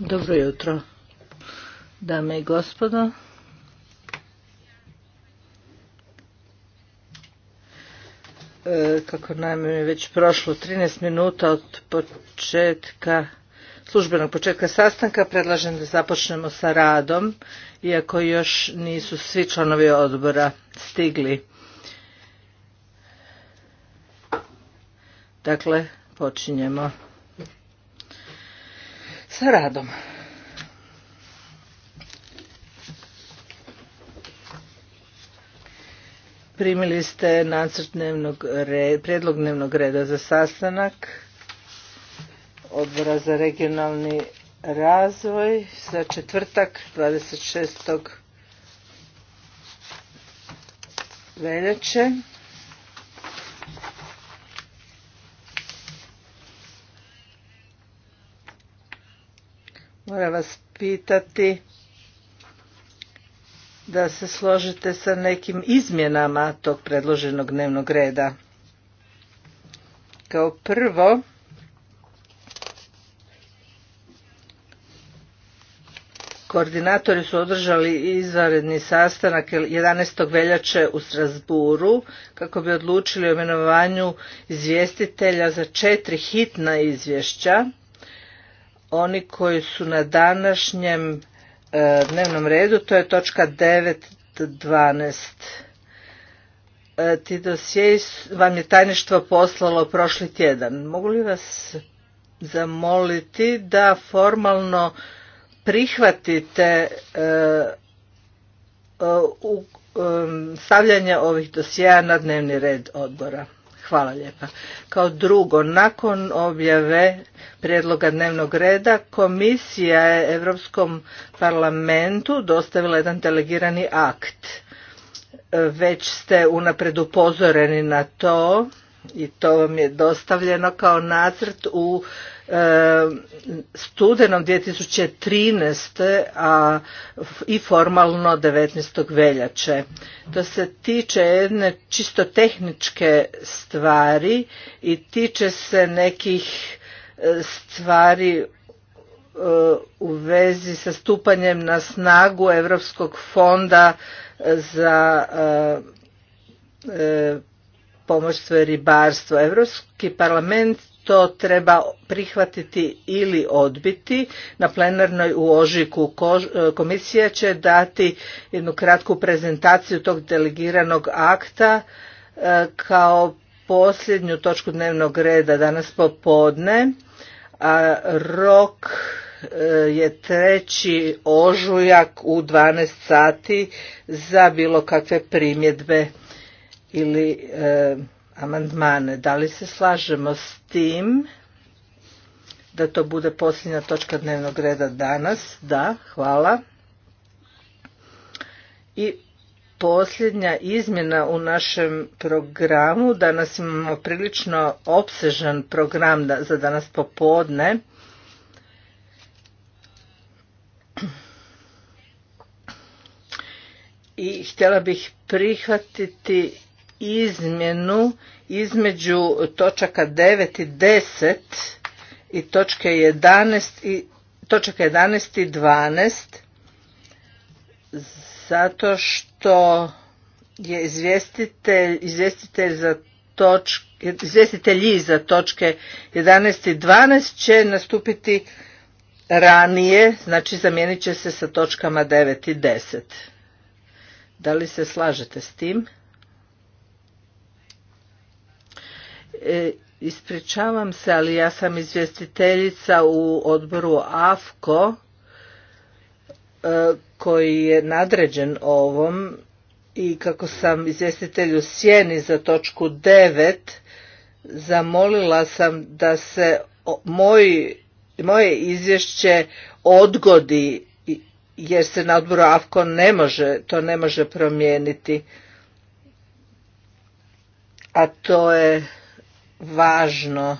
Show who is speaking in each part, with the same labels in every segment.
Speaker 1: Dobro jutro, dame i gospodo. E, kako nam je već prošlo 13 minuta od početka službenog početka sastanka predlažem da započnemo sa radom, iako još nisu svi članovi odbora stigli. Dakle, počinjemo sa radom. Primili ste nacrt dnevnog reda, prijedlog dnevnog reda za sastanak odbora za regionalni razvoj za četvrtak 26. veljače. Moram vas pitati da se složite sa nekim izmjenama tog predloženog dnevnog reda. Kao prvo, koordinatori su održali izvanredni sastanak 11. veljače u Strasburu kako bi odlučili o imenovanju izvjestitelja za četiri hitna izvješća oni koji su na današnjem e, dnevnom redu, to je točka 9.12. E, ti dosje vam je tajništvo poslalo prošli tjedan. Mogu li vas zamoliti da formalno prihvatite e, stavljanje ovih dosjeja na dnevni red odbora? Hvala lijepa. Kao drugo, nakon objave prijedloga dnevnog reda, komisija je Europskom parlamentu dostavila jedan delegirani akt. Već ste unapred upozoreni na to i to vam je dostavljeno kao nacrt u e, studenom 2013. a i formalno 19. veljače. To se tiče jedne čisto tehničke stvari i tiče se nekih e, stvari e, u vezi sa stupanjem na snagu Europskog fonda za e, pomorstvo i ribarstvo. Europski parlament to treba prihvatiti ili odbiti. Na plenarnoj u Ožiku komisija će dati jednu kratku prezentaciju tog delegiranog akta e, kao posljednju točku dnevnog reda danas popodne. A rok e, je treći ožujak u 12 sati za bilo kakve primjedbe ili e, amandmane. Da li se slažemo s tim da to bude posljednja točka dnevnog reda danas? Da, hvala. I posljednja izmjena u našem programu. Danas imamo prilično opsežan program za danas popodne. I htjela bih prihvatiti izmjenu između točaka 9 i 10 i točke 11 i točaka 11 i 12 zato što je izvjestitelj, izvjestitelj za točke izvjestitelji za točke 11 i 12 će nastupiti ranije, znači zamijenit će se sa točkama 9 i 10. Da li se slažete s tim? E, ispričavam se, ali ja sam izvjestiteljica u odboru AFKO e, koji je nadređen ovom i kako sam izvjestitelj u sjeni za točku 9 zamolila sam da se moj, moje izvješće odgodi jer se na odboru AFKO ne može, to ne može promijeniti. A to je važno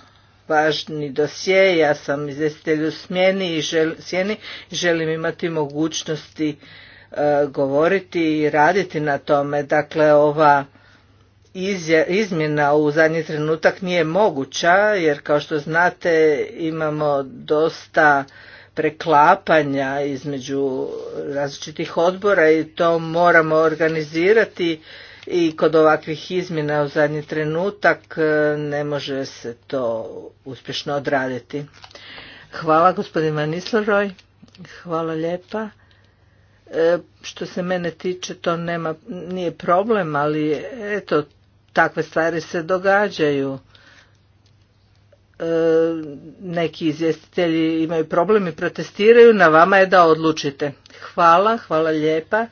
Speaker 1: važni dosje, ja sam izvjestitelj u smjeni i žel, sjeni, želim imati mogućnosti e, govoriti i raditi na tome. Dakle, ova izmjena u zadnji trenutak nije moguća, jer kao što znate imamo dosta preklapanja između različitih odbora i to moramo organizirati i kod ovakvih izmjena u zadnji trenutak e, ne može se to uspješno odraditi. Hvala gospodin Vanisleroj, hvala lijepa. E, što se mene tiče to nema, nije problem, ali eto, takve stvari se događaju. E, neki izvjestitelji imaju problem i protestiraju, na vama je da odlučite. Hvala, hvala lijepa.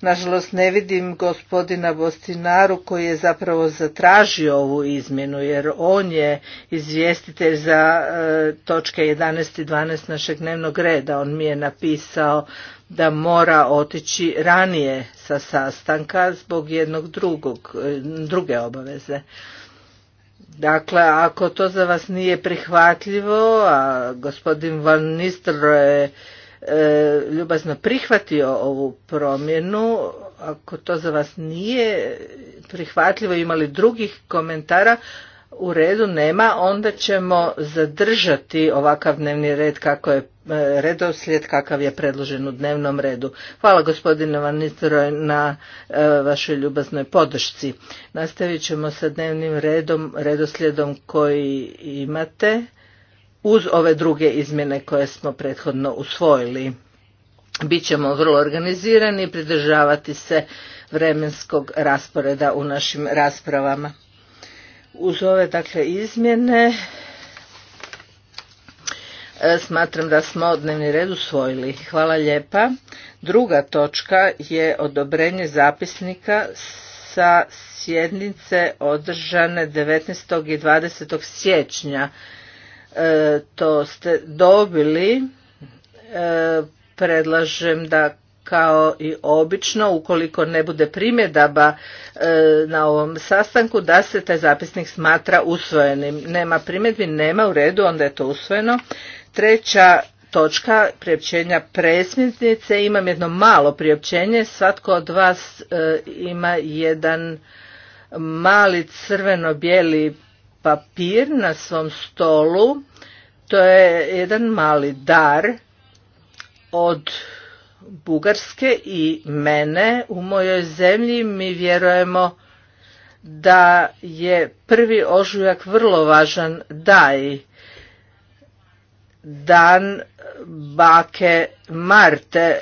Speaker 1: Nažalost ne vidim gospodina Bostinaru koji je zapravo zatražio ovu izmjenu jer on je izvjestitelj za e, točke 11 i 12 našeg dnevnog reda. On mi je napisao da mora otići ranije sa sastanka zbog jednog drugog, e, druge obaveze. Dakle, ako to za vas nije prihvatljivo, a gospodin Van je... E, ljubazno prihvatio ovu promjenu. Ako to za vas nije prihvatljivo, imali drugih komentara, u redu nema, onda ćemo zadržati ovakav dnevni red kako je e, redoslijed kakav je predložen u dnevnom redu. Hvala gospodine Nistroj na e, vašoj ljubaznoj podršci. Nastavit ćemo sa dnevnim redom, redoslijedom koji imate uz ove druge izmjene koje smo prethodno usvojili. Bićemo vrlo organizirani i pridržavati se vremenskog rasporeda u našim raspravama. Uz ove dakle izmjene e, smatram da smo dnevni red usvojili. Hvala lijepa. Druga točka je odobrenje zapisnika sa sjednice održane 19. i 20. siječnja E, to ste dobili. E, predlažem da kao i obično, ukoliko ne bude primjedaba e, na ovom sastanku, da se taj zapisnik smatra usvojenim. Nema primjedbi, nema u redu, onda je to usvojeno. Treća točka priopćenja presmjetnice. Imam jedno malo priopćenje. Svatko od vas ima jedan mali crveno-bijeli papir na svom stolu. To je jedan mali dar od Bugarske i mene u mojoj zemlji mi vjerujemo da je prvi ožujak vrlo važan daj dan bake Marte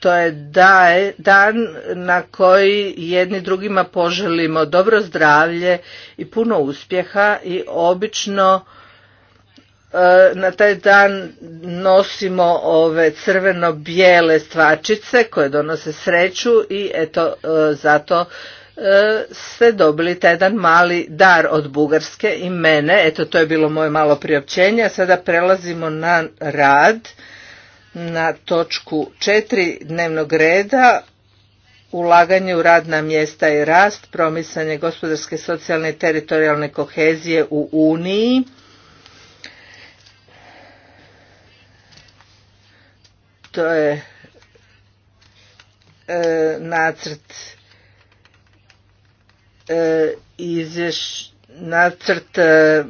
Speaker 1: to je daj, dan na koji jedni drugima poželimo dobro zdravlje i puno uspjeha i obično e, na taj dan nosimo ove crveno-bijele stvačice koje donose sreću i eto e, zato e, ste dobili taj jedan mali dar od Bugarske i mene. Eto to je bilo moje malo priopćenje. Sada prelazimo na rad na točku četiri dnevnog reda ulaganje u radna mjesta i rast, promicanje gospodarske, socijalne i teritorijalne kohezije u Uniji. To je e, nacrt e, nacrt e,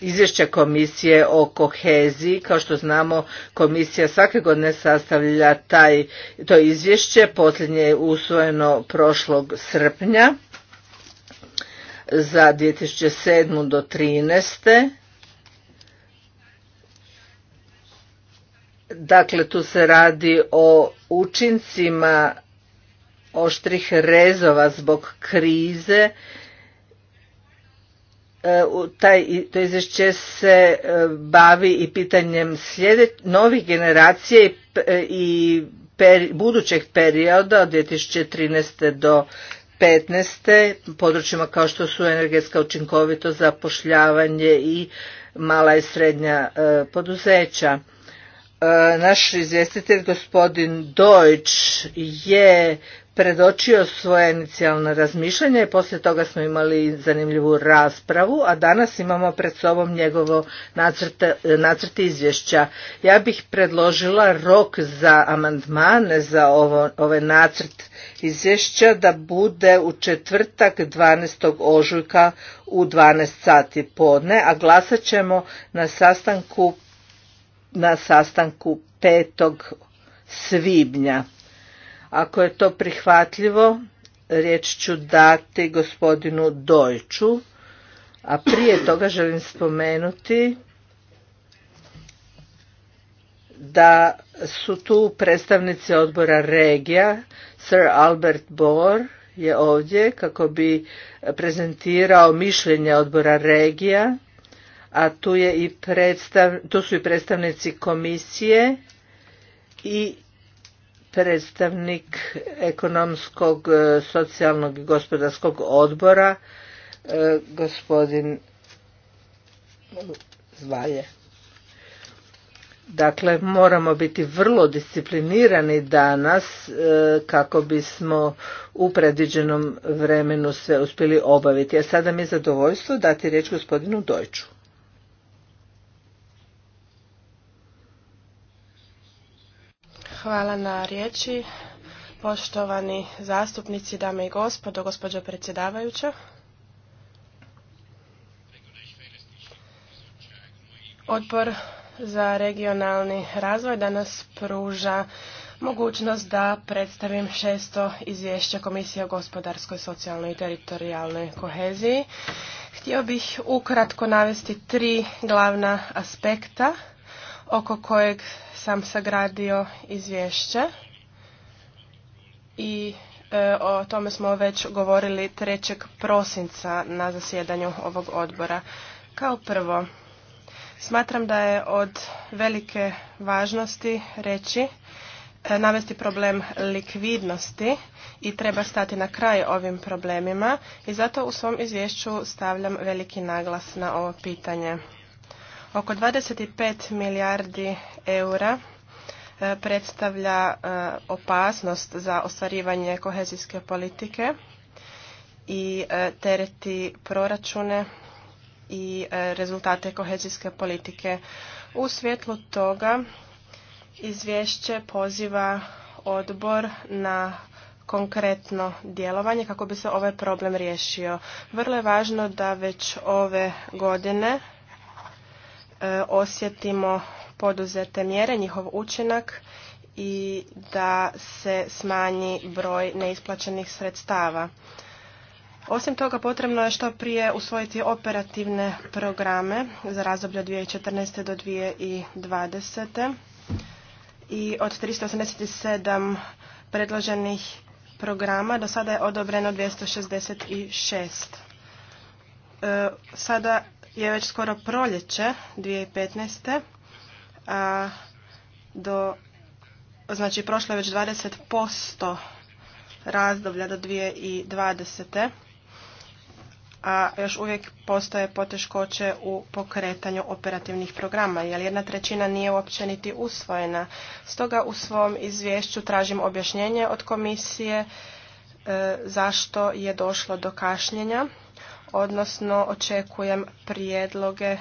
Speaker 1: Izvješće komisije o koheziji. Kao što znamo, komisija svake godine sastavlja taj, to izvješće. Posljednje je usvojeno prošlog srpnja za 2007. do 2013. Dakle, tu se radi o učincima oštrih rezova zbog krize E, taj, to izvješće se e, bavi i pitanjem novih generacija i, e, budućeg perioda od 2013. do 15. područjima kao što su energetska učinkovitost, zapošljavanje i mala i srednja poduzeća. naš izvjestitelj gospodin Dojč je predočio svoje inicijalne razmišljanja i poslije toga smo imali zanimljivu raspravu, a danas imamo pred sobom njegovo nacrt izvješća. Ja bih predložila rok za amandmane za ovo, ove ovaj nacrt izvješća da bude u četvrtak 12. ožujka u 12 sati podne, a glasat ćemo na sastanku na sastanku 5. svibnja. Ako je to prihvatljivo, riječ ću dati gospodinu Dojču, a prije toga želim spomenuti da su tu predstavnici odbora regija, Sir Albert Bohr je ovdje kako bi prezentirao mišljenje odbora regija, a tu, je i predstav, tu su i predstavnici komisije i predstavnik ekonomskog, e, socijalnog i gospodarskog odbora, e, gospodin Zvalje. Dakle, moramo biti vrlo disciplinirani danas e, kako bismo u predviđenom vremenu sve uspjeli obaviti. A sada mi je zadovoljstvo dati riječ gospodinu Dojču.
Speaker 2: Hvala na riječi. Poštovani zastupnici, dame i gospodo, gospođo predsjedavajuća. Odbor za regionalni razvoj danas pruža mogućnost da predstavim šesto izvješće Komisije o gospodarskoj, socijalnoj i teritorijalnoj koheziji. Htio bih ukratko navesti tri glavna aspekta oko kojeg sam sagradio izvješće i e, o tome smo već govorili 3. prosinca na zasjedanju ovog odbora. Kao prvo, smatram da je od velike važnosti reći e, navesti problem likvidnosti i treba stati na kraj ovim problemima i zato u svom izvješću stavljam veliki naglas na ovo pitanje. Oko 25 milijardi eura e, predstavlja e, opasnost za ostvarivanje kohezijske politike i e, tereti proračune i rezultate kohezijske politike. U svjetlu toga izvješće poziva odbor na konkretno djelovanje kako bi se ovaj problem riješio. Vrlo je važno da već ove godine E, osjetimo poduzete mjere, njihov učinak i da se smanji broj neisplaćenih sredstava. Osim toga potrebno je što prije usvojiti operativne programe za razdoblje od 2014. do 2020. I od 387 predloženih programa do sada je odobreno 266. E, sada je već skoro proljeće 2015. A do, znači prošlo je već 20% razdoblja do 2020. A još uvijek postoje poteškoće u pokretanju operativnih programa, jer jedna trećina nije uopće niti usvojena. Stoga u svom izvješću tražim objašnjenje od komisije e, zašto je došlo do kašnjenja odnosno očekujem prijedloge e,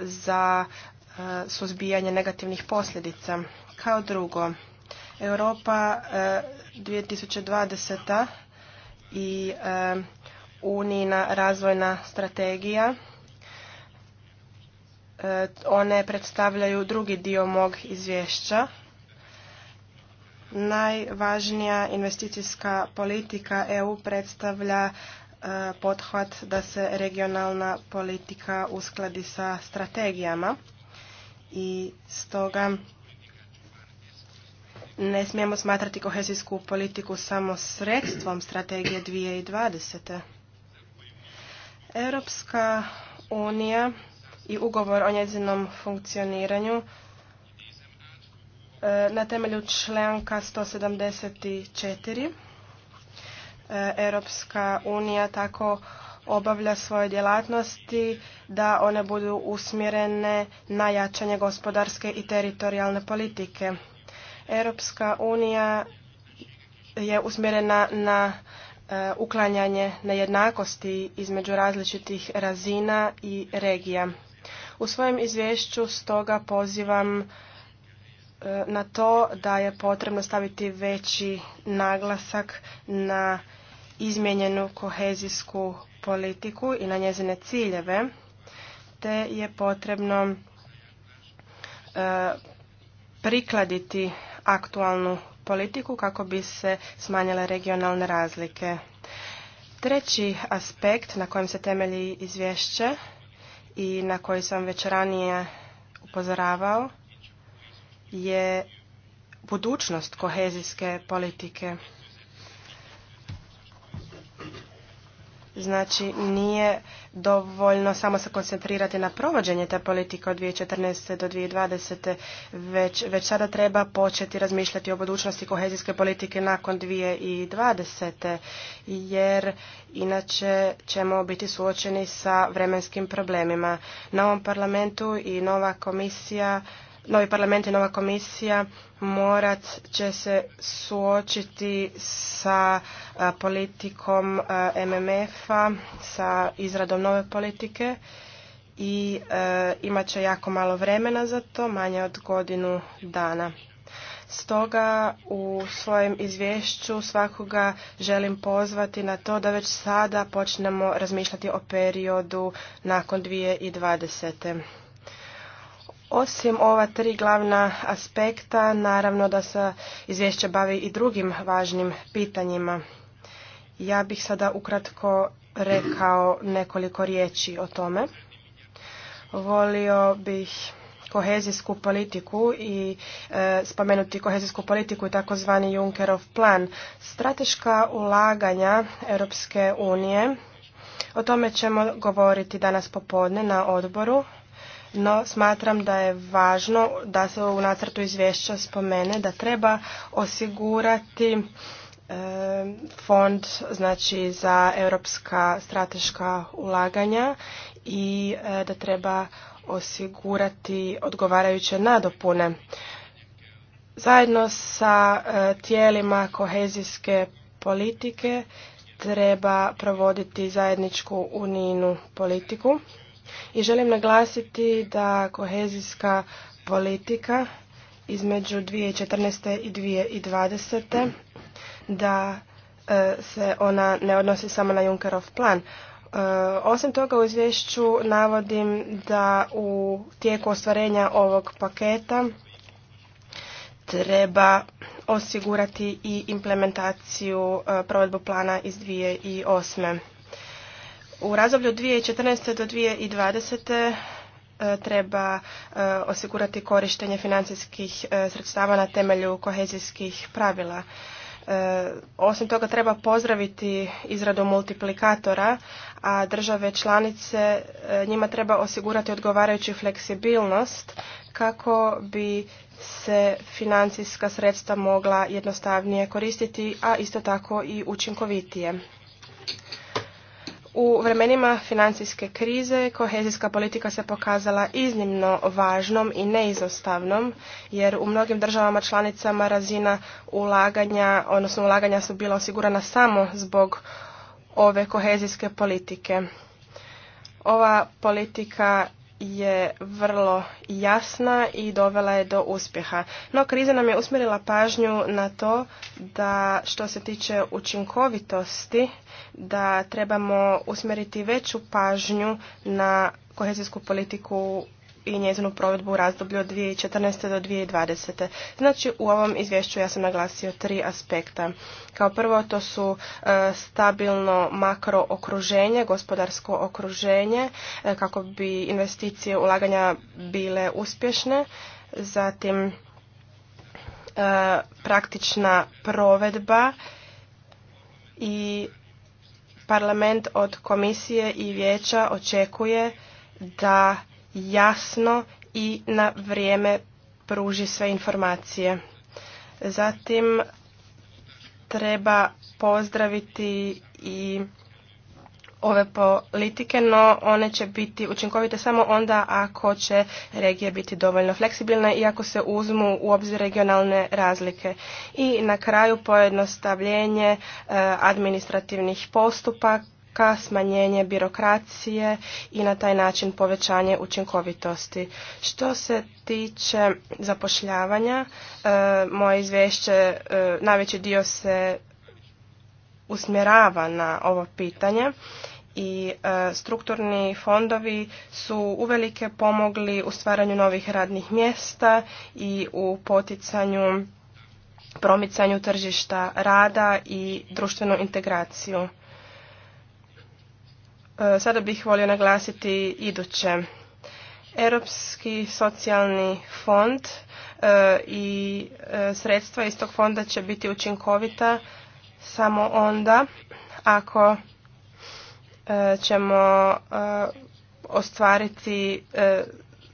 Speaker 2: za e, suzbijanje negativnih posljedica. Kao drugo, Europa 2020. E, i Unijina razvojna strategija one predstavljaju drugi dio mog izvješća. Najvažnija investicijska politika EU predstavlja E, pothvat da se regionalna politika uskladi sa strategijama i stoga ne smijemo smatrati kohezijsku politiku samo sredstvom strategije 2020. Europska unija i ugovor o njezinom funkcioniranju e, na temelju članka 174 E, Europska unija tako obavlja svoje djelatnosti da one budu usmjerene na jačanje gospodarske i teritorijalne politike. Europska unija je usmjerena na e, uklanjanje nejednakosti između različitih razina i regija. U svojem izvješću stoga pozivam na to da je potrebno staviti veći naglasak na izmijenjenu kohezijsku politiku i na njezine ciljeve, te je potrebno e, prikladiti aktualnu politiku kako bi se smanjile regionalne razlike. Treći aspekt na kojem se temelji izvješće i na koji sam već ranije upozoravao je budućnost kohezijske politike. Znači, nije dovoljno samo se koncentrirati na provođenje te politike od 2014. do 2020. Već, već sada treba početi razmišljati o budućnosti kohezijske politike nakon 2020. Jer inače ćemo biti suočeni sa vremenskim problemima. Na ovom parlamentu i nova komisija novi parlament i nova komisija morat će se suočiti sa politikom MMF-a, sa izradom nove politike i imat će jako malo vremena za to, manje od godinu dana. Stoga u svojem izvješću svakoga želim pozvati na to da već sada počnemo razmišljati o periodu nakon 2020. Osim ova tri glavna aspekta, naravno da se izvješće bavi i drugim važnim pitanjima. Ja bih sada ukratko rekao nekoliko riječi o tome. Volio bih kohezijsku politiku i e, spomenuti kohezijsku politiku i takozvani Junckerov plan. Strateška ulaganja Europske unije, o tome ćemo govoriti danas popodne na odboru no smatram da je važno da se u nacrtu izvješća spomene da treba osigurati e, fond znači za europska strateška ulaganja i e, da treba osigurati odgovarajuće nadopune. Zajedno sa e, tijelima kohezijske politike treba provoditi zajedničku unijinu politiku i želim naglasiti da kohezijska politika između 2014. i 2020. da e, se ona ne odnosi samo na Junkerov plan. E, osim toga u izvješću navodim da u tijeku ostvarenja ovog paketa treba osigurati i implementaciju e, provedbu plana iz 2008. U razdoblju 2014. do 2020 e, treba e, osigurati korištenje financijskih e, sredstava na temelju kohezijskih pravila. Osim toga treba pozdraviti izradu multiplikatora, a države članice njima treba osigurati odgovarajuću fleksibilnost kako bi se financijska sredstva mogla jednostavnije koristiti, a isto tako i učinkovitije. U vremenima financijske krize kohezijska politika se pokazala iznimno važnom i neizostavnom jer u mnogim državama članicama razina ulaganja, odnosno ulaganja su bila osigurana samo zbog ove kohezijske politike. Ova politika je vrlo jasna i dovela je do uspjeha. No kriza nam je usmjerila pažnju na to da što se tiče učinkovitosti da trebamo usmjeriti veću pažnju na kohezijsku politiku i njezinu provedbu u razdoblju od 2014. do 2020. Znači u ovom izvješću ja sam naglasio tri aspekta. Kao prvo to su e, stabilno makro okruženje, gospodarsko okruženje e, kako bi investicije ulaganja bile uspješne. Zatim e, praktična provedba i parlament od komisije i vijeća očekuje da jasno i na vrijeme pruži sve informacije. Zatim treba pozdraviti i ove politike, no one će biti učinkovite samo onda ako će regije biti dovoljno fleksibilne i ako se uzmu u obzir regionalne razlike. I na kraju pojednostavljenje eh, administrativnih postupaka ka smanjenje birokracije i na taj način povećanje učinkovitosti. Što se tiče zapošljavanja, e, moje izvješće e, najveći dio se usmjerava na ovo pitanje i e, strukturni fondovi su uvelike pomogli u stvaranju novih radnih mjesta i u poticanju promicanju tržišta rada i društvenu integraciju. E, sada bih volio naglasiti iduće. Europski socijalni fond e, i e, sredstva iz tog fonda će biti učinkovita samo onda ako ćemo ostvariti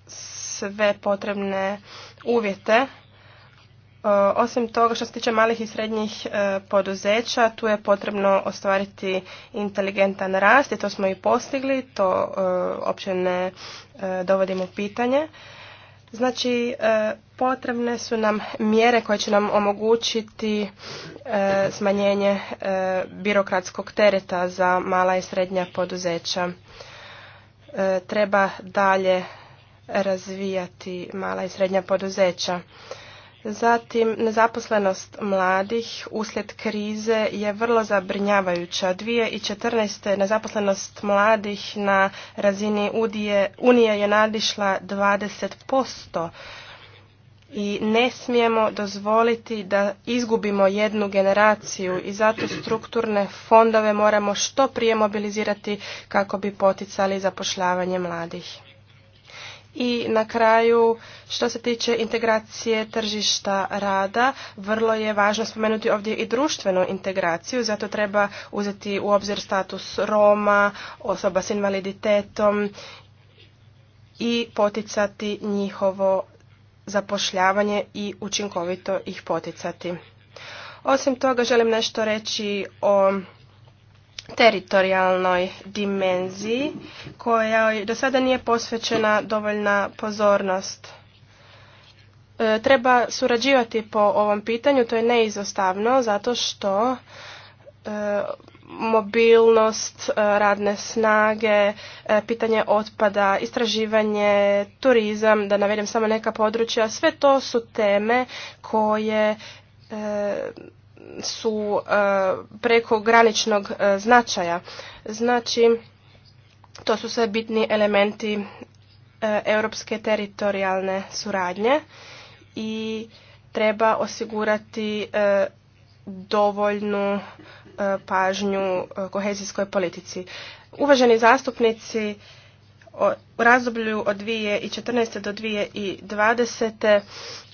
Speaker 2: sve potrebne uvjete E, osim toga što se tiče malih i srednjih e, poduzeća, tu je potrebno ostvariti inteligentan rast i to smo i postigli, to e, uopće ne dovodimo pitanje. Znači, potrebne su nam mjere koje će nam omogućiti smanjenje birokratskog tereta za mala i srednja poduzeća. Treba dalje razvijati mala i srednja poduzeća. Zatim, nezaposlenost mladih uslijed krize je vrlo zabrinjavajuća. 2014. nezaposlenost mladih na razini Unije je nadišla 20%. I ne smijemo dozvoliti da izgubimo jednu generaciju i zato strukturne fondove moramo što prije mobilizirati kako bi poticali zapošljavanje mladih. I na kraju, što se tiče integracije tržišta rada, vrlo je važno spomenuti ovdje i društvenu integraciju, zato treba uzeti u obzir status Roma, osoba s invaliditetom i poticati njihovo zapošljavanje i učinkovito ih poticati. Osim toga želim nešto reći o teritorijalnoj dimenziji koja do sada nije posvećena dovoljna pozornost. E, treba surađivati po ovom pitanju, to je neizostavno zato što e, mobilnost e, radne snage, pitanje otpada, istraživanje, turizam, da navedem samo neka područja, sve to su teme koje su e, preko graničnog e, značaja. Znači, to su sve bitni elementi e, europske teritorijalne suradnje i treba osigurati dovoljnu pažnju kohezijskoj politici. Uvaženi zastupnici, u razdoblju od 2014. do 2020.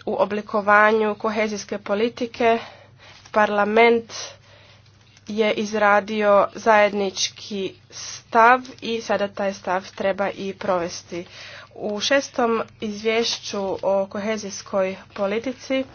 Speaker 2: u oblikovanju kohezijske politike parlament je izradio zajednički stav i sada taj stav treba i provesti. U šestom izvješću o kohezijskoj politici e,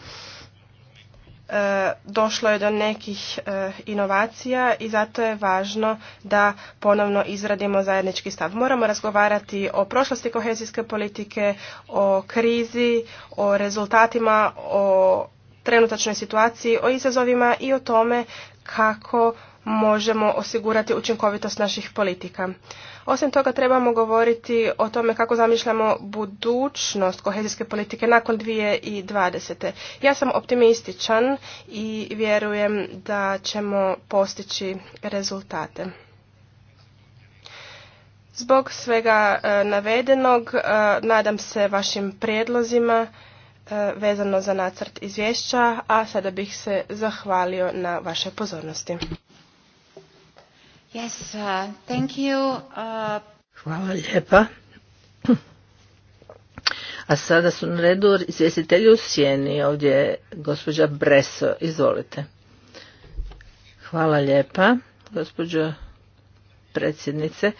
Speaker 2: došlo je do nekih e, inovacija i zato je važno da ponovno izradimo zajednički stav. Moramo razgovarati o prošlosti kohezijske politike, o krizi, o rezultatima, o trenutačnoj situaciji, o izazovima i o tome kako možemo osigurati učinkovitost naših politika. Osim toga trebamo govoriti o tome kako zamišljamo budućnost kohezijske politike nakon 2020. Ja sam optimističan i vjerujem da ćemo postići rezultate. Zbog svega e, navedenog e, nadam se vašim prijedlozima E, vezano za nacrt izvješća, a sada bih se zahvalio na vaše pozornosti. Yes, uh, thank you.
Speaker 3: Uh,
Speaker 1: Hvala lijepa. A sada su na redu izvjestitelji u sjeni. Ovdje je gospođa Breso. Izvolite. Hvala lijepa, gospođo predsjednice.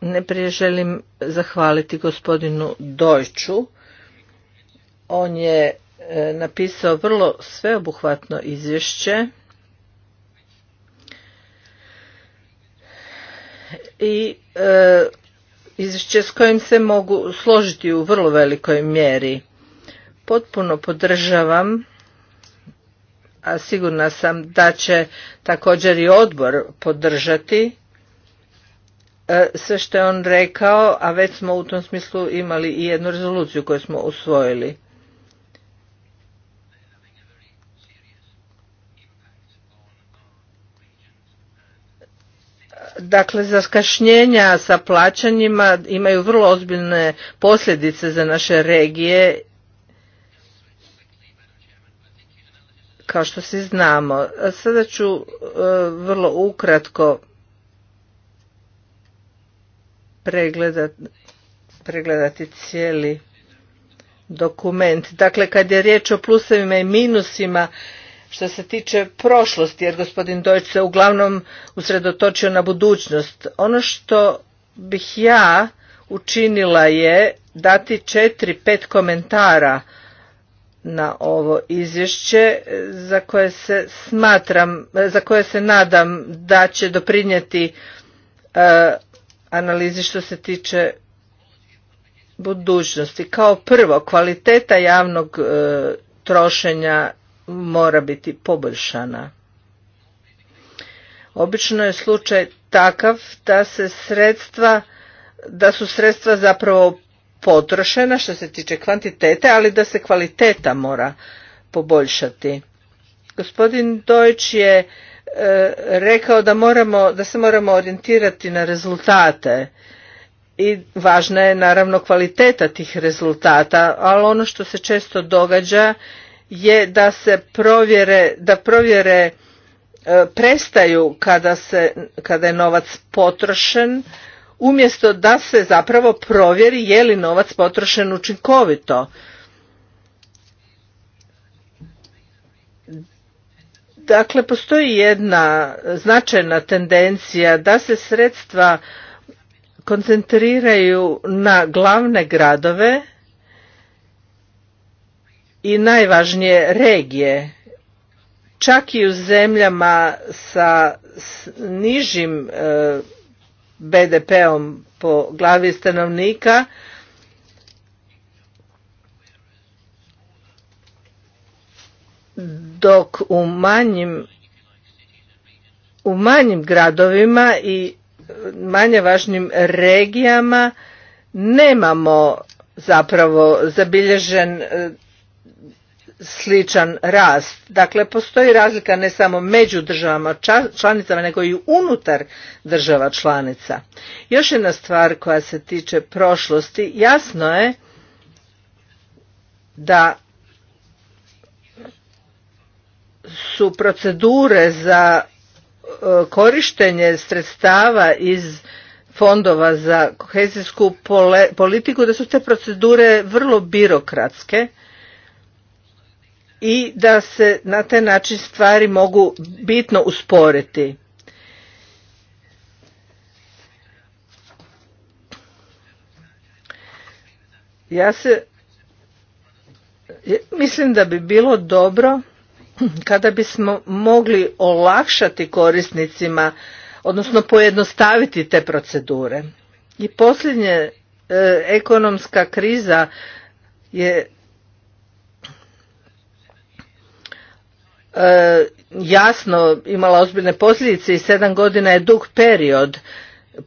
Speaker 1: Ne prije želim zahvaliti gospodinu Dojču on je e, napisao vrlo sveobuhvatno izvješće i e, izvješće s kojim se mogu složiti u vrlo velikoj mjeri. Potpuno podržavam, a sigurna sam da će također i odbor podržati e, sve što je on rekao, a već smo u tom smislu imali i jednu rezoluciju koju smo usvojili. Dakle, zakašnjenja sa plaćanjima imaju vrlo ozbiljne posljedice za naše regije kao što svi znamo. Sada ću e, vrlo ukratko pregledati, pregledati cijeli dokument. Dakle, kad je riječ o plusovima i minusima što se tiče prošlosti, jer gospodin Dojč se uglavnom usredotočio na budućnost. Ono što bih ja učinila je dati četiri, pet komentara na ovo izvješće za koje se smatram, za koje se nadam da će doprinijeti e, analizi što se tiče budućnosti. Kao prvo, kvaliteta javnog e, trošenja mora biti poboljšana. Obično je slučaj takav da se sredstva, da su sredstva zapravo potrošena što se tiče kvantitete, ali da se kvaliteta mora poboljšati. Gospodin Dojč je e, rekao da, moramo, da se moramo orijentirati na rezultate i važna je naravno kvaliteta tih rezultata, ali ono što se često događa je da se provjere, da provjere e, prestaju kada, se, kada je novac potrošen, umjesto da se zapravo provjeri je li novac potrošen učinkovito. Dakle, postoji jedna značajna tendencija da se sredstva koncentriraju na glavne gradove, i najvažnije regije čak i u zemljama sa nižim e, BDP-om po glavi stanovnika dok u manjim u manjim gradovima i manje važnim regijama nemamo zapravo zabilježen e, sličan rast. Dakle, postoji razlika ne samo među državama članicama, nego i unutar država članica. Još jedna stvar koja se tiče prošlosti, jasno je da su procedure za e, korištenje sredstava iz fondova za kohezijsku politiku, da su te procedure vrlo birokratske i da se na taj način stvari mogu bitno usporiti. Ja se mislim da bi bilo dobro kada bismo mogli olakšati korisnicima, odnosno pojednostaviti te procedure. I posljednje e, ekonomska kriza je E, jasno imala ozbiljne posljedice i sedam godina je dug period.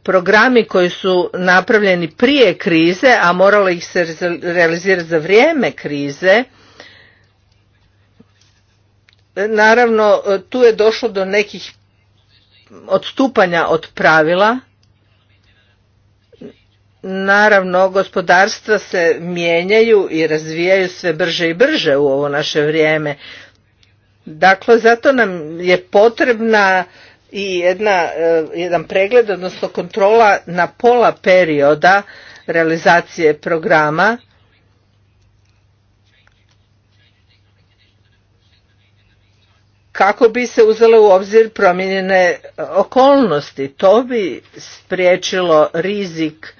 Speaker 1: Programi koji su napravljeni prije krize, a moralo ih se realizirati za vrijeme krize, naravno e, tu je došlo do nekih odstupanja od pravila. Naravno, gospodarstva se mijenjaju i razvijaju sve brže i brže u ovo naše vrijeme Dakle, zato nam je potrebna i jedna, eh, jedan pregled, odnosno kontrola na pola perioda realizacije programa. kako bi se uzele u obzir promijenjene okolnosti. To bi spriječilo rizik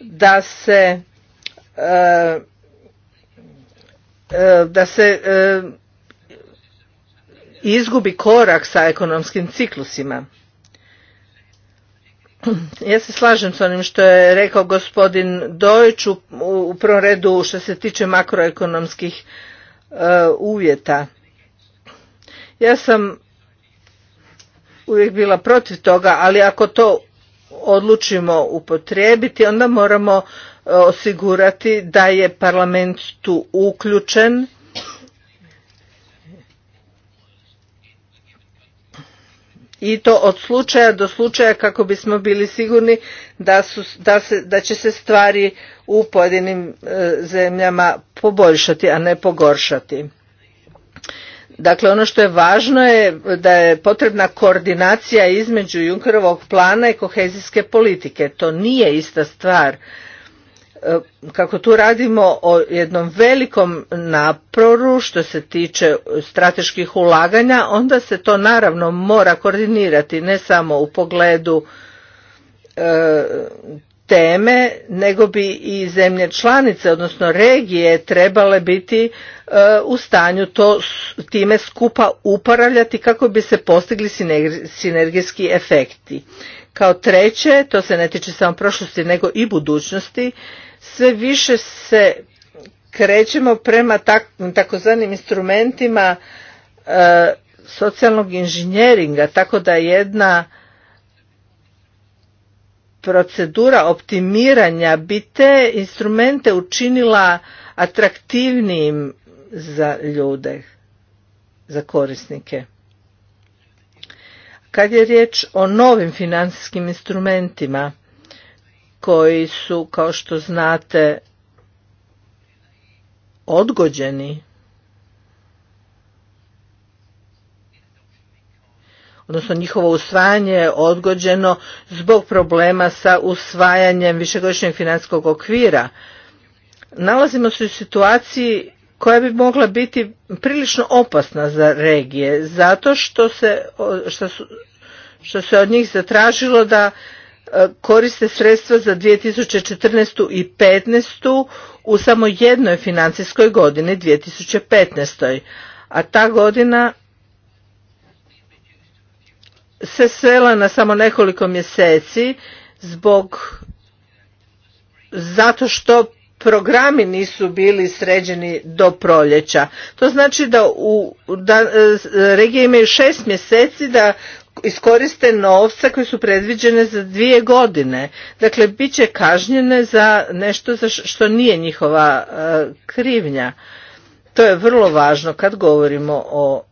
Speaker 1: da se eh, eh, da se izgubi korak sa ekonomskim ciklusima. Ja se slažem s onim što je rekao gospodin Dojić u, prvom redu što se tiče makroekonomskih uh, uvjeta. Ja sam uvijek bila protiv toga, ali ako to odlučimo upotrijebiti, onda moramo uh, osigurati da je parlament tu uključen i to od slučaja do slučaja kako bismo bili sigurni da, su, da, se, da će se stvari u pojedinim e, zemljama poboljšati, a ne pogoršati. Dakle, ono što je važno je da je potrebna koordinacija između Junkerovog plana i kohezijske politike. To nije ista stvar. E, kako tu radimo o jednom velikom naporu što se tiče strateških ulaganja, onda se to naravno mora koordinirati ne samo u pogledu e, teme, nego bi i zemlje članice, odnosno regije, trebale biti e, u stanju to time skupa uporavljati kako bi se postigli sinergijski efekti. Kao treće, to se ne tiče samo prošlosti nego i budućnosti, sve više se krećemo prema takozvanim instrumentima e, socijalnog inženjeringa tako da jedna procedura optimiranja bi te instrumente učinila atraktivnijim za ljude za korisnike kad je riječ o novim financijskim instrumentima koji su, kao što znate, odgođeni. Odnosno njihovo usvajanje je odgođeno zbog problema sa usvajanjem višegodišnjeg financijskog okvira. Nalazimo se u situaciji koja bi mogla biti prilično opasna za regije, zato što se, što što se od njih zatražilo da E, koriste sredstva za 2014. i 2015. u samo jednoj financijskoj godini 2015. A ta godina se svela na samo nekoliko mjeseci zbog zato što programi nisu bili sređeni do proljeća. To znači da, u, da e, regije imaju šest mjeseci da iskoriste novca koji su predviđene za dvije godine. Dakle, bit će kažnjene za nešto za što nije njihova e, krivnja. To je vrlo važno kad govorimo o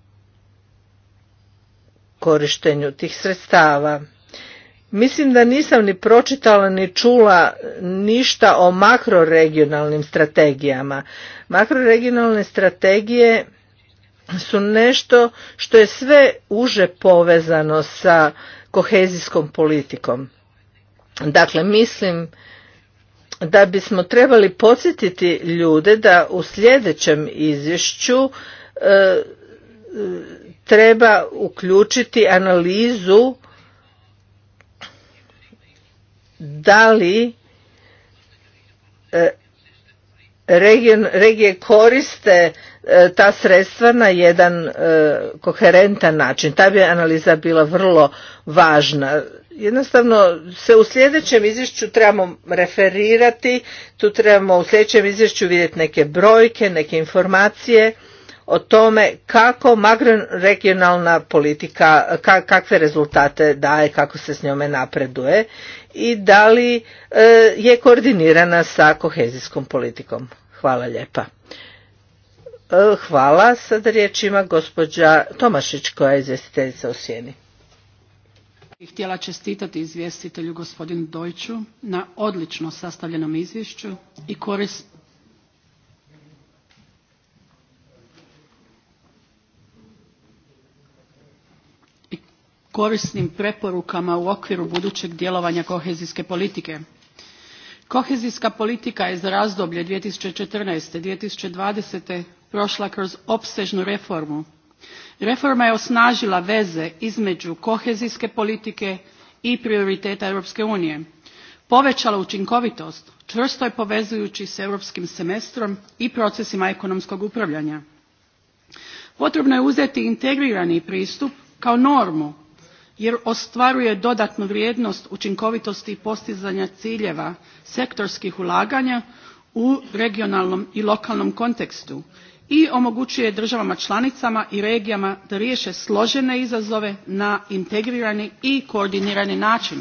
Speaker 1: korištenju tih sredstava. Mislim da nisam ni pročitala ni čula ništa o makroregionalnim strategijama. Makroregionalne strategije su nešto što je sve uže povezano sa kohezijskom politikom. Dakle, mislim da bismo trebali podsjetiti ljude da u sljedećem izvješću e, treba uključiti analizu da li e, regije koriste e, ta sredstva na jedan e, koherentan način. Ta bi analiza bila vrlo važna. Jednostavno se u sljedećem izvješću trebamo referirati, tu trebamo u sljedećem izvješću vidjeti neke brojke, neke informacije o tome kako makroregionalna politika, kakve rezultate daje, kako se s njome napreduje i da li e, je koordinirana sa kohezijskom politikom. Hvala lijepa. E, hvala. Sada riječ ima gospođa Tomašić koja je izvjestiteljica u Sjeni.
Speaker 3: Htjela čestitati izvjestitelju gospodinu Dojču na odlično sastavljenom izvješću i korist korisnim preporukama u okviru budućeg djelovanja kohezijske politike. Kohezijska politika je za razdoblje 2014. 2020. prošla kroz opsežnu reformu. Reforma je osnažila veze između kohezijske politike i prioriteta Europske unije. Povećala učinkovitost, čvrsto je povezujući s europskim semestrom i procesima ekonomskog upravljanja. Potrebno je uzeti integrirani pristup kao normu jer ostvaruje dodatnu vrijednost učinkovitosti i postizanja ciljeva sektorskih ulaganja u regionalnom i lokalnom kontekstu i omogućuje državama članicama i regijama da riješe složene izazove na integrirani i koordinirani način.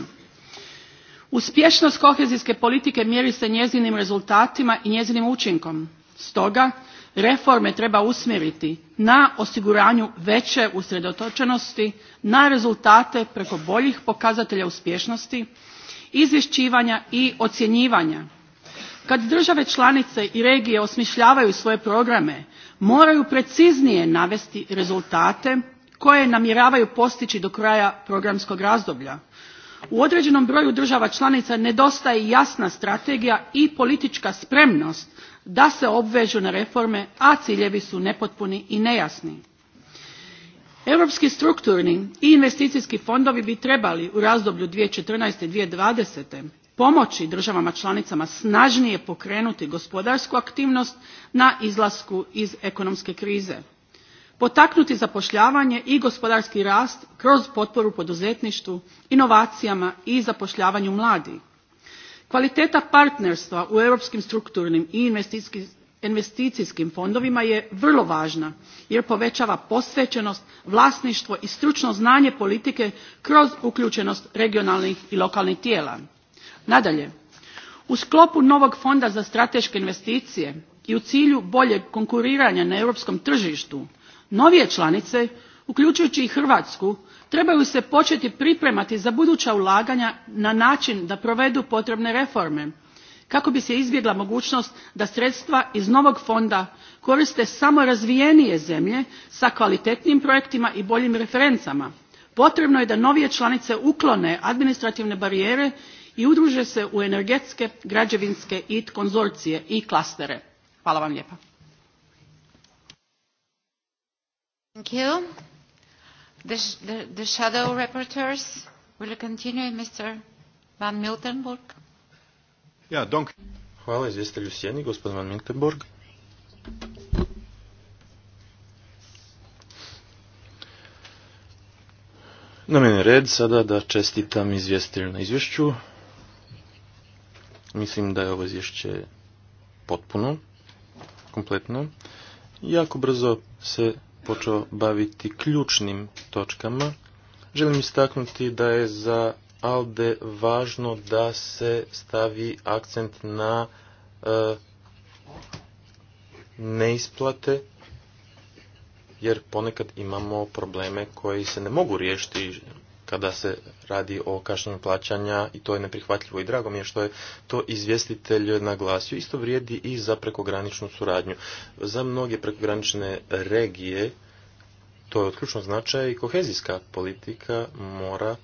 Speaker 3: uspješnost kohezijske politike mjeri se njezinim rezultatima i njezinim učinkom stoga reforme treba usmjeriti na osiguranju veće usredotočenosti na rezultate preko boljih pokazatelja uspješnosti izvješćivanja i ocjenjivanja kad države članice i regije osmišljavaju svoje programe moraju preciznije navesti rezultate koje namjeravaju postići do kraja programskog razdoblja u određenom broju država članica nedostaje jasna strategija i politička spremnost da se obvežu na reforme a ciljevi su nepotpuni i nejasni europski strukturni i investicijski fondovi bi trebali u razdoblju. two thousand and fourteen two pomoći državama članicama snažnije pokrenuti gospodarsku aktivnost na izlasku iz ekonomske krize potaknuti zapošljavanje i gospodarski rast kroz potporu poduzetništvu inovacijama i zapošljavanju mladih kvaliteta partnerstva u europskim strukturnim i investicijskim fondovima je vrlo važna jer povećava posvećenost vlasništvo i stručno znanje politike kroz uključenost regionalnih i lokalnih tijela nadalje u sklopu novog fonda za strateške investicije i u cilju boljeg konkuriranja na europskom tržištu novije članice uključujući i hrvatsku trebaju se početi pripremati za buduća ulaganja na način da provedu potrebne reforme kako bi se izbjegla mogućnost da sredstva iz novog fonda koriste samo razvijenije zemlje s kvalitetnijim projektima i boljim referencama. potrebno je da novije članice uklone administrativne barijere i udruže se u energetske građevinske i konzorcije i klastere. hvala vam lijepa. Thank you.
Speaker 4: The, the, the shadow rapporteurs will continue, Mr. Van Miltenburg.
Speaker 5: Ja, dank. Hvala izvjestelju Sjeni, gospodin Van Miltenburg. Na mene red sada da čestitam izvjestelju na izvješću. Mislim da je ovo izvješće potpuno, kompletno. Jako brzo se počeo baviti ključnim točkama. Želim istaknuti da je za ALDE važno da se stavi akcent na e, neisplate, jer ponekad imamo probleme koji se ne mogu riješiti kada se radi o kašnjenju plaćanja i to je neprihvatljivo i drago mi je što je to izvjestitelj naglasio. Isto vrijedi i za prekograničnu suradnju. Za mnoge prekogranične regije to je od ključnog i kohezijska politika mora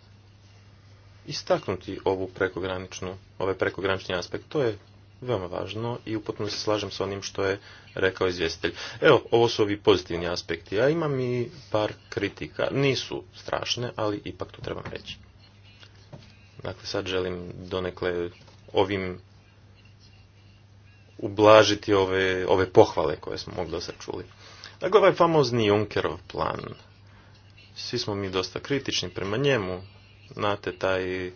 Speaker 5: istaknuti ovu prekograničnu, ovaj prekogranični aspekt. To je veoma važno i upotno se slažem s onim što je rekao izvjestitelj. Evo, ovo su ovi pozitivni aspekti. Ja imam i par kritika. Nisu strašne, ali ipak to trebam reći. Dakle, sad želim donekle ovim ublažiti ove, ove pohvale koje smo mogli da čuli. Dakle, ovaj famozni Junkerov plan. Svi smo mi dosta kritični prema njemu. Znate, taj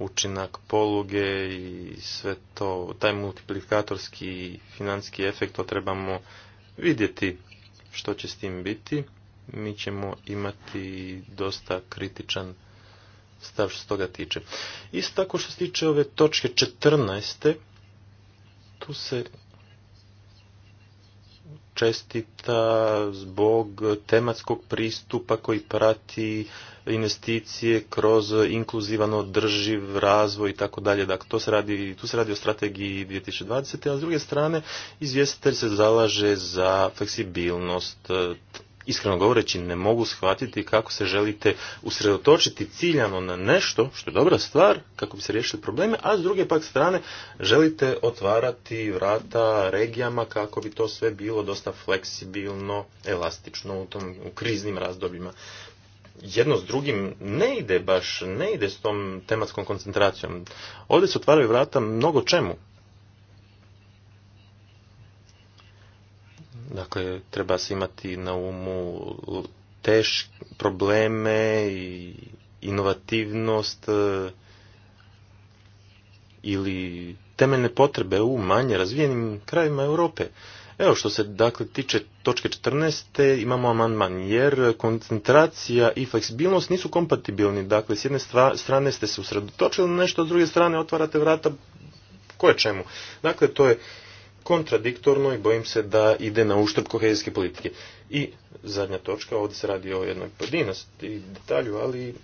Speaker 5: učinak poluge i sve to, taj multiplikatorski financijski efekt, to trebamo vidjeti što će s tim biti. Mi ćemo imati dosta kritičan stav što se toga tiče. Isto tako što se tiče ove točke 14. Tu se čestita zbog tematskog pristupa koji prati investicije kroz inkluzivan održiv razvoj i tako dalje. Dakle, to se radi, tu se radi o strategiji 2020. A s druge strane, izvjestitelj se zalaže za fleksibilnost iskreno govoreći ne mogu shvatiti kako se želite usredotočiti ciljano na nešto što je dobra stvar kako bi se riješili probleme, a s druge pak strane želite otvarati vrata regijama kako bi to sve bilo dosta fleksibilno, elastično u tom u kriznim razdobljima jedno s drugim ne ide baš, ne ide s tom tematskom koncentracijom. Ovdje se otvaraju vrata mnogo čemu. Dakle, treba se imati na umu teške probleme i inovativnost e, ili temeljne potrebe u manje razvijenim krajevima Europe. Evo što se dakle tiče točke 14. imamo amandman jer koncentracija i fleksibilnost nisu kompatibilni. Dakle, s jedne strane ste se usredotočili na nešto, s druge strane otvarate vrata koje čemu. Dakle, to je kontradiktorno i bojim se da ide na uštrb kohezijske politike. I zadnja točka, ovdje se radi o jednoj pojedinosti, detalju, ali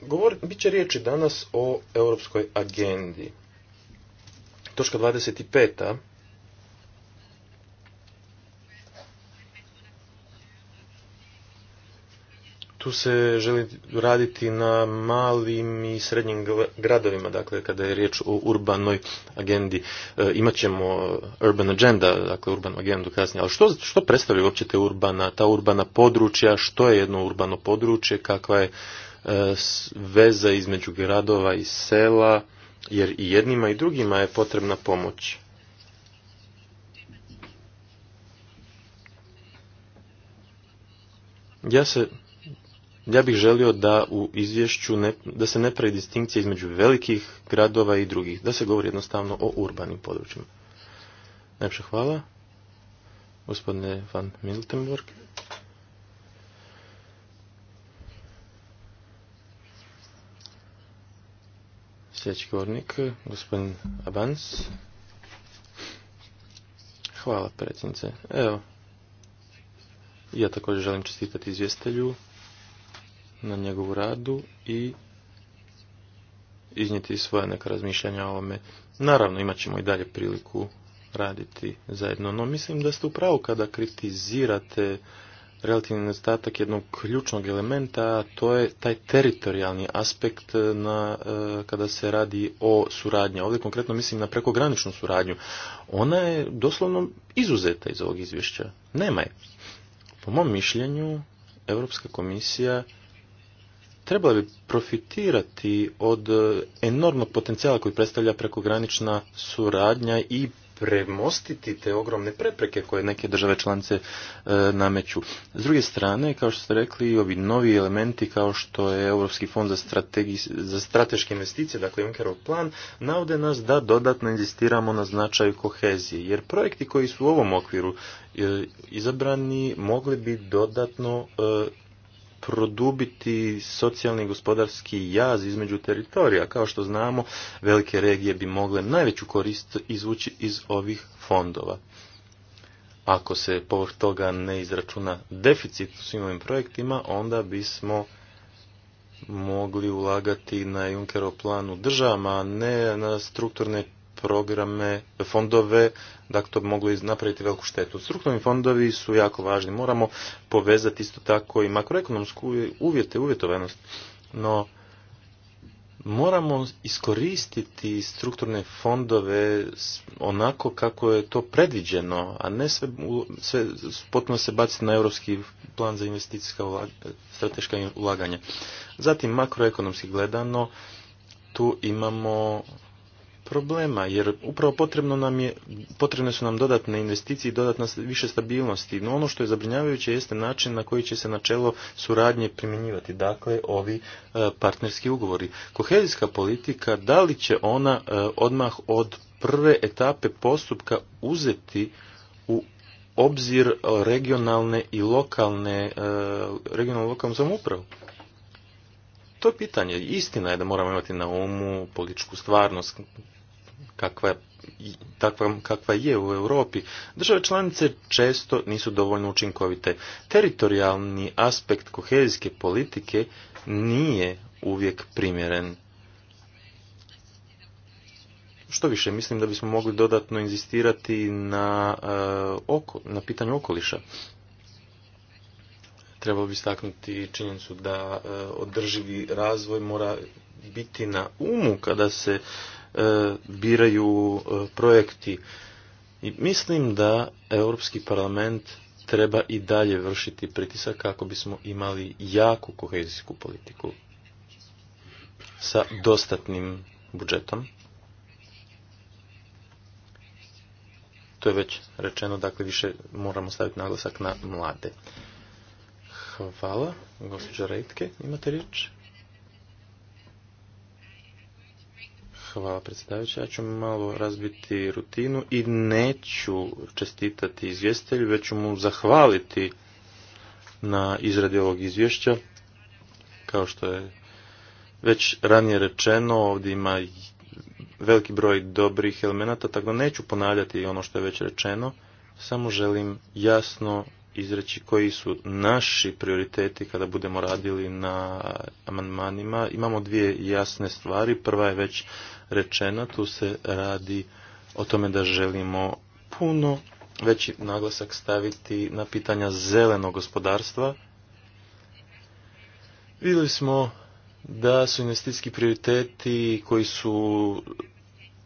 Speaker 5: govor, bit će riječi danas o europskoj agendi. Točka 25. tu se želi raditi na malim i srednjim gradovima, dakle kada je riječ o urbanoj agendi. E, Imaćemo e, urban agenda, dakle urbanu agendu kasnije, ali što, što predstavlja uopće te urbana, ta urbana područja, što je jedno urbano područje, kakva je e, veza između gradova i sela, jer i jednima i drugima je potrebna pomoć. Ja se ja bih želio da u izvješću ne, da se ne pravi distinkcija između velikih gradova i drugih, da se govori jednostavno o urbanim područjima. Najpše hvala. Gospodine van Miltenburg. Sljedeći govornik, gospodin Abans. Hvala predsjednice. Evo, ja također želim čestitati izvjestelju na njegovu radu i iznijeti svoje neka razmišljanja o ovome. Naravno, imat ćemo i dalje priliku raditi zajedno, no mislim da ste upravo kada kritizirate relativni nedostatak jednog ključnog elementa, a to je taj teritorijalni aspekt na, e, kada se radi o suradnji. Ovdje konkretno mislim na prekograničnu suradnju. Ona je doslovno izuzeta iz ovog izvješća. Nema je. Po mom mišljenju, Europska komisija trebala bi profitirati od e, enormnog potencijala koji predstavlja prekogranična suradnja i premostiti te ogromne prepreke koje neke države članice e, nameću. S druge strane, kao što ste rekli, ovi novi elementi kao što je Europski fond za, za strateške investicije, dakle Junckerov plan, navode nas da dodatno inzistiramo na značaju kohezije, jer projekti koji su u ovom okviru e, izabrani mogli bi dodatno produbiti socijalni i gospodarski jaz između teritorija. Kao što znamo, velike regije bi mogle najveću korist izvući iz ovih fondova. Ako se povrh toga ne izračuna deficit u svim ovim projektima, onda bismo mogli ulagati na Junkero plan u državama, a ne na strukturne programe, fondove, da to bi moglo napraviti veliku štetu. Strukturni fondovi su jako važni, moramo povezati isto tako i makroekonomsku uvjete, uvjetovanost, no moramo iskoristiti strukturne fondove onako kako je to predviđeno, a ne sve, sve potpuno se baciti na europski plan za investicijska ulaga, strateška ulaganja. Zatim makroekonomski gledano tu imamo problema, jer upravo potrebno nam je, potrebne su nam dodatne investicije i dodatna više stabilnosti. No ono što je zabrinjavajuće jeste način na koji će se načelo suradnje primjenjivati, dakle ovi e, partnerski ugovori. Kohezijska politika, da li će ona e, odmah od prve etape postupka uzeti u obzir regionalne i lokalne, regionalno regionalnu lokalnu samoupravu? To je pitanje. Istina je da moramo imati na umu političku stvarnost kakva Takva, kakva je u Europi, države članice često nisu dovoljno učinkovite. Teritorijalni aspekt kohezijske politike nije uvijek primjeren. Što više, mislim da bismo mogli dodatno inzistirati na, pitanje eh, oko, na pitanju okoliša. Trebalo bi staknuti činjenicu da eh, održivi razvoj mora biti na umu kada se E, biraju e, projekti. I mislim da Europski parlament treba i dalje vršiti pritisak kako bismo imali jaku kohezijsku politiku sa dostatnim budžetom. To je već rečeno, dakle više moramo staviti naglasak na mlade. Hvala, gospođa Rejtke, imate riječ? Hvala predsjedavajući. Ja ću malo razbiti rutinu i neću čestitati izvjestelju, već ću mu zahvaliti na izradi ovog izvješća. Kao što je već ranije rečeno, ovdje ima veliki broj dobrih elemenata, tako da neću ponavljati ono što je već rečeno. Samo želim jasno izreći koji su naši prioriteti kada budemo radili na amandmanima. Imamo dvije jasne stvari. Prva je već rečena, tu se radi o tome da želimo puno veći naglasak staviti na pitanja zelenog gospodarstva. Vidjeli smo da su investicijski prioriteti koji su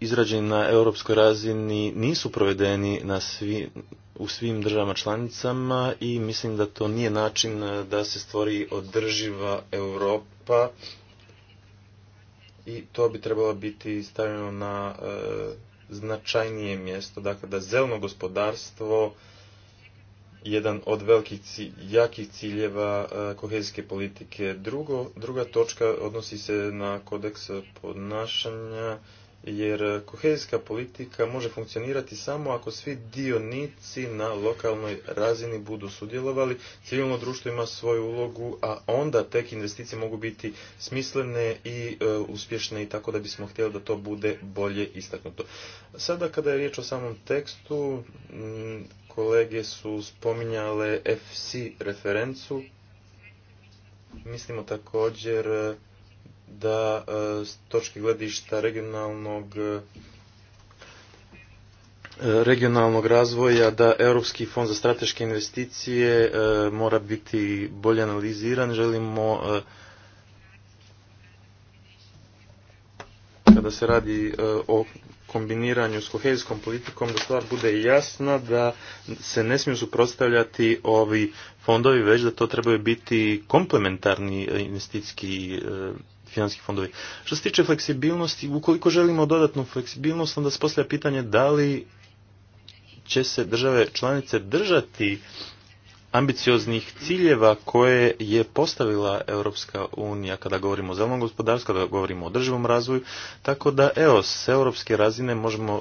Speaker 5: izrađeni na europskoj razini nisu provedeni na svi, u svim državama članicama i mislim da to nije način da se stvori održiva Europa i to bi trebalo biti stavljeno na e, značajnije mjesto. Dakle, da zelno gospodarstvo jedan od velikih jakih ciljeva e, kohezijske politike. Drugo, druga točka odnosi se na kodeks podnašanja jer e, kohezijska politika može funkcionirati samo ako svi dionici na lokalnoj razini budu sudjelovali, civilno društvo ima svoju ulogu, a onda tek investicije mogu biti smislene i e, uspješne i tako da bismo htjeli da to bude bolje istaknuto. Sada kada je riječ o samom tekstu, kolege su spominjale FC referencu, mislimo također e, da e, s točke gledišta regionalnog e, regionalnog razvoja da Europski fond za strateške investicije e, mora biti bolje analiziran. Želimo kada se radi o kombiniranju s kohezijskom politikom da stvar bude jasna da se ne smiju suprotstavljati ovi fondovi već da to trebaju biti komplementarni investicijski financijski fondovi. Što se tiče fleksibilnosti, ukoliko želimo dodatnu fleksibilnost, onda se postavlja pitanje da li će se države članice držati ambicioznih ciljeva koje je postavila Europska unija kada govorimo o zelenom gospodarstvu, kada govorimo o održivom razvoju, tako da evo, s europske razine možemo,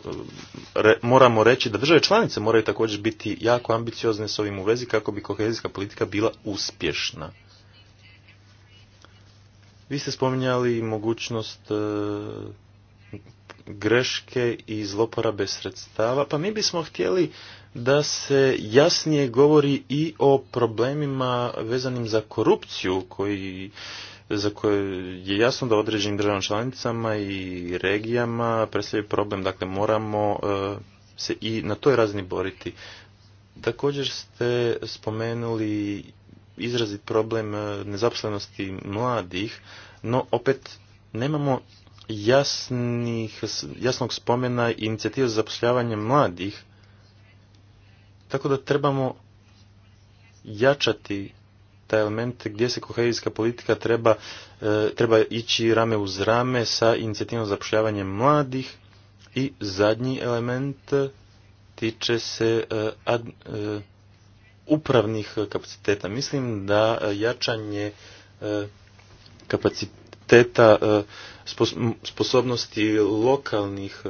Speaker 5: moramo reći da države članice moraju također biti jako ambiciozne s ovim u vezi kako bi kohezijska politika bila uspješna. Vi ste spominjali mogućnost e, greške i zloporabe sredstava, pa mi bismo htjeli da se jasnije govori i o problemima vezanim za korupciju koji za koje je jasno da određenim državama članicama i regijama predstavljaju problem, dakle moramo e, se i na toj razini boriti. Također ste spomenuli izrazit problem e, nezaposlenosti mladih, no opet nemamo jasnih, jasnog spomena i inicijativa za zapošljavanje mladih, tako da trebamo jačati taj element gdje se kohezijska politika treba, e, treba ići rame uz rame sa inicijativom za zapošljavanje mladih i zadnji element tiče se e, upravnih kapaciteta. Mislim da e, jačanje e, kapaciteta e, sposobnosti lokalnih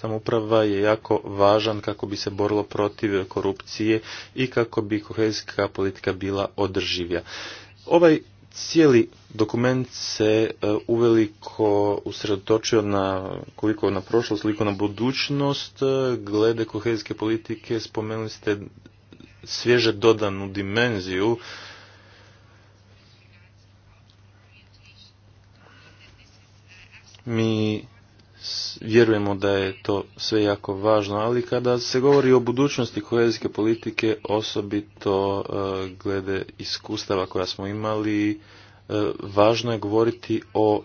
Speaker 5: samouprava je jako važan kako bi se borilo protiv korupcije i kako bi kohezijska politika bila održivija. Ovaj cijeli dokument se uveliko usredotočio na koliko na prošlost, koliko na budućnost. Glede kohezijske politike spomenuli ste svježe dodanu dimenziju mi vjerujemo da je to sve jako važno, ali kada se govori o budućnosti kohezijske politike, osobito e, glede iskustava koja smo imali, e, važno je govoriti o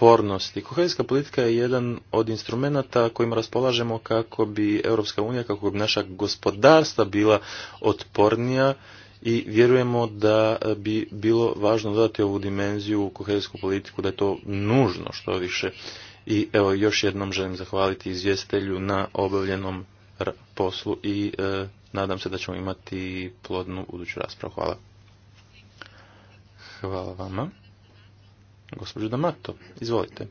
Speaker 5: otpornosti. Kohezijska politika je jedan od instrumenata kojim raspolažemo kako bi Europska unija, kako bi naša gospodarstva bila otpornija i vjerujemo da bi bilo važno dodati ovu dimenziju u kohezijsku politiku, da je to nužno što više. I evo još jednom želim zahvaliti izvjestelju na obavljenom poslu i e, nadam se da ćemo imati plodnu buduću raspravu. Hvala. Hvala vama. Gospođo D'Amato, izvolite.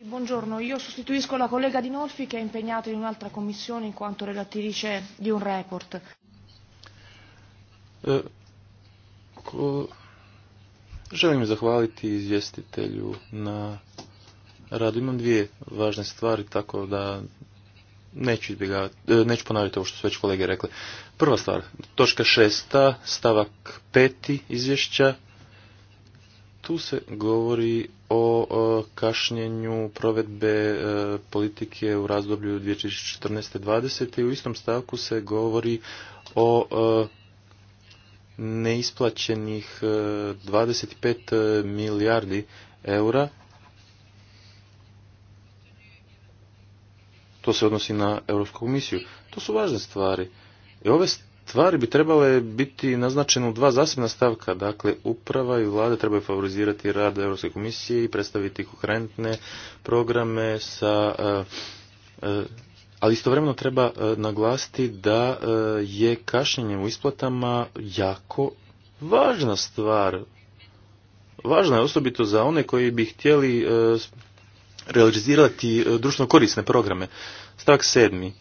Speaker 1: Buongiorno, io
Speaker 2: sostituisco la collega Di Norfi che è impegnata in un'altra commissione in quanto relatrice di un report. E,
Speaker 5: želim zahvaliti izvjestitelju na radu. Imam dvije važne stvari, tako da neću, izbjegavati, e, neću ponavljati ovo što su već kolege rekle. Prva stvar, točka šesta, stavak peti izvješća, tu se govori o kašnjenju provedbe e, politike u razdoblju 2014-2020 i u istom stavku se govori o e, neisplaćenih 25 e, milijardi eura. To se odnosi na Europsku komisiju. To su važne stvari. I ove stvari bi trebale biti naznačene u dva zasebna stavka. Dakle, uprava i vlada trebaju favorizirati rad Europske komisije i predstaviti koherentne programe sa... Eh, eh, ali istovremeno treba eh, naglasiti da je kašnjenje u isplatama jako važna stvar. Važna je osobito za one koji bi htjeli realizirati društveno korisne programe. Stavak sedmi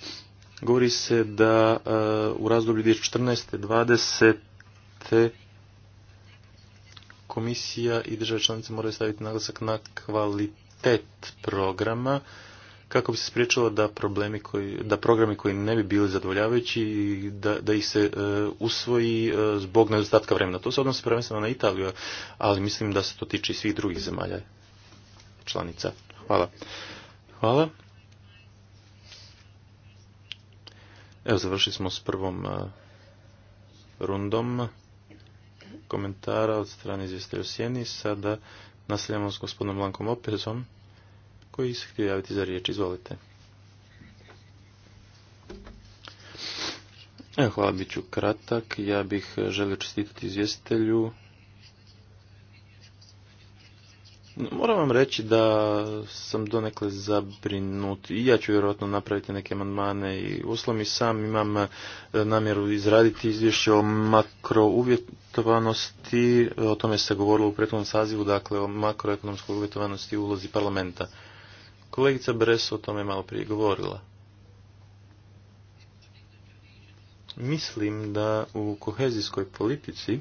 Speaker 5: govori se da eh, u razdoblju 2014. 2020. komisija i države članice moraju staviti naglasak na kvalitet programa kako bi se spriječilo da problemi koji, da programi koji ne bi bili zadovoljavajući da, da ih se eh, usvoji eh, zbog nedostatka vremena. To se odnosi prvenstveno na Italiju, ali mislim da se to tiče i svih drugih zemalja članica. Hvala. Hvala. Evo, završili smo s prvom e, rundom komentara od strane izvjestitelja u Sjeni. Sada nastavljamo s gospodinom Lankom Oprezom, koji se htio javiti za riječ. Izvolite. Evo, hvala, bit ću kratak. Ja bih želio čestitati izvjestitelju Moram vam reći da sam donekle zabrinut i ja ću vjerojatno napraviti neke amandmane i uslom i sam imam e, namjeru izraditi izvješće o makrouvjetovanosti, e, o tome se govorilo u prethodnom sazivu, dakle o makroekonomskoj uvjetovanosti u ulozi parlamenta. Kolegica Breso o tome malo prije govorila. Mislim da u kohezijskoj politici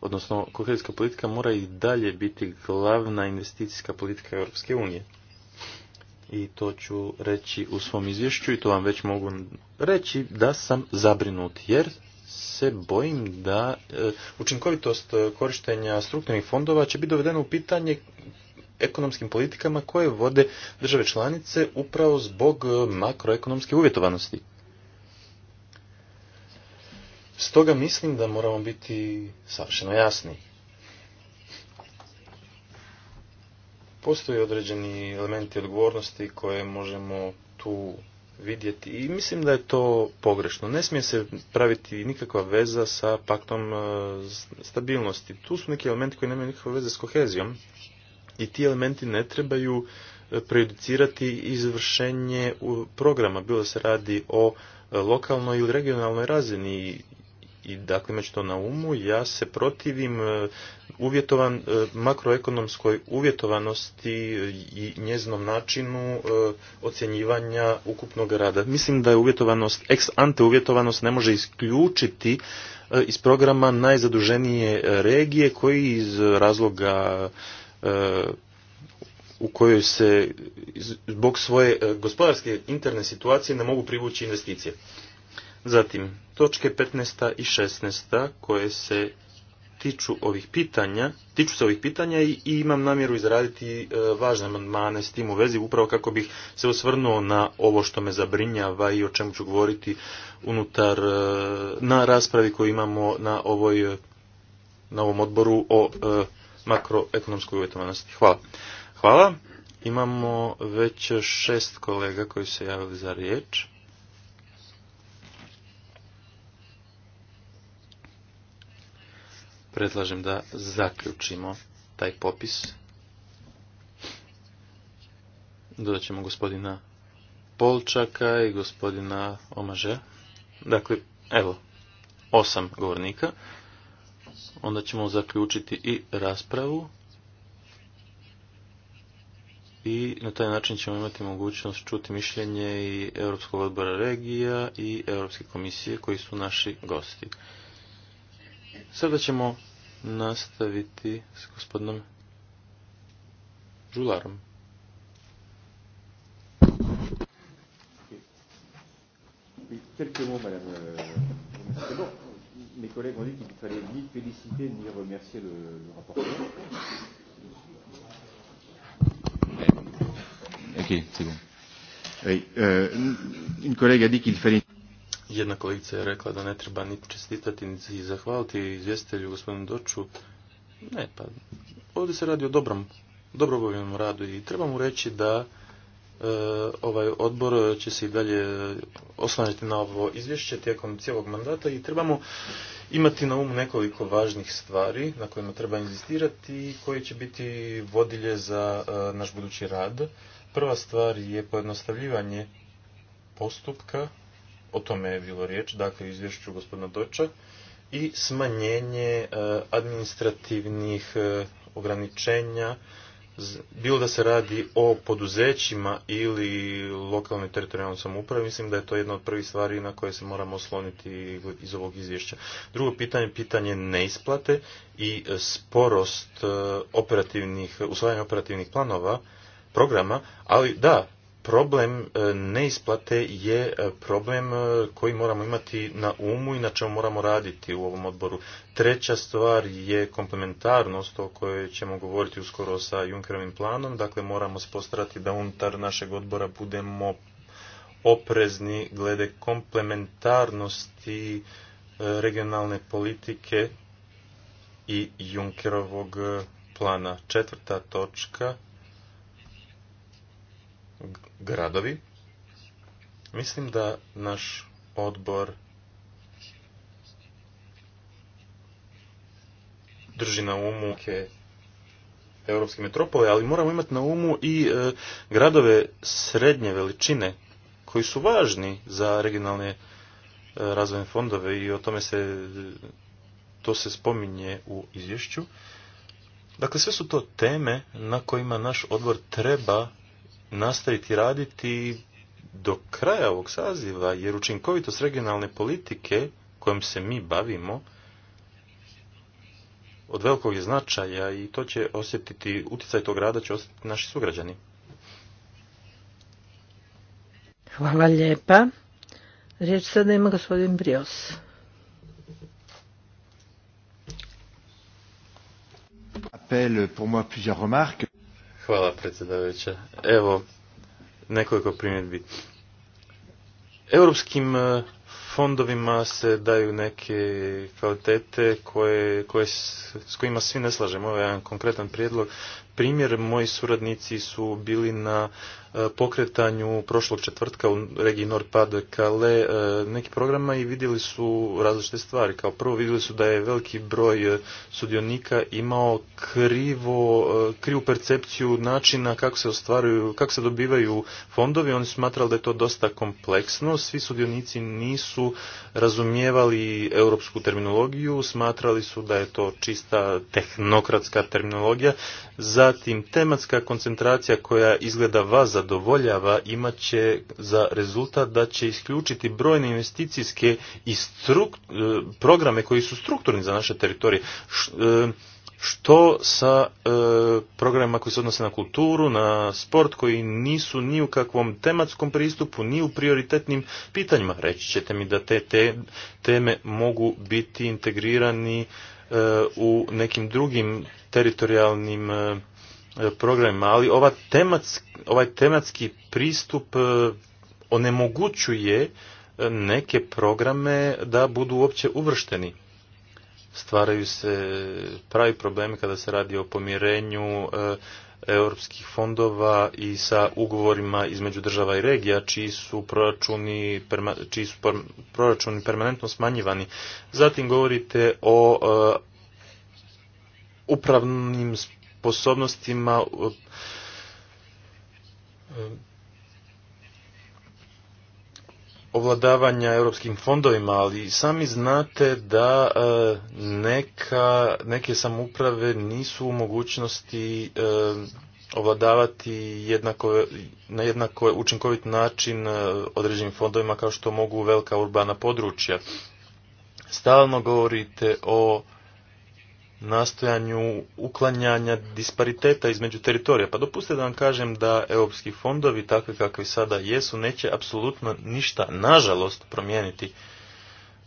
Speaker 5: odnosno kohezijska politika mora i dalje biti glavna investicijska politika Europske unije. I to ću reći u svom izvješću i to vam već mogu reći da sam zabrinut jer se bojim da e, učinkovitost korištenja strukturnih fondova će biti dovedena u pitanje ekonomskim politikama koje vode države članice upravo zbog makroekonomske uvjetovanosti. Stoga mislim da moramo biti savršeno jasni. Postoje određeni elementi odgovornosti koje možemo tu vidjeti i mislim da je to pogrešno. Ne smije se praviti nikakva veza sa paktom e, stabilnosti. Tu su neki elementi koji nemaju nikakve veze s kohezijom i ti elementi ne trebaju e, prejudicirati izvršenje programa, bilo da se radi o e, lokalnoj ili regionalnoj razini i dakle to na umu, ja se protivim e, uvjetovan, e, makroekonomskoj uvjetovanosti e, i njeznom načinu ocjenjivanja ukupnog rada. Mislim da je uvjetovanost, ex ante uvjetovanost ne može isključiti iz programa najzaduženije regije koji iz razloga u kojoj se zbog svoje gospodarske interne situacije ne mogu privući investicije. Zatim, točke 15. i 16. koje se tiču ovih pitanja, tiču se ovih pitanja i, imam namjeru izraditi e, važne amandmane s tim u vezi, upravo kako bih se osvrnuo na ovo što me zabrinjava i o čemu ću govoriti unutar e, na raspravi koju imamo na ovoj na ovom odboru o e, makroekonomskoj uvjetovanosti. Hvala. Hvala. Imamo već šest kolega koji se javili za riječ. predlažem da zaključimo taj popis. Dodat ćemo gospodina Polčaka i gospodina Omaže. Dakle, evo, osam govornika. Onda ćemo zaključiti i raspravu. I na taj način ćemo imati mogućnost čuti mišljenje i Europskog odbora regija i Europske komisije koji su naši gosti. Sada ćemo nastaviti s gospodinom Žularom. Quelques mots, madame. D'abord, euh, mes collègues ont dit qu'il ne fallait ni féliciter ni remercier le, le rapporteur. Ok, c'est bon. Oui, euh, une collègue a dit qu'il fallait jedna kolegica je rekla da ne treba ni čestitati, niti zahvaliti izvjestitelju gospodinu Doču. Ne, pa ovdje se radi o dobrom, dobrovoljnom radu i trebamo reći da e, ovaj odbor će se i dalje oslanjati na ovo izvješće tijekom cijelog mandata i trebamo imati na umu nekoliko važnih stvari na kojima treba inzistirati i koje će biti vodilje za e, naš budući rad. Prva stvar je pojednostavljivanje postupka o tome je bilo riječ, dakle u izvješću gospodina Doča, i smanjenje e, administrativnih e, ograničenja, bilo da se radi o poduzećima ili lokalnoj teritorijalnoj samoupravi, mislim da je to jedna od prvih stvari na koje se moramo osloniti iz ovog izvješća. Drugo pitanje pitanje neisplate i e, sporost operativnih, usvajanja operativnih planova, programa, ali da, problem e, neisplate je e, problem e, koji moramo imati na umu i na čemu moramo raditi u ovom odboru. Treća stvar je komplementarnost o kojoj ćemo govoriti uskoro sa Junkerovim planom. Dakle, moramo postarati da unutar našeg odbora budemo oprezni glede komplementarnosti regionalne politike i Junkerovog plana. Četvrta točka gradovi. Mislim da naš odbor drži na umu europske metropole, ali moramo imati na umu i e, gradove srednje veličine koji su važni za regionalne e, razvojne fondove i o tome se to se spominje u izvješću. Dakle, sve su to teme na kojima naš odbor treba nastaviti raditi do kraja ovog saziva, jer učinkovitost regionalne politike kojom se mi bavimo od velikog je značaja i to će osjetiti, utjecaj tog rada će osjetiti naši sugrađani.
Speaker 1: Hvala lijepa. Riječ sada ima gospodin Brios.
Speaker 5: Appel pour moi plusieurs Hvala predsjedavajuća. Evo, nekoliko primjedbi. Europskim e, fondovima se daju neke kvalitete koje, koje, s kojima svi ne slažemo. Ovo je jedan konkretan prijedlog primjer. Moji suradnici su bili na e, pokretanju prošlog četvrtka u regiji Pad Kale e, neki programa i vidjeli su različite stvari. Kao prvo vidjeli su da je veliki broj e, sudionika imao krivo, krivu percepciju načina kako se ostvaruju, kako se dobivaju fondovi. Oni smatrali da je to dosta kompleksno. Svi sudionici nisu razumijevali europsku terminologiju, smatrali su da je to čista tehnokratska terminologija. Za Zatim, tematska koncentracija koja izgleda vas zadovoljava imat će za rezultat da će isključiti brojne investicijske i e, programe koji su strukturni za naše teritorije. E, što sa e, programima koji se odnose na kulturu, na sport, koji nisu ni u kakvom tematskom pristupu, ni u prioritetnim pitanjima. Reći ćete mi da te, te teme mogu biti integrirani E, u nekim drugim teritorijalnim e, programima, ali ova ovaj tematski pristup e, onemogućuje neke programe da budu uopće uvršteni. Stvaraju se pravi problemi kada se radi o pomirenju, europskih fondova i sa ugovorima između država i regija, čiji su proračuni, čiji su proračuni permanentno smanjivani. Zatim govorite o e, upravnim sposobnostima uh, ovladavanja europskim fondovima, ali sami znate da e, neka, neke samuprave nisu u mogućnosti e, ovladavati jednako, na jednako učinkovit način e, određenim fondovima kao što mogu velika urbana područja. Stalno govorite o nastojanju uklanjanja dispariteta između teritorija. Pa dopustite da vam kažem da europski fondovi, takvi kakvi sada jesu, neće apsolutno ništa, nažalost, promijeniti.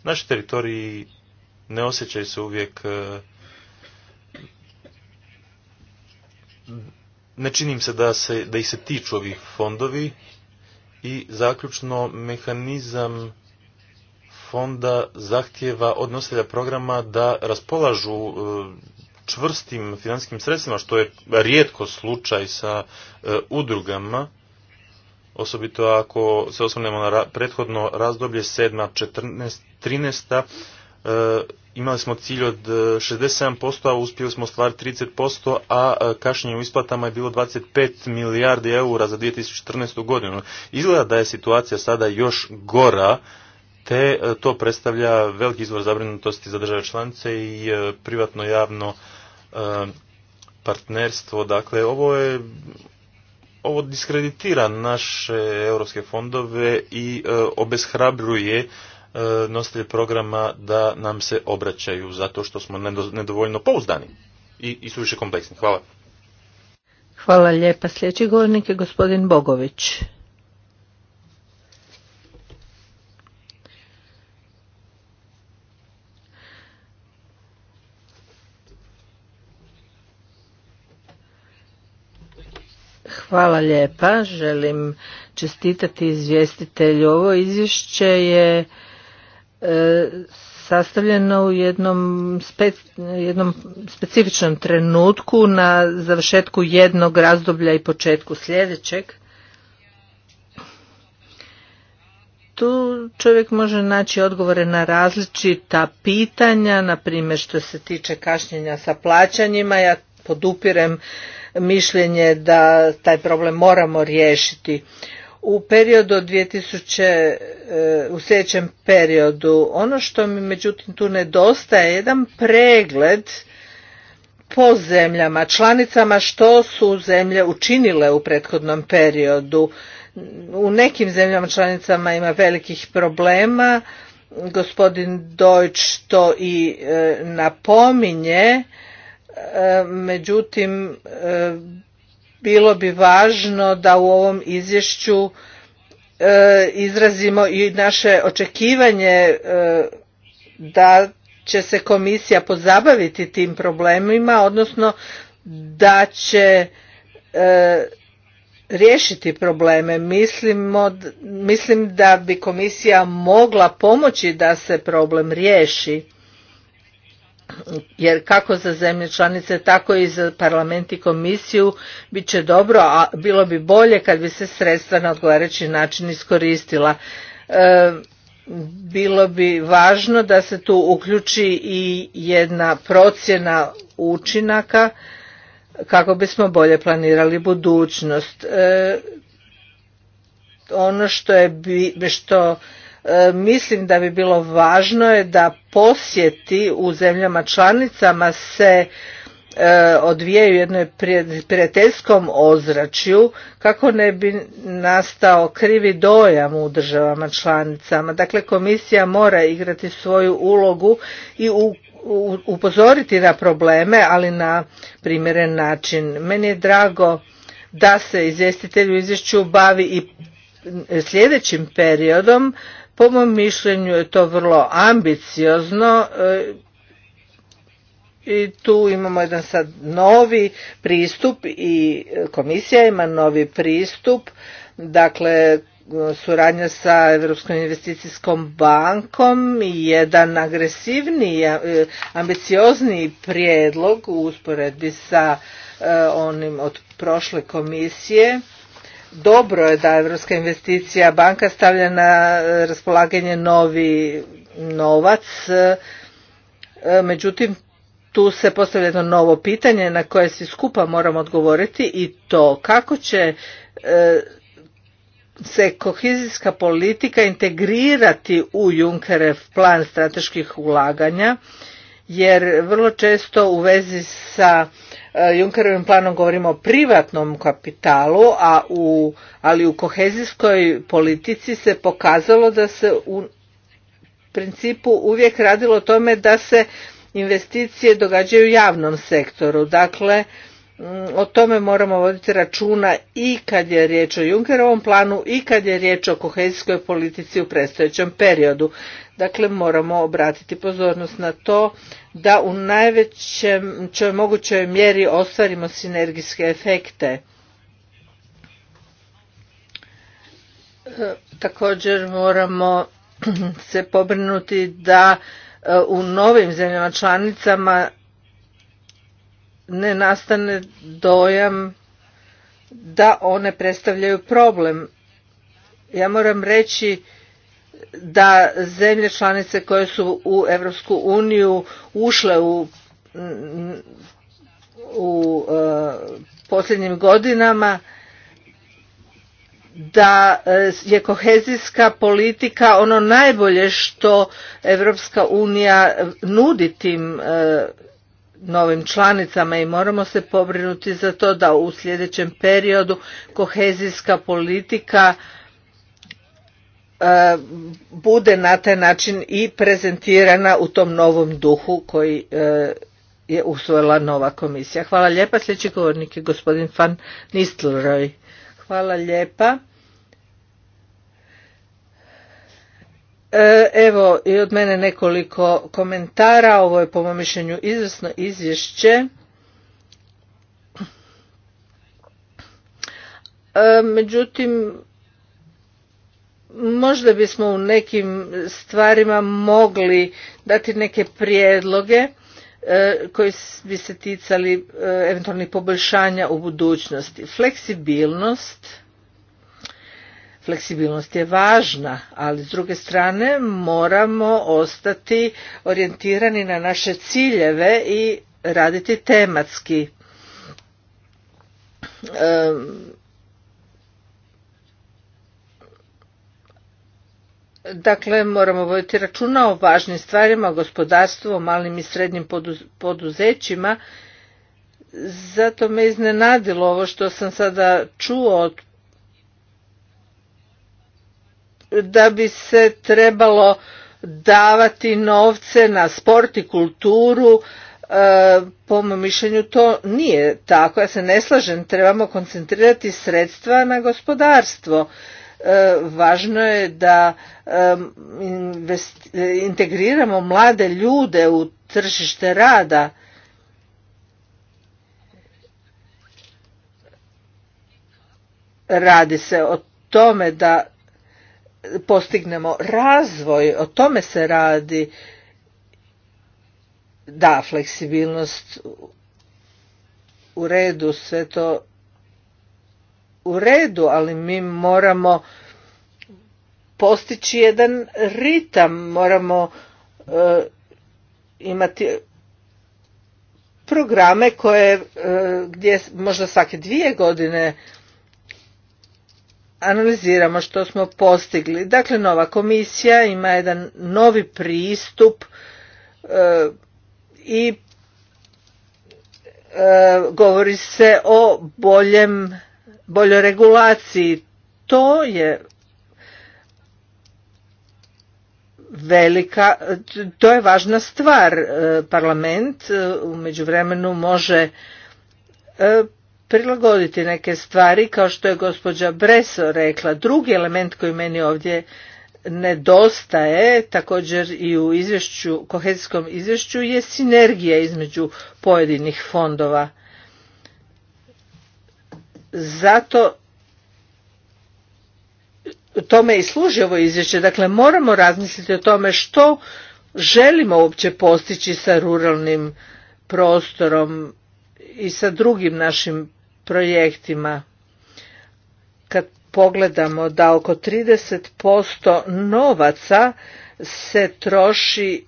Speaker 5: Naši teritoriji ne osjećaju se uvijek e, ne činim se da, se da ih se tiču ovih fondovi i zaključno mehanizam fonda zahtjeva od programa da raspolažu e, čvrstim financijskim sredstvima, što je rijetko slučaj sa e, udrugama, osobito ako se osvrnemo na prethodno razdoblje 7.13. E, imali smo cilj od 67%, a uspjeli smo ostvariti 30%, a kašnjenje u isplatama je bilo 25 milijardi eura za 2014. godinu. Izgleda da je situacija sada još gora te e, to predstavlja veliki izvor zabrinutosti za države članice i e, privatno javno e, partnerstvo. Dakle, ovo je ovo diskreditira naše europske fondove i obeshrabruje nositelje programa da nam se obraćaju zato što smo nedovoljno pouzdani i, i su više kompleksni. Hvala.
Speaker 1: Hvala lijepa. Sljedeći govornik je gospodin Bogović. Hvala lijepa. Želim čestitati izvjestitelju. Ovo izvješće je e, sastavljeno u jednom, spe, jednom specifičnom trenutku na završetku jednog razdoblja i početku sljedećeg. Tu čovjek može naći odgovore na različita pitanja, na primjer što se tiče kašnjenja sa plaćanjima. Ja podupirem mišljenje da taj problem moramo riješiti. U periodu 2000, e, u sljedećem periodu, ono što mi međutim tu nedostaje je jedan pregled po zemljama, članicama što su zemlje učinile u prethodnom periodu. U nekim zemljama članicama ima velikih problema, gospodin Dojč to i e, napominje, međutim e, bilo bi važno da u ovom izvješću e, izrazimo i naše očekivanje e, da će se komisija pozabaviti tim problemima odnosno da će riješiti probleme mislim da bi komisija mogla pomoći da se problem riješi jer kako za zemlje članice, tako i za parlament i komisiju bit će dobro, a bilo bi bolje kad bi se sredstva na odgovarajući način iskoristila. E, bilo bi važno da se tu uključi i jedna procjena učinaka kako bismo bolje planirali budućnost. E, ono što je što E, mislim da bi bilo važno je da posjeti u zemljama članicama se e, odvijaju u jednoj prijateljskom ozračju kako ne bi nastao krivi dojam u državama članicama. Dakle, komisija mora igrati svoju ulogu i upozoriti na probleme, ali na primjeren način. Meni je drago da se izvjestitelj u izvješću bavi i sljedećim periodom po mom mišljenju je to vrlo ambiciozno e, i tu imamo jedan sad novi pristup i komisija ima novi pristup, dakle suradnja sa Europskom investicijskom bankom i jedan agresivniji, e, ambiciozniji prijedlog u usporedbi sa e, onim od prošle komisije dobro je da Europska investicija banka stavlja na e, raspolaganje novi novac, e, e, međutim tu se postavlja jedno novo pitanje na koje svi skupa moramo odgovoriti i to kako će se kohezijska politika integrirati u Junckerev plan strateških ulaganja jer vrlo često u vezi sa E, Junkerovim planom govorimo o privatnom kapitalu, a u, ali u kohezijskoj politici se pokazalo da se u principu uvijek radilo o tome da se investicije događaju u javnom sektoru. Dakle, mm, o tome moramo voditi računa i kad je riječ o Junkerovom planu i kad je riječ o kohezijskoj politici u predstojećem periodu. Dakle, moramo obratiti pozornost na to da u najvećoj mogućoj mjeri ostvarimo sinergijske efekte. E, također moramo se pobrinuti da e, u novim zemljama članicama ne nastane dojam da one predstavljaju problem. Ja moram reći da zemlje članice koje su u Europsku uniju ušle u u e, posljednjim godinama da e, je kohezijska politika ono najbolje što Europska unija nudi tim e, novim članicama i moramo se pobrinuti za to da u sljedećem periodu kohezijska politika E, bude na taj način i prezentirana u tom novom duhu koji e, je usvojila nova komisija. Hvala lijepa. Sljedeći govornik je gospodin Van Nistelrooy. Hvala lijepa. E, evo i od mene nekoliko komentara. Ovo je po mom mišljenju izvrsno izvješće. Međutim, možda bismo u nekim stvarima mogli dati neke prijedloge e, koji bi se ticali e, eventualnih poboljšanja u budućnosti. Fleksibilnost, fleksibilnost je važna, ali s druge strane moramo ostati orijentirani na naše ciljeve i raditi tematski. E, Dakle, moramo voditi računa o važnim stvarima, o gospodarstvu, o malim i srednjim poduzećima. Zato me iznenadilo ovo što sam sada čuo da bi se trebalo davati novce na sport i kulturu, e, po mom mišljenju to nije tako, ja se ne slažem, trebamo koncentrirati sredstva na gospodarstvo E, važno je da e, integriramo mlade ljude u tržište rada radi se o tome da postignemo razvoj o tome se radi da fleksibilnost u redu sve to u redu, ali mi moramo postići jedan ritam, moramo e, imati programe koje e, gdje možda svake dvije godine analiziramo što smo postigli. Dakle, nova komisija ima jedan novi pristup e, i govori se o boljem boljoj regulaciji. To je velika, to je važna stvar. E, parlament e, u međuvremenu može e, prilagoditi neke stvari kao što je gospođa Breso rekla. Drugi element koji meni ovdje nedostaje također i u izvješću, kohezijskom izvješću je sinergija između pojedinih fondova zato tome i služi ovo izvješće. Dakle, moramo razmisliti o tome što želimo uopće postići sa ruralnim prostorom i sa drugim našim projektima. Kad pogledamo da oko 30% novaca se troši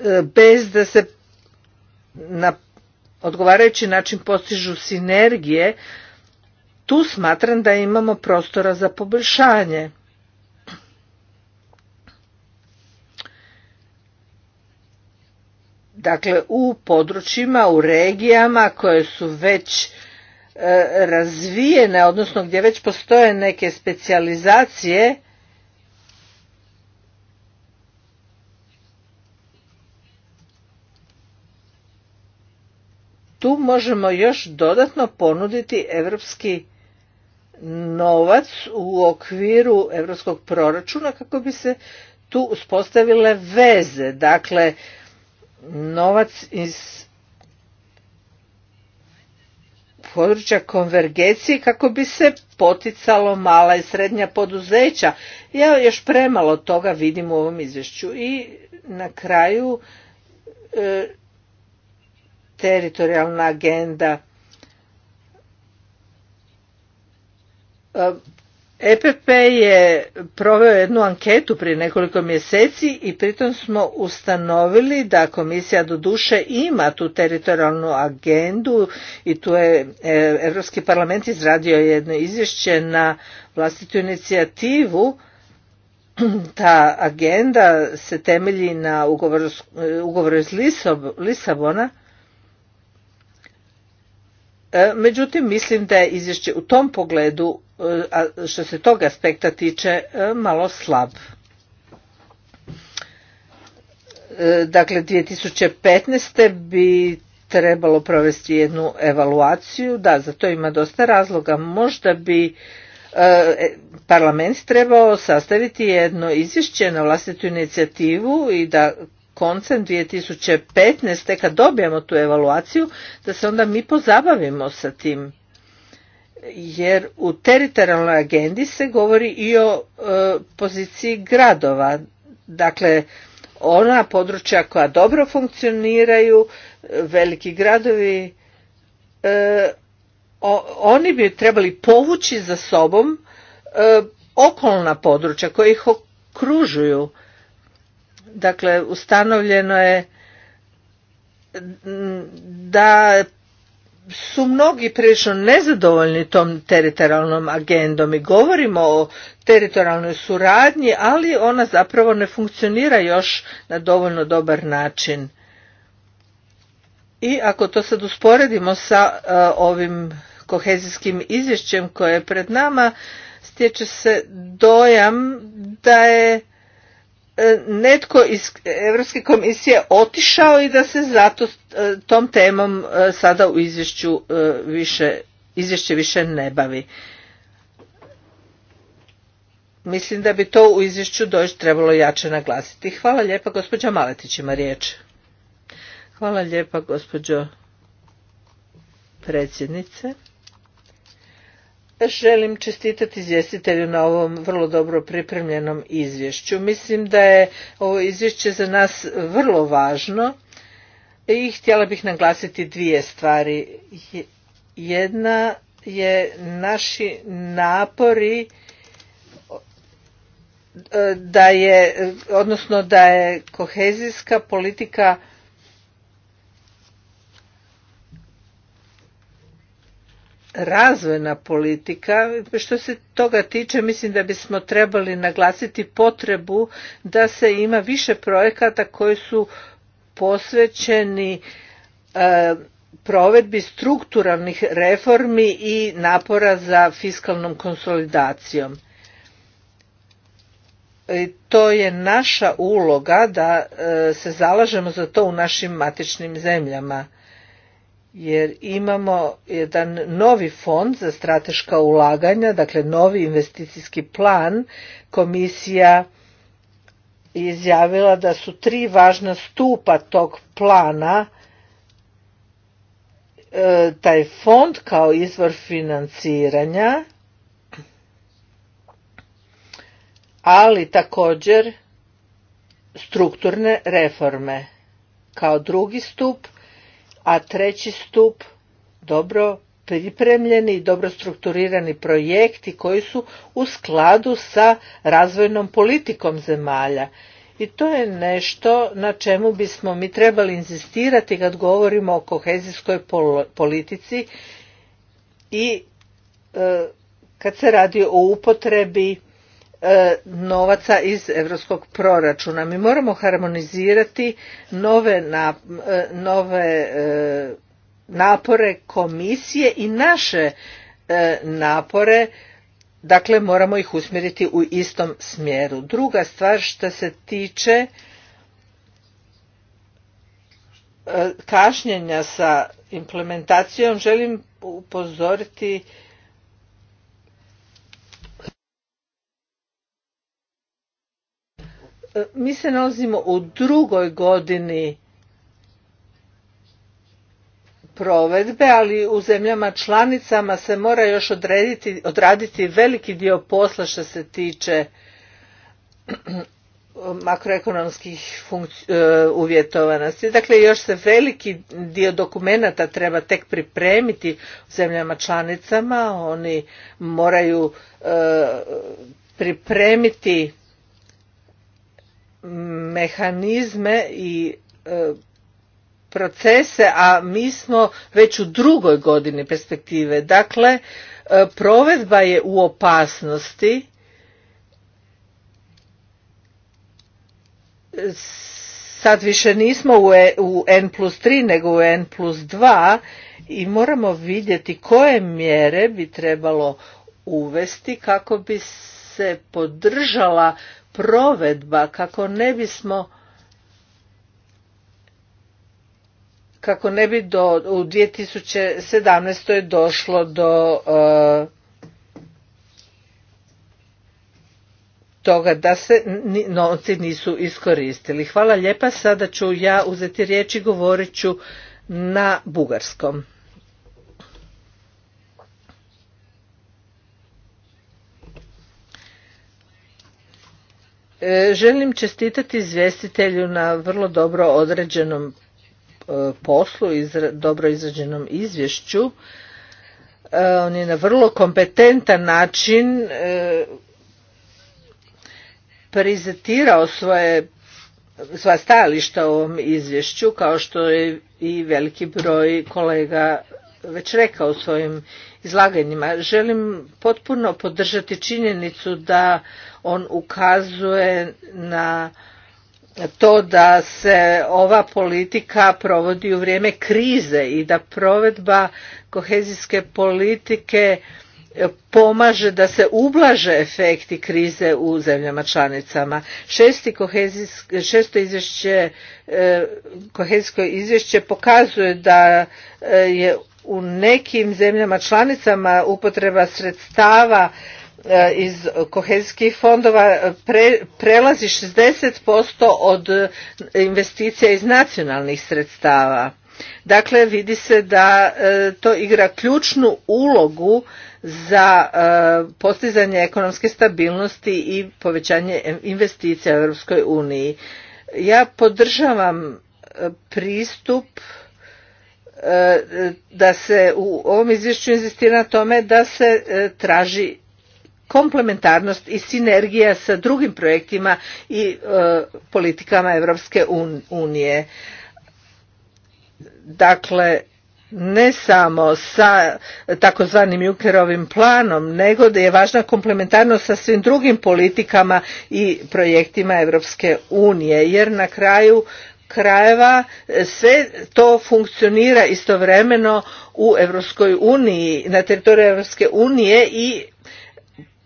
Speaker 1: E, bez da se na odgovarajući način postižu sinergije, tu smatram da imamo prostora za poboljšanje. Dakle, u područjima, u regijama koje su već e, razvijene, odnosno gdje već postoje neke specijalizacije, tu možemo još dodatno ponuditi europski novac u okviru europskog proračuna kako bi se tu uspostavile veze. Dakle, novac iz područja konvergencije kako bi se poticalo mala i srednja poduzeća. Ja još premalo toga vidim u ovom izvješću. I na kraju e, teritorijalna agenda. EPP e je proveo jednu anketu prije nekoliko mjeseci i pritom smo ustanovili da komisija duše ima tu teritorijalnu agendu i tu je Europski parlament izradio jedno izvješće na vlastitu inicijativu. Ta agenda se temelji na ugovoru e, iz Lisabona E, međutim, mislim da je izvješće u tom pogledu, e, što se tog aspekta tiče, e, malo slab. Dakle, 2015. bi trebalo provesti jednu evaluaciju, da, za to ima dosta razloga. Možda bi parlament trebao sastaviti jedno izvješće na vlastitu inicijativu i da koncem 2015. kad dobijemo tu evaluaciju, da se onda mi pozabavimo sa tim. Jer u teritorijalnoj agendi se govori i o e, poziciji gradova. Dakle, ona područja koja dobro funkcioniraju, veliki gradovi, e, oni bi trebali povući za sobom e, okolna područja koja ih okružuju Dakle, ustanovljeno je mm, da su mnogi prilično nezadovoljni tom teritorijalnom agendom i govorimo o teritorijalnoj suradnji, ali ona zapravo ne funkcionira još na dovoljno dobar način. I ako to sad usporedimo sa e, ovim kohezijskim izvješćem koje je pred nama, stječe se dojam da je E, netko iz Europske komisije otišao i da se zato e, tom temom e, sada u izvješću više, izvješće više ne bavi. Mislim da bi to u izvješću dođe trebalo jače naglasiti. Hvala lijepa gospođa Maletić ima riječ. Hvala lijepa gospođo predsjednice želim čestitati izvjestitelju na ovom vrlo dobro pripremljenom izvješću. Mislim da je ovo izvješće za nas vrlo važno i htjela bih naglasiti dvije stvari. Jedna je naši napori e, da je, odnosno da je kohezijska politika razvojna politika. Što se toga tiče, mislim da bismo trebali naglasiti potrebu da se ima više projekata koji su posvećeni e, provedbi strukturalnih reformi i napora za fiskalnom konsolidacijom. to je naša uloga da e, se zalažemo za to u našim matičnim zemljama jer imamo jedan novi fond za strateška ulaganja, dakle novi investicijski plan. Komisija je izjavila da su tri važna stupa tog plana e, taj fond kao izvor financiranja, ali također strukturne reforme. Kao drugi stup a treći stup dobro pripremljeni i dobro strukturirani projekti koji su u skladu sa razvojnom politikom zemalja. I to je nešto na čemu bismo mi trebali inzistirati kad govorimo o kohezijskoj politici i e, kad se radi o upotrebi E, novaca iz europskog proračuna. Mi moramo harmonizirati nove, na e, nove e, napore komisije i naše napore, dakle moramo ih usmjeriti u istom smjeru. Druga stvar što se tiče kašnjenja sa implementacijom želim upozoriti E, mi se nalazimo u drugoj godini provedbe, ali u zemljama članicama se mora još odrediti, odraditi veliki dio posla što se tiče makroekonomskih e, uvjetovanosti. Dakle, još se veliki dio dokumenata treba tek pripremiti u zemljama članicama. Oni moraju e, pripremiti mehanizme i e, procese, a mi smo već u drugoj godini perspektive. Dakle, e, provedba je u opasnosti. Sad više nismo u, e, N plus 3 nego u N plus 2 i moramo vidjeti koje mjere bi trebalo uvesti kako bi se podržala provedba kako ne bismo kako ne bi do, u 2017. je došlo do e, toga da se novci nisu iskoristili. Hvala lijepa, sada ću ja uzeti riječ i govorit ću na bugarskom. E, želim čestitati izvjestitelju na vrlo dobro određenom e, poslu i dobro izrađenom izvješću. E, on je na vrlo kompetentan način prezentirao svoje sva stajališta u ovom izvješću kao što je i veliki broj kolega već rekao u svojim izlaganjima. Želim potpuno podržati činjenicu da on ukazuje na to da se ova politika provodi u vrijeme krize i da provedba kohezijske politike pomaže da se ublaže efekti krize u zemljama članicama. šesto izvješće, e, kohezijsko izvješće pokazuje da e, je u nekim zemljama članicama upotreba sredstava E, iz kohezijskih fondova e, prelazi prelazi 60% od e, investicija iz nacionalnih sredstava. Dakle, vidi se da to igra ključnu ulogu za postizanje ekonomske stabilnosti i povećanje investicija u Europskoj uniji. Ja podržavam pristup da se u ovom izvješću inzistira na tome da se traži komplementarnost i sinergija sa drugim projektima i e, politikama Europske unije. Dakle, ne samo sa takozvanim Junckerovim planom, nego da je važna komplementarnost sa svim drugim politikama i projektima Europske unije, jer na kraju krajeva e, sve to funkcionira istovremeno u Europskoj uniji, na teritoriju Europske unije i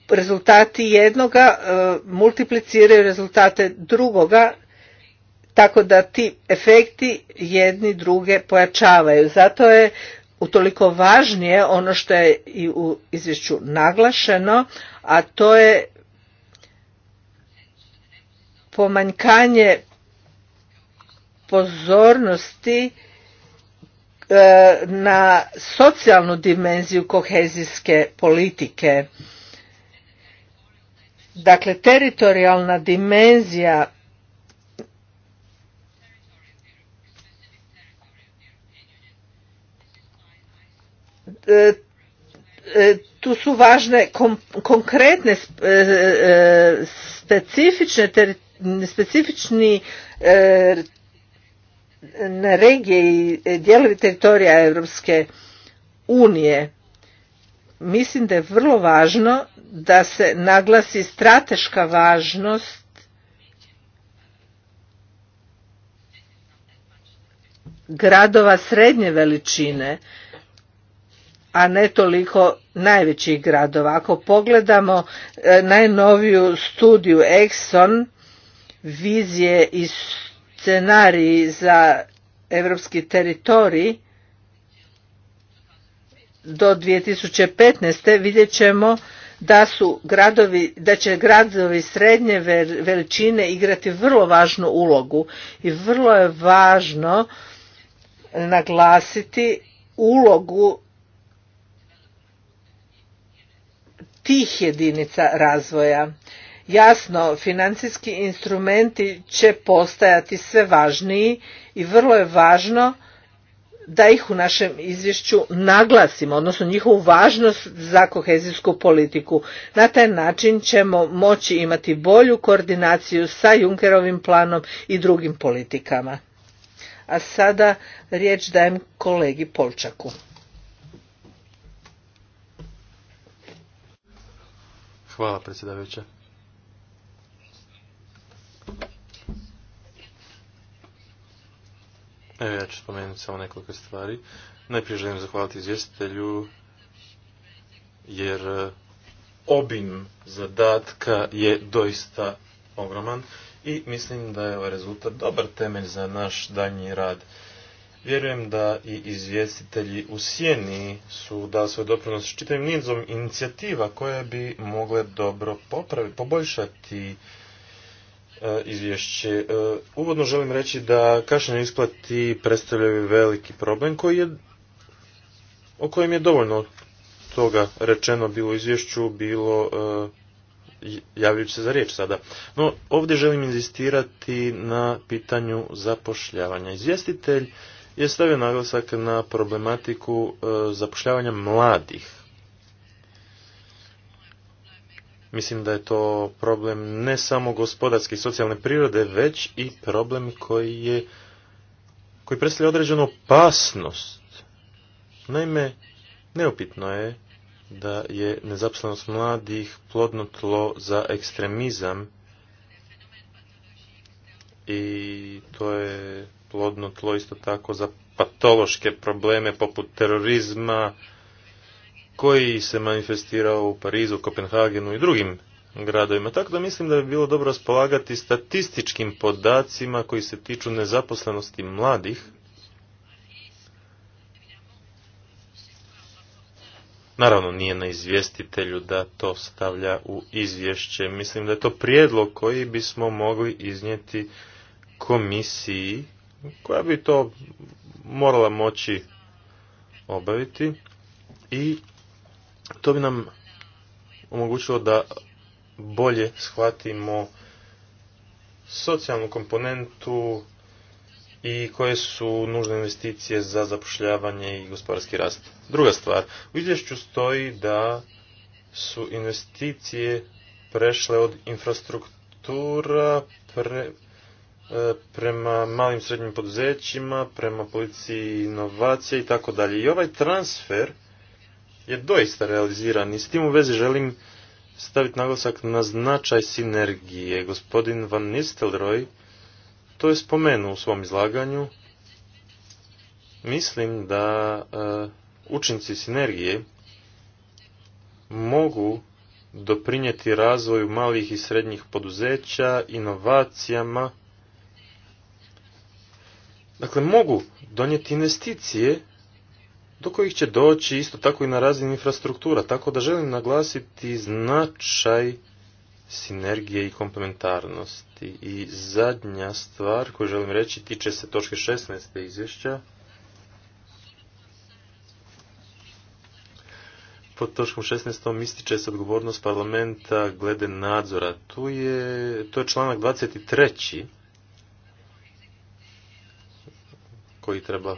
Speaker 1: rezultati jednoga e, multipliciraju rezultate drugoga tako da ti efekti jedni druge pojačavaju. Zato je utoliko važnije ono što je i u izvješću naglašeno, a to je pomanjkanje pozornosti e, na socijalnu dimenziju kohezijske politike Dakle, teritorijalna dimenzija e, e, tu su važne konkretne e, specifične specifični regije i dijelovi teritorija Europske unije mislim da je vrlo važno da se naglasi strateška važnost gradova srednje veličine a ne toliko najvećih gradova ako pogledamo e, najnoviju studiju Exxon vizije i scenariji za evropski teritorij do 2015. vidjet ćemo da su gradovi, da će gradovi srednje veličine igrati vrlo važnu ulogu i vrlo je važno naglasiti ulogu tih jedinica razvoja. Jasno, financijski instrumenti će postajati sve važniji i vrlo je važno da ih u našem izvješću naglasimo, odnosno njihovu važnost za kohezijsku politiku. Na taj način ćemo moći imati bolju koordinaciju sa Junkerovim planom i drugim politikama. A sada riječ dajem kolegi Polčaku.
Speaker 5: Hvala predsjedavajuća. Evo ja ću spomenuti samo nekoliko stvari. Najprije želim zahvaliti izvjestitelju jer e, obim zadatka je doista ogroman i mislim da je ovaj rezultat dobar temelj za naš daljnji rad. Vjerujem da i izvjestitelji u Sjeni su dali svoj doprinos čitavim nizom inicijativa koje bi mogle dobro popravi, poboljšati E, izvješće. E, uvodno želim reći da kašnjenje isplati predstavljaju veliki problem koji je, o kojem je dovoljno toga rečeno bilo u izvješću, bilo e, javljajući se za riječ sada. No, ovdje želim inzistirati na pitanju zapošljavanja. Izvjestitelj je stavio naglasak na problematiku zapošljavanja mladih Mislim da je to problem ne samo gospodarske i socijalne prirode, već i problem koji je koji predstavlja određenu opasnost. Naime, neupitno je da je nezaposlenost mladih plodno tlo za ekstremizam i to je plodno tlo isto tako za patološke probleme poput terorizma, koji se manifestirao u Parizu, Kopenhagenu i drugim gradovima. Tako da mislim da bi bilo dobro raspolagati statističkim podacima koji se tiču nezaposlenosti mladih. Naravno nije na izvjestitelju da to stavlja u izvješće. Mislim da je to prijedlog koji bismo mogli iznijeti komisiji koja bi to morala moći obaviti i to bi nam omogućilo da bolje shvatimo socijalnu komponentu i koje su nužne investicije za zapošljavanje i gospodarski rast. Druga stvar, u izvješću stoji da su investicije prešle od infrastruktura e, prema malim srednjim poduzećima, prema policiji inovacija i tako dalje. I ovaj transfer je doista realiziran i s tim u vezi želim staviti naglasak na značaj sinergije. Gospodin Van Nistelrooy to je spomenuo u svom izlaganju. Mislim da e, učinci sinergije mogu doprinijeti razvoju malih i srednjih poduzeća, inovacijama. Dakle, mogu donijeti investicije do kojih će doći isto tako i na razini infrastruktura, tako da želim naglasiti značaj sinergije i komplementarnosti. I zadnja stvar koju želim reći tiče se točke 16. izvješća. Pod točkom 16. ističe se odgovornost parlamenta glede nadzora. Tu je, to je članak 23. koji treba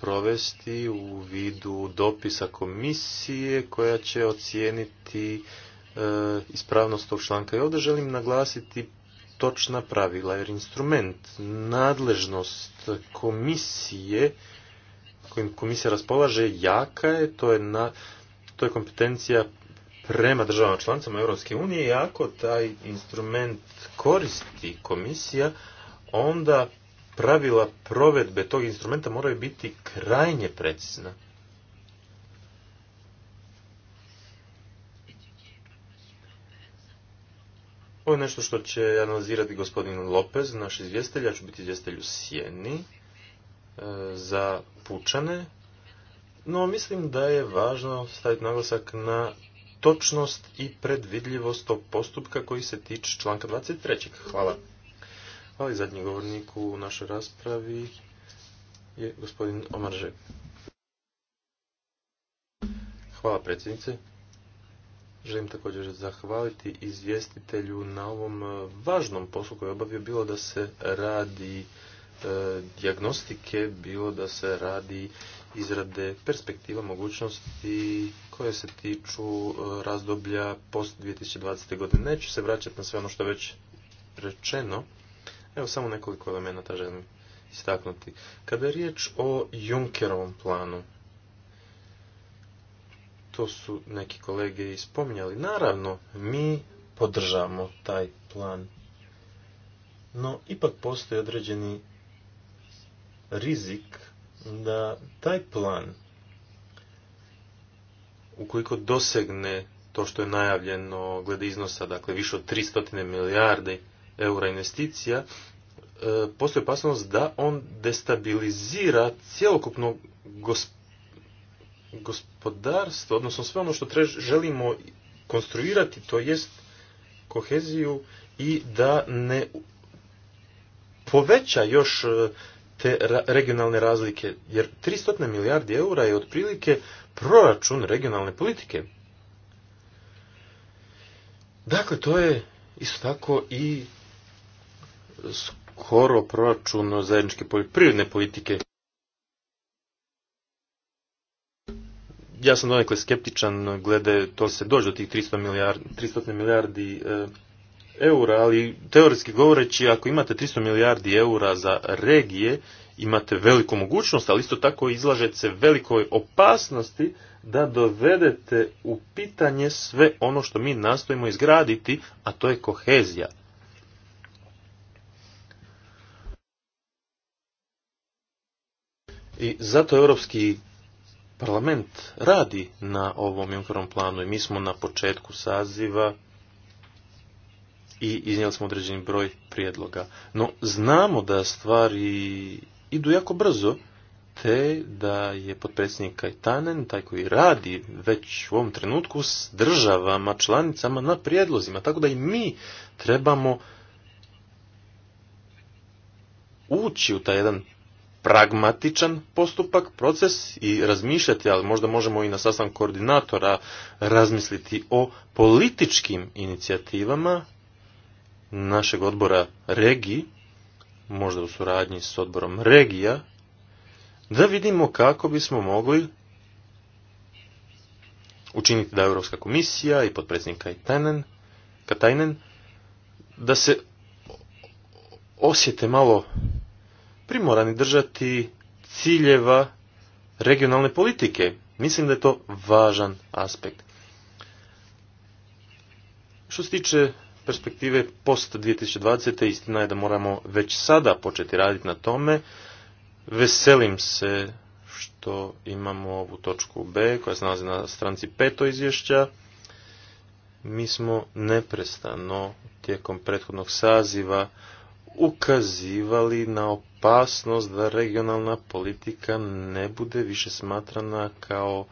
Speaker 5: provesti u vidu dopisa komisije koja će ocijeniti e, ispravnost tog članka. I ovdje želim naglasiti točna pravila jer instrument, nadležnost komisije kojim komisija raspolaže jaka je, to je, na, to je kompetencija prema državama članicama Europske unije i ako taj instrument koristi komisija, onda pravila provedbe tog instrumenta moraju biti krajnje precizna. Ovo je nešto što će analizirati gospodin Lopez, naš izvjestelj, ja ću biti izvjestelj u Sjeni e, za pučane, no mislim da je važno staviti naglasak na točnost i predvidljivost tog postupka koji se tiče članka 23. Hvala. Hvala i zadnji govornik u našoj raspravi je gospodin Omar Žek. Hvala predsjednice. Želim također zahvaliti izvjestitelju na ovom e, važnom poslu koji je obavio bilo da se radi e, diagnostike, bilo da se radi izrade perspektiva mogućnosti koje se tiču e, razdoblja post 2020. godine. Neću se vraćati na sve ono što je već rečeno, Evo samo nekoliko elemenata želim istaknuti. Kada je riječ o Junkerovom planu, to su neki kolege i spominjali. Naravno, mi podržamo taj plan. No, ipak postoji određeni rizik da taj plan, ukoliko dosegne to što je najavljeno glede iznosa, dakle više od 300 milijarde eura investicija, e, postoji opasnost da on destabilizira cjelokupno gospodarstvo, odnosno sve ono što želimo konstruirati, to jest koheziju i da ne poveća još e, te regionalne razlike, jer 300 milijardi eura je otprilike proračun regionalne politike. Dakle, to je isto tako i skoro proračun zajedničke poljoprivredne politike. Ja sam donekle skeptičan glede to se dođe do tih 300 milijardi, 300 e, milijardi eura, ali teoretski govoreći ako imate 300 milijardi eura za regije, imate veliku mogućnost, ali isto tako izlažete se velikoj opasnosti da dovedete u pitanje sve ono što mi nastojimo izgraditi, a to je kohezija. I zato Europski parlament radi na ovom informom planu i mi smo na početku saziva i iznijeli smo određeni broj prijedloga. No znamo da stvari idu jako brzo, te da je potpredsjednik Kajtanen, taj koji radi već u ovom trenutku s državama, članicama na prijedlozima, tako da i mi trebamo ući u taj jedan pragmatičan postupak, proces i razmišljati, ali možda možemo i na sastanku koordinatora razmisliti o političkim inicijativama našeg odbora Regi, možda u suradnji s odborom regija, da vidimo kako bismo mogli učiniti da Europska komisija i potpredsjednik Katajnen, Katajnen da se osjete malo primorani držati ciljeva regionalne politike. Mislim da je to važan aspekt. Što se tiče perspektive post 2020. istina je da moramo već sada početi raditi na tome. Veselim se što imamo ovu točku B koja se nalazi na stranci peto izvješća. Mi smo neprestano tijekom prethodnog saziva ukazivali na opasnost da regionalna politika ne bude više smatrana kao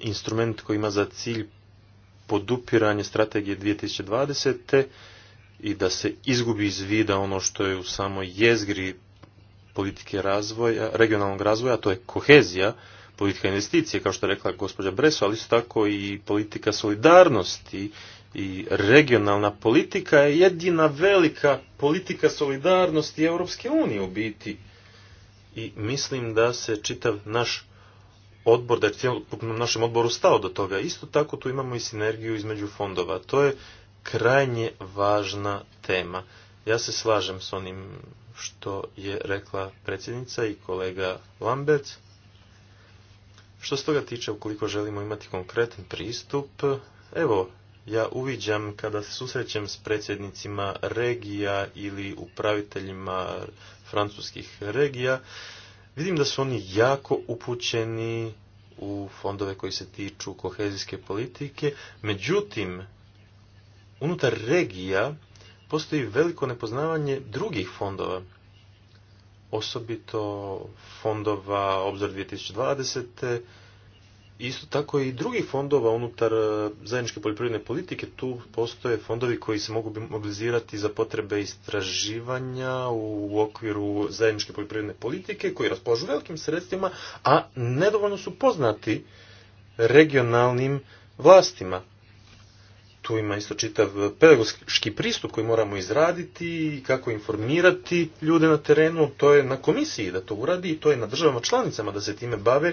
Speaker 5: instrument koji ima za cilj podupiranje strategije 2020. i da se izgubi iz vida ono što je u samoj jezgri politike razvoja, regionalnog razvoja, a to je kohezija, politika investicije, kao što je rekla gospođa Breso, ali isto tako i politika solidarnosti i regionalna politika je jedina velika politika solidarnosti Europske unije u biti. I mislim da se čitav naš odbor, da je našem odboru stao do toga. Isto tako tu imamo i sinergiju između fondova. To je krajnje važna tema. Ja se slažem s onim što je rekla predsjednica i kolega Lambert. Što se toga tiče, ukoliko želimo imati konkretan pristup, evo, ja uviđam kada se susrećem s predsjednicima regija ili upraviteljima francuskih regija, vidim da su oni jako upućeni u fondove koji se tiču kohezijske politike. Međutim, unutar regija postoji veliko nepoznavanje drugih fondova. Osobito fondova Obzor 2020 isto tako i drugih fondova unutar e, zajedničke poljoprivredne politike. Tu postoje fondovi koji se mogu mobilizirati za potrebe istraživanja u okviru zajedničke poljoprivredne politike koji raspolažu velikim sredstvima, a nedovoljno su poznati regionalnim vlastima. Tu ima isto čitav pedagoški pristup koji moramo izraditi i kako informirati ljude na terenu. To je na komisiji da to uradi i to je na državama članicama da se time bave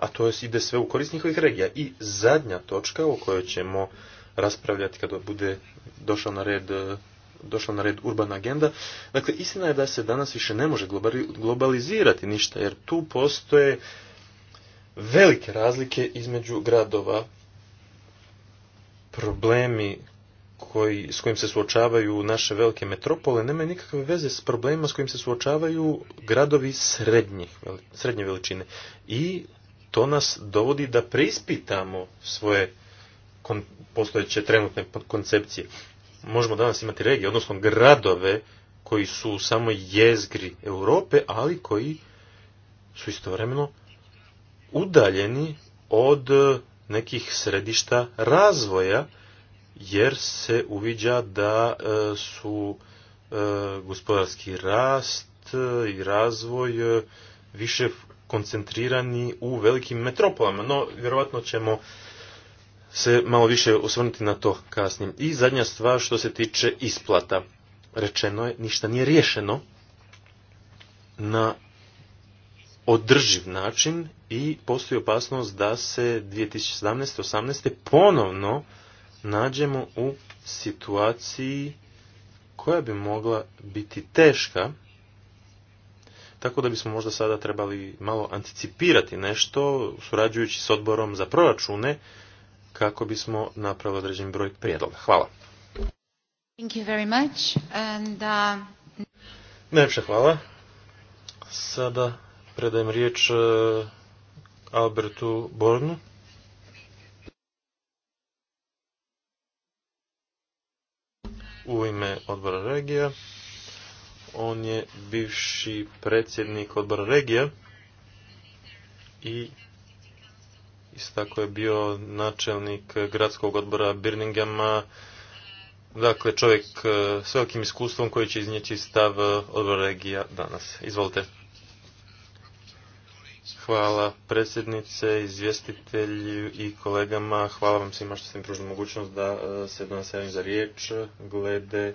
Speaker 5: a to ide sve u korist njihovih regija. I zadnja točka o kojoj ćemo raspravljati kada bude došao na red došla na red urbana agenda. Dakle, istina je da se danas više ne može globalizirati ništa, jer tu postoje velike razlike između gradova. Problemi koji, s kojim se suočavaju naše velike metropole nemaju nikakve veze s problemima s kojim se suočavaju gradovi srednjih, srednje veličine. I to nas dovodi da preispitamo svoje postojeće trenutne koncepcije. Možemo danas imati regije, odnosno gradove koji su samo jezgri Europe, ali koji su istovremeno udaljeni od nekih središta razvoja, jer se uviđa da e, su e, gospodarski rast i razvoj e, više koncentrirani u velikim metropolama, no vjerojatno ćemo se malo više osvrnuti na to kasnije. I zadnja stvar što se tiče isplata. Rečeno je, ništa nije riješeno na održiv način i postoji opasnost da se 2017. 18. ponovno nađemo u situaciji koja bi mogla biti teška tako da bismo možda sada trebali malo anticipirati nešto, surađujući s odborom za proračune, kako bismo napravili određeni broj prijedloga. Hvala.
Speaker 4: Thank you very much. And,
Speaker 5: uh... hvala. Sada predajem riječ uh, Albertu Bornu. U ime odbora regija. On je bivši predsjednik odbora regija i isto tako je bio načelnik gradskog odbora Birningama. dakle čovjek e, s velikim iskustvom koji će iznijeti stav e, odbora regija danas. Izvolite. Hvala predsjednice, izvjestitelji i kolegama. Hvala vam svima što ste im pružili mogućnost da e, se danas javim za riječ glede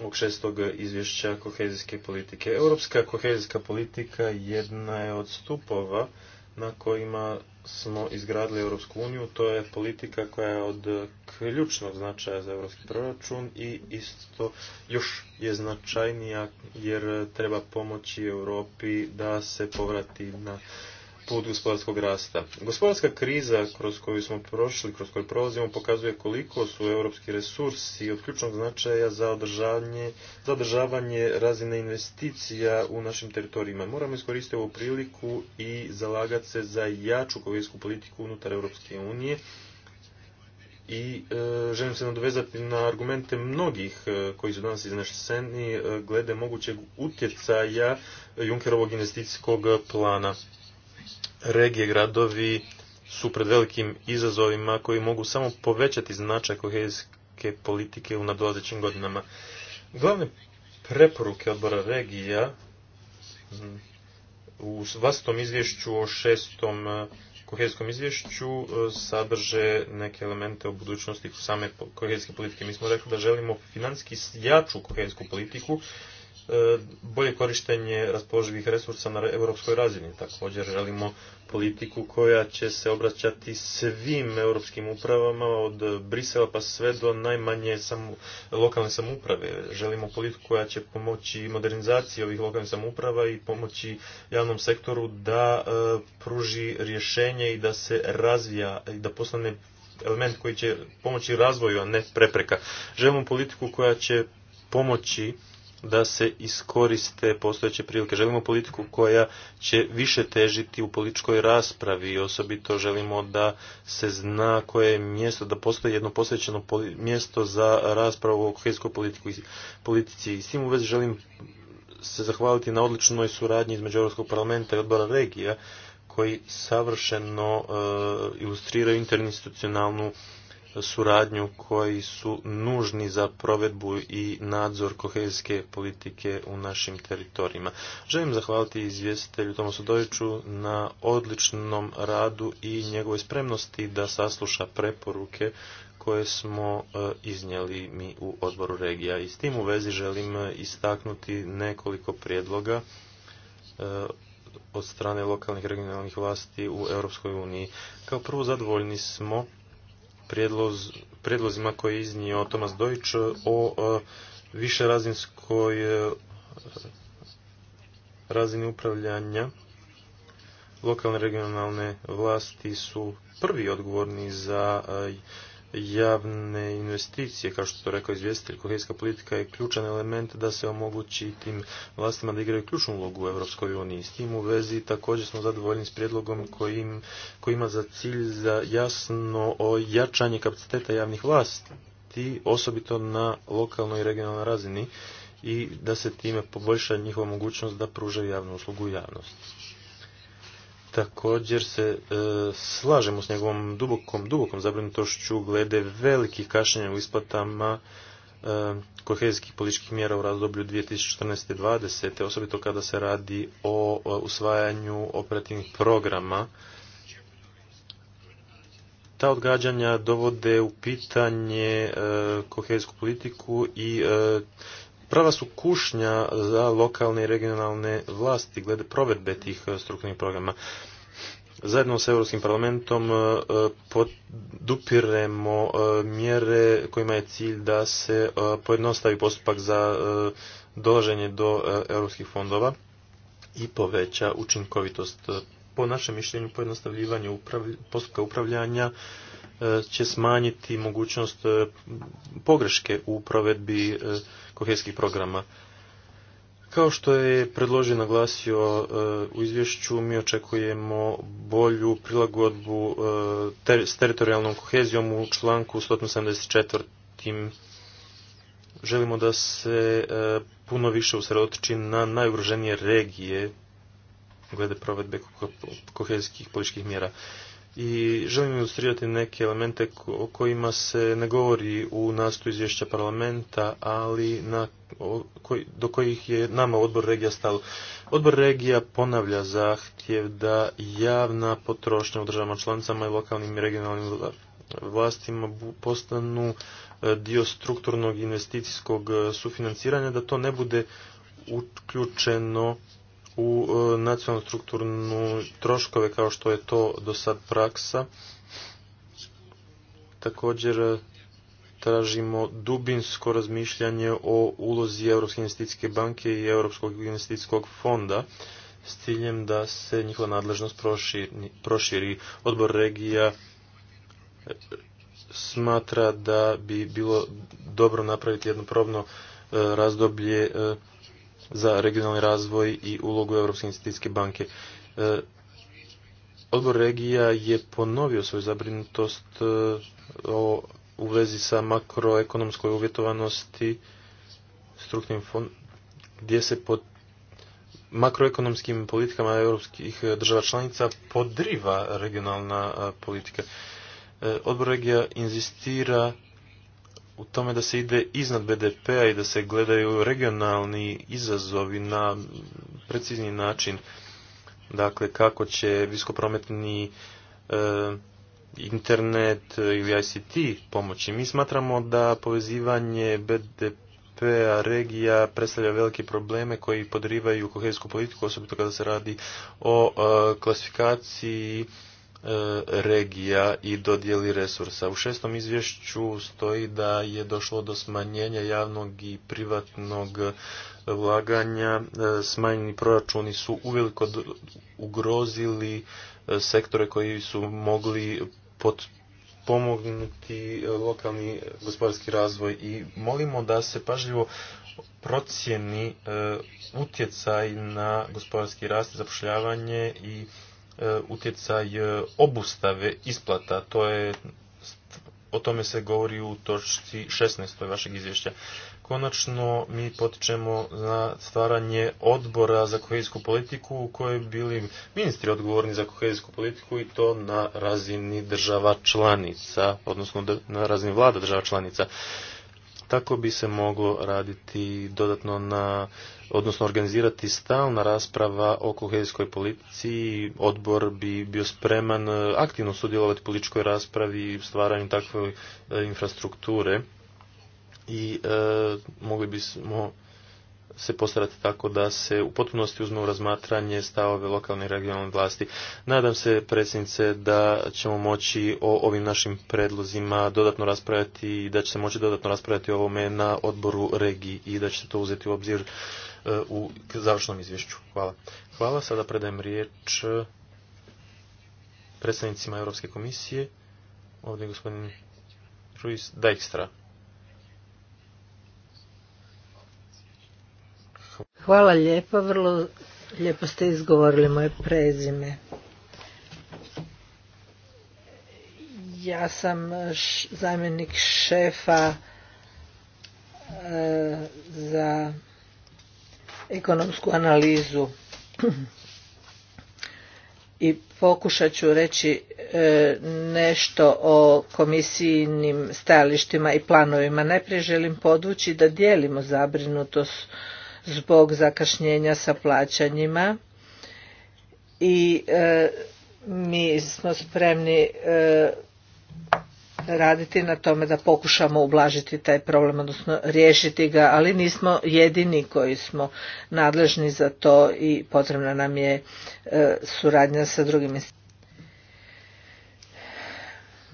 Speaker 5: ovog šestog izvješća kohezijske politike. Europska kohezijska politika jedna je od stupova na kojima smo izgradili Europsku uniju. To je politika koja je od ključnog značaja za europski proračun i isto još je značajnija jer treba pomoći Europi da se povrati na put gospodarskog rasta. Gospodarska kriza kroz koju smo prošli, kroz koju prolazimo, pokazuje koliko su europski resursi od ključnog značaja za održavanje, za razine investicija u našim teritorijima. Moramo iskoristiti ovu priliku i zalagati se za jaču kohezijsku politiku unutar Europske unije i e, želim se nadovezati na argumente mnogih e, koji su danas izneseni e, glede mogućeg utjecaja Junkerovog investicijskog plana regije, gradovi su pred velikim izazovima koji mogu samo povećati značaj kohezijske politike u nadolazećim godinama. Glavne preporuke odbora regija mm, u vlastnom izvješću o šestom e, kohezijskom izvješću e, sadrže neke elemente o budućnosti same kohezijske politike. Mi smo rekli da želimo financijski jaču kohezijsku politiku E, bolje korištenje raspoloživih resursa na europskoj razini. Također želimo politiku koja će se obraćati svim europskim upravama od Brisela pa sve do najmanje lokalne samouprave. Želimo politiku koja će pomoći modernizaciji ovih lokalnih samouprava i pomoći javnom sektoru da e, pruži rješenje i da se razvija i da postane element koji će pomoći razvoju, a ne prepreka. Želimo politiku koja će pomoći da se iskoriste postojeće prilike. Želimo politiku koja će više težiti u političkoj raspravi i osobito želimo da se zna koje je mjesto, da postoji jedno posvećeno mjesto za raspravu o kohezijskoj politici. I s tim u vezi želim se zahvaliti na odličnoj suradnji između Europskog parlamenta i odbora regija koji savršeno e, ilustriraju interinstitucionalnu suradnju koji su nužni za provedbu i nadzor kohezijske politike u našim teritorijima. Želim zahvaliti izvjestitelju Tomasu Dojiću na odličnom radu i njegovoj spremnosti da sasluša preporuke koje smo e, iznijeli mi u odboru regija. I s tim u vezi želim e, istaknuti nekoliko prijedloga e, od strane lokalnih regionalnih vlasti u Europskoj uniji. Kao prvo zadovoljni smo prijedlozima koje je iznio Tomas Dojić o višerazinskoj e, razini upravljanja. Lokalne regionalne vlasti su prvi odgovorni za e, javne investicije, kao što to rekao izvjestitelj, kohezijska politika je ključan element da se omogući tim vlastima da igraju ključnu ulogu u Europskoj uniji. S tim u vezi također smo zadovoljni s prijedlogom kojim, koji ima za cilj za jasno jačanje kapaciteta javnih vlasti, osobito na lokalnoj i regionalnoj razini i da se time poboljša njihova mogućnost da pružaju javnu uslugu javnosti također se e, slažemo s njegovom dubokom, dubokom zabrinutošću glede velikih kašnjenja u isplatama e, kohezijskih političkih mjera u razdoblju 2014-2020, osobito kada se radi o, usvajanju operativnih programa. Ta odgađanja dovode u pitanje e, kohezijsku politiku i prava su kušnja za lokalne i regionalne vlasti glede provedbe tih e, strukturnih programa. Zajedno s Europskim parlamentom e, podupiremo e, mjere kojima je cilj da se pojednostavi postupak za dolaženje do europskih fondova i poveća učinkovitost. Po našem mišljenju pojednostavljivanje postupka upravljanja E, će smanjiti mogućnost e, pogreške u provedbi e, kohezijskih programa. Kao što je predložio naglasio u izvješću, mi očekujemo bolju prilagodbu s teritorijalnom kohezijom u članku 174. Želimo da se puno više usredotoči na najugroženije regije glede provedbe kohezijskih političkih mjera i želim ilustrirati neke elemente o kojima se ne govori u nastu izvješća parlamenta, ali na, do kojih je nama odbor regija stalo. Odbor regija ponavlja zahtjev da javna potrošnja u državama članicama i lokalnim i regionalnim vlastima postanu e, dio strukturnog investicijskog e, sufinanciranja, da to ne bude uključeno u e, nacionalnu strukturnu troškove kao što je to do sad praksa. Također e, tražimo dubinsko razmišljanje o ulozi Europske investicijske banke i Europskog investicijskog fonda s ciljem da se njihova nadležnost proširi. proširi. Odbor regija e, smatra da bi bilo dobro napraviti jedno probno razdoblje za regionalni razvoj i ulogu Europske investicijske banke. E, odbor regija je ponovio svoju zabrinutost e, u vezi sa makroekonomskoj uvjetovanosti strukturnim fond, gdje se pod makroekonomskim politikama europskih država članica podriva regionalna politika. E, odbor regija inzistira u tome da se ide iznad BDP-a i da se gledaju regionalni izazovi na precizni način. Dakle, kako će viskoprometni e, internet ili ICT pomoći. Mi smatramo da povezivanje BDP-a regija predstavlja velike probleme koji podrivaju kohezijsku politiku, osobito kada se radi o e, klasifikaciji E, regija i dodjeli resursa. U šestom izvješću stoji da je došlo do smanjenja javnog i privatnog ulaganja. E, smanjeni proračuni su uveliko ugrozili e, sektore koji su mogli pot pomognuti lokalni gospodarski razvoj i molimo da se pažljivo procjeni utjecaj na gospodarski rast, zapošljavanje i E, utjecaj e, obustave isplata. To je, o tome se govori u točci 16. vašeg izvješća. Konačno mi potičemo na stvaranje odbora za kohezijsku politiku u kojoj bili ministri odgovorni za kohezijsku politiku i to na razini država članica, odnosno na razini vlada država članica. Tako bi se moglo raditi dodatno na odnosno organizirati stalna rasprava o kohezijskoj politici, odbor bi bio spreman e, aktivno sudjelovati u političkoj raspravi i stvaranju takve e, infrastrukture i e, mogli bismo se postarati tako da se u potpunosti uzme u razmatranje stavove lokalne i regionalne vlasti. Nadam se, predsjednice, da ćemo moći o ovim našim predlozima dodatno raspravljati i da će se moći dodatno raspravljati o ovome na odboru regiji i da ćete to uzeti u obzir e, u završnom izvješću. Hvala. Hvala. Sada predajem riječ e, predstavnicima Europske komisije. Ovdje je gospodin Ruiz Dijkstra.
Speaker 1: Hvala lijepa, vrlo lijepo ste izgovorili moje prezime. Ja sam zamjenik šefa e, za ekonomsku analizu i pokušat ću reći e, nešto o komisijnim stajalištima i planovima. Najprije želim podvući da dijelimo zabrinutost zbog zakašnjenja sa plaćanjima i e, mi smo spremni e, raditi na tome da pokušamo ublažiti taj problem, odnosno riješiti ga, ali nismo jedini koji smo nadležni za to i potrebna nam je e, suradnja sa drugim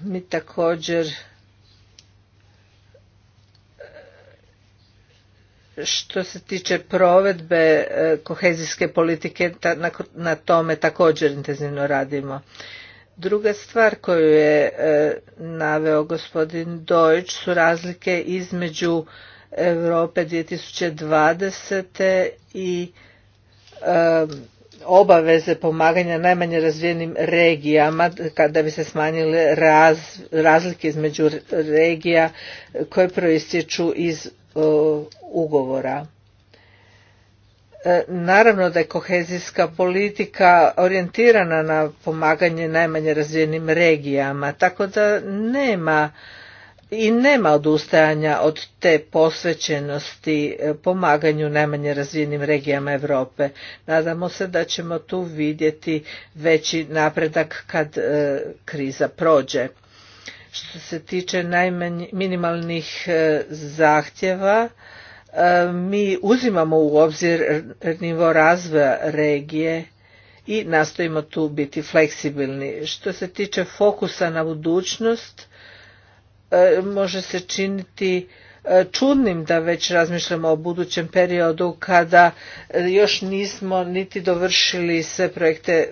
Speaker 1: Mi također što se tiče provedbe e, kohezijske politike na tome također intenzivno radimo. Druga stvar koju je e, naveo gospodin Dojč su razlike između Europe 2020. i e, obaveze pomaganja najmanje razvijenim regijama kada bi se smanjile razlike između regija koje proistječu iz E, ugovora. E, naravno da je kohezijska politika orijentirana na pomaganje najmanje razvijenim regijama, tako da nema i nema odustajanja od te posvećenosti e, pomaganju najmanje razvijenim regijama Europe. Nadamo se da ćemo tu vidjeti veći napredak kad kriza prođe što se tiče najmanj, minimalnih e, zahtjeva e, mi uzimamo u obzir nivo razvoja regije i nastojimo tu biti fleksibilni. Što se tiče fokusa na budućnost, e, može se činiti E, čudnim da već razmišljamo o budućem periodu kada e, još nismo niti dovršili sve projekte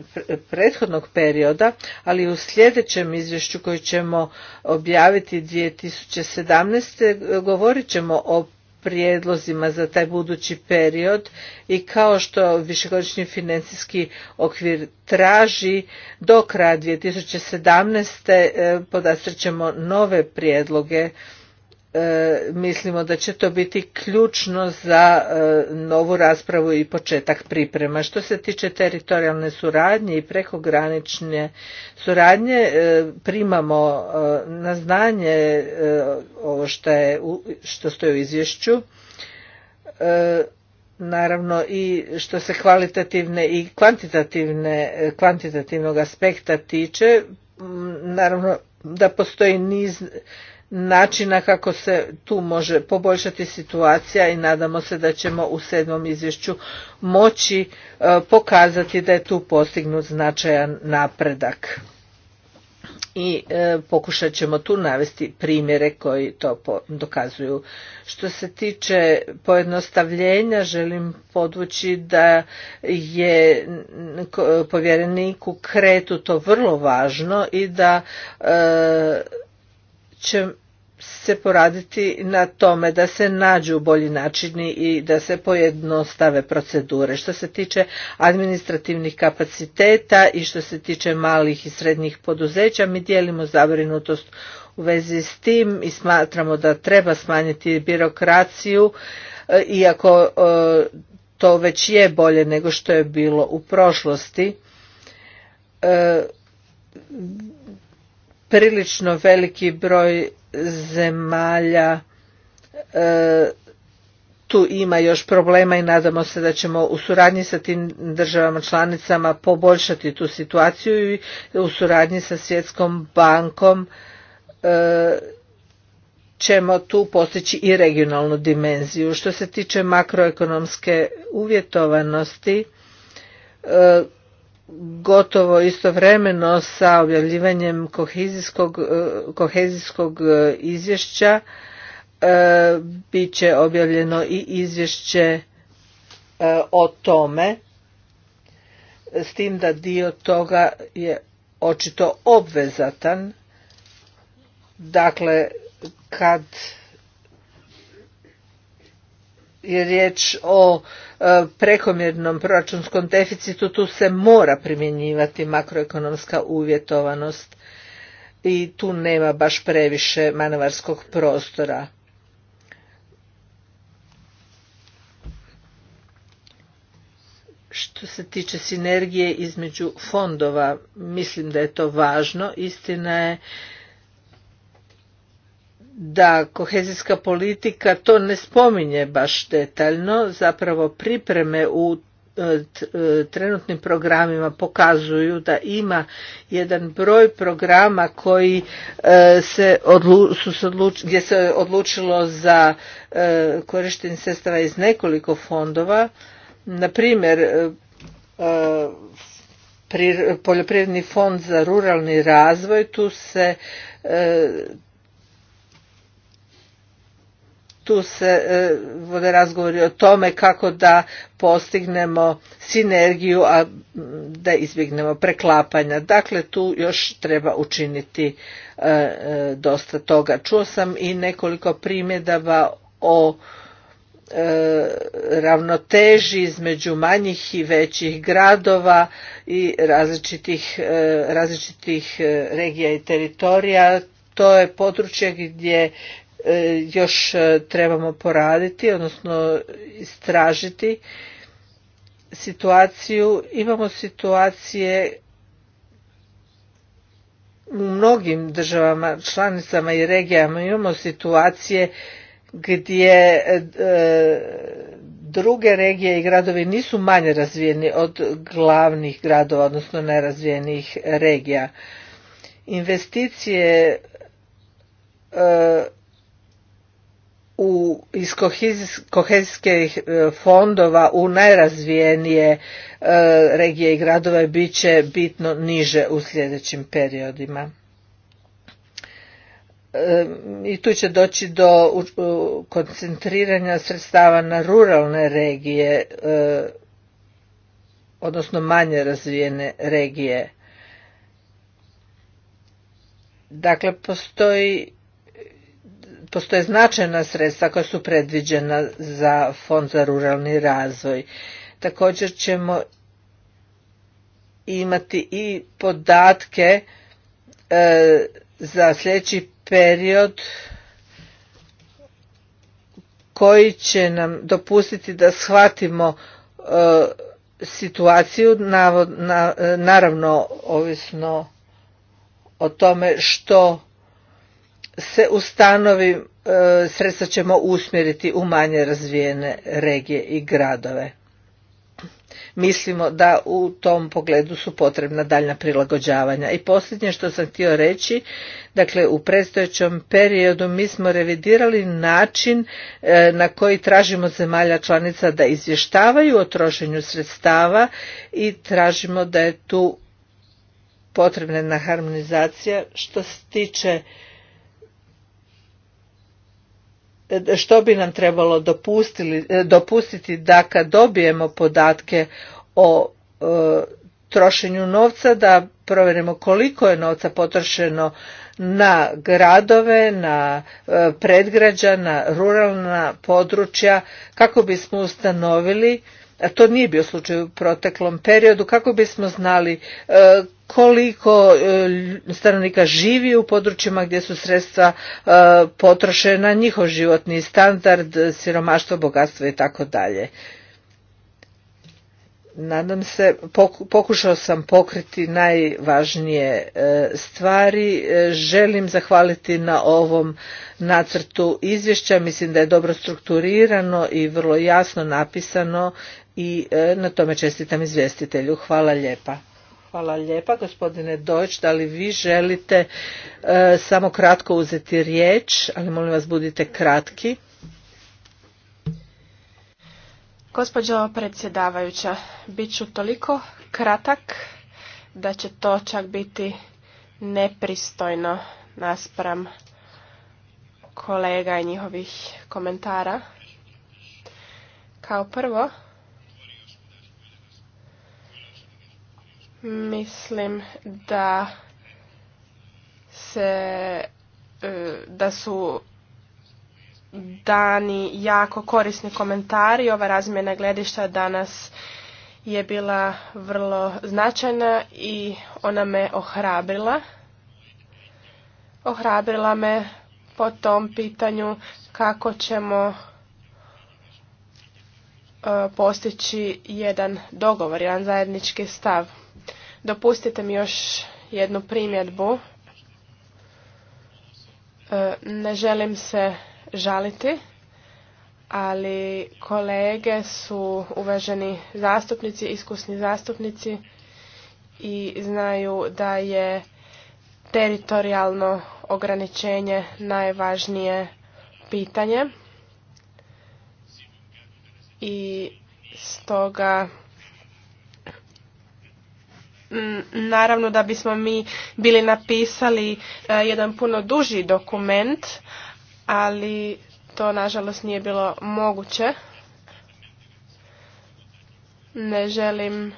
Speaker 1: prethodnog perioda, ali u sljedećem izvješću koji ćemo objaviti 2017. govorit ćemo o prijedlozima za taj budući period i kao što višegodišnji financijski okvir traži do kraja 2017. E, ćemo nove prijedloge E, mislimo da će to biti ključno za e, novu raspravu i početak priprema. Što se tiče teritorijalne suradnje i prekogranične suradnje, e, primamo na znanje ovo što, je, što stoji u izvješću. Naravno i što se kvalitativne i kvantitativne, kvantitativnog aspekta tiče, naravno da postoji niz načina kako se tu može poboljšati situacija i nadamo se da ćemo u sedmom izvješću moći e, pokazati da je tu postignut značajan napredak i e, pokušat ćemo tu navesti primjere koji to dokazuju. Što se tiče pojednostavljenja, želim podvući da je povjereniku kretu to vrlo važno i da e, će se poraditi na tome da se nađu bolji načini i da se pojednostave procedure. Što se tiče administrativnih kapaciteta i što se tiče malih i srednjih poduzeća, mi dijelimo zabrinutost u vezi s tim i smatramo da treba smanjiti birokraciju, e, iako e, to već je bolje nego što je bilo u prošlosti e, prilično veliki broj zemalja e, tu ima još problema i nadamo se da ćemo u suradnji sa tim državama članicama poboljšati tu situaciju i u suradnji sa Svjetskom bankom e, ćemo tu postići i regionalnu dimenziju. Što se tiče makroekonomske uvjetovanosti, e, gotovo istovremeno sa objavljivanjem kohezijskog, e, kohezijskog e, izvješća e, bit će objavljeno i izvješće o tome s tim da dio toga je očito obvezatan dakle kad je riječ o e, prekomjernom proračunskom deficitu, tu se mora primjenjivati makroekonomska uvjetovanost i tu nema baš previše manevarskog prostora. Što se tiče sinergije između fondova, mislim da je to važno. Istina je da kohezijska politika to ne spominje baš detaljno, zapravo pripreme u e, e, trenutnim programima pokazuju da ima jedan broj programa koji e, se su se odluč, gdje se odlučilo za korištenje sestava iz nekoliko fondova. Na primjer, poljoprivredni fond za ruralni razvoj, tu se tu se e, vode razgovori o tome kako da postignemo sinergiju, a da izbjegnemo preklapanja. Dakle, tu još treba učiniti e, e, dosta toga. Čuo sam i nekoliko primjedaba o ravnoteži između manjih i većih gradova i različitih, različitih regija i teritorija. To je područje gdje E, još e, trebamo poraditi, odnosno istražiti situaciju. Imamo situacije u mnogim državama, članicama i regijama imamo situacije gdje e, druge regije i gradovi nisu manje razvijeni od glavnih gradova, odnosno nerazvijenih regija. Investicije u, iz kohezijskih e, fondova u najrazvijenije e, regije i gradove bit će bitno niže u sljedećim periodima. E, I tu će doći do koncentriranja sredstava na ruralne regije, odnosno manje razvijene regije. Dakle, postoji postoje značajna sredstva koja su predviđena za fond za ruralni razvoj. Također ćemo imati i podatke e, za sljedeći period koji će nam dopustiti da shvatimo e, situaciju naravno ovisno o tome što se ustanovi e, sredstva ćemo usmjeriti u manje razvijene regije i gradove. Mislimo da u tom pogledu su potrebna daljna prilagođavanja. I posljednje što sam htio reći, dakle u predstojećem periodu mi smo revidirali način e, na koji tražimo zemalja članica da izvještavaju o trošenju sredstava i tražimo da je tu potrebna harmonizacija što se tiče E, što bi nam trebalo e, dopustiti da kad dobijemo podatke o e, trošenju novca da provjerimo koliko je novca potrošeno na gradove, na predgrađa, na ruralna područja kako bismo ustanovili a to nije bio slučaj u proteklom periodu, kako bismo znali e, koliko e, stanovnika živi u područjima gdje su sredstva e, potrošena, njihov životni standard, siromaštvo, bogatstvo i tako dalje. Nadam se, pokušao sam pokriti najvažnije stvari. Želim zahvaliti na ovom nacrtu izvješća. Mislim da je dobro strukturirano i vrlo jasno napisano i e, na tome čestitam izvjestitelju. Hvala lijepa. Hvala lijepa gospodine Dojč, da li vi želite e, samo kratko uzeti riječ, ali molim vas budite kratki.
Speaker 2: Gospođo predsjedavajuća, bit ću toliko kratak da će to čak biti nepristojno naspram kolega i njihovih komentara. Kao prvo, Mislim da se e, da su dani jako korisni komentari. Ova razmjena gledišta danas je bila vrlo značajna i ona me ohrabrila. Ohrabrila me po tom pitanju kako ćemo e, postići jedan dogovor, jedan zajednički stav. Dopustite mi još jednu primjedbu. E, ne želim se žaliti, ali kolege su uvaženi zastupnici, iskusni zastupnici i znaju da je teritorijalno ograničenje najvažnije pitanje i stoga Mm, naravno da bismo mi bili napisali e, jedan puno duži dokument, ali to nažalost nije bilo moguće. Ne želim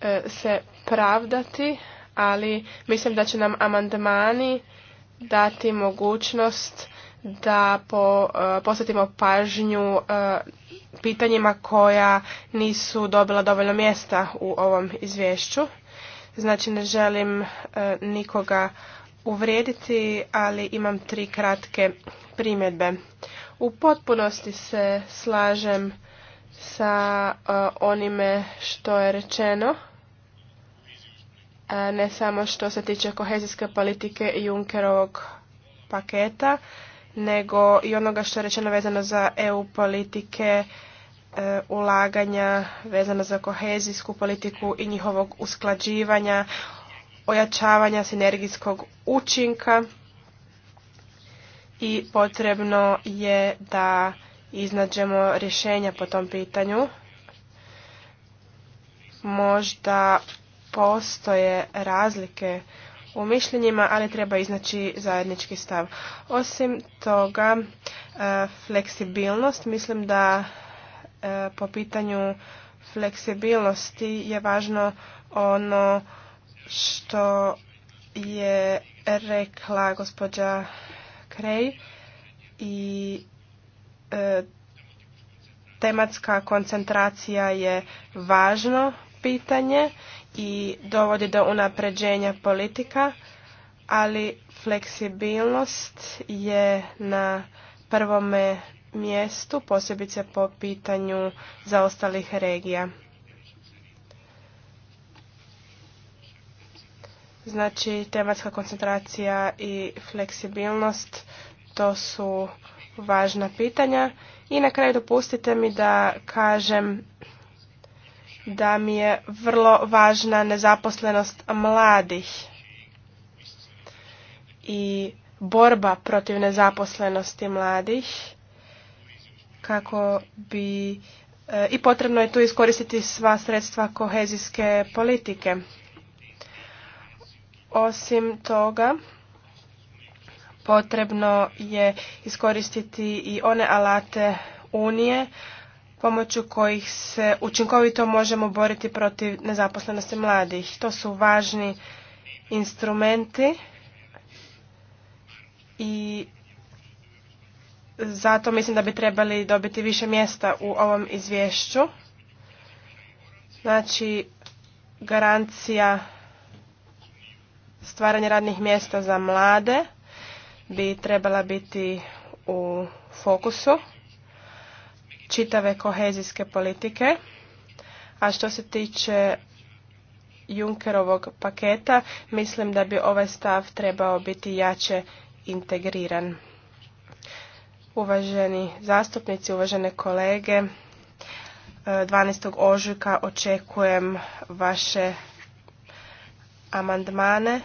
Speaker 2: e, se pravdati, ali mislim da će nam amandmani dati mogućnost da po, e, posvetimo pažnju e, pitanjima koja nisu dobila dovoljno mjesta u ovom izvješću. Znači ne želim e, nikoga uvrijediti, ali imam tri kratke primjedbe. U potpunosti se slažem sa onime što je rečeno, ne samo što se tiče kohezijske politike i Junkerovog paketa, nego i onoga što je rečeno vezano za EU politike, e, ulaganja, vezano za kohezijsku politiku i njihovog usklađivanja, ojačavanja sinergijskog učinka i potrebno je da iznađemo rješenja po tom pitanju. Možda postoje razlike u mišljenjima, ali treba iznaći zajednički stav. Osim toga, e, fleksibilnost, mislim da e, po pitanju fleksibilnosti je važno ono što je rekla gospođa Krej i e, tematska koncentracija je važno pitanje i dovodi do unapređenja politika, ali fleksibilnost je na prvome mjestu, posebice po pitanju zaostalih regija. Znači, tematska koncentracija i fleksibilnost to su važna pitanja. I na kraju dopustite mi da kažem da mi je vrlo važna nezaposlenost mladih i borba protiv nezaposlenosti mladih kako bi e, i potrebno je tu iskoristiti sva sredstva kohezijske politike. Osim toga, potrebno je iskoristiti i one alate Unije pomoću kojih se učinkovito možemo boriti protiv nezaposlenosti mladih. To su važni instrumenti i zato mislim da bi trebali dobiti više mjesta u ovom izvješću. Znači, garancija stvaranja radnih mjesta za mlade bi trebala biti u fokusu čitave kohezijske politike. A što se tiče Junkerovog paketa, mislim da bi ovaj stav trebao biti jače integriran. Uvaženi zastupnici, uvažene kolege, 12. E, ožujka očekujem vaše amandmane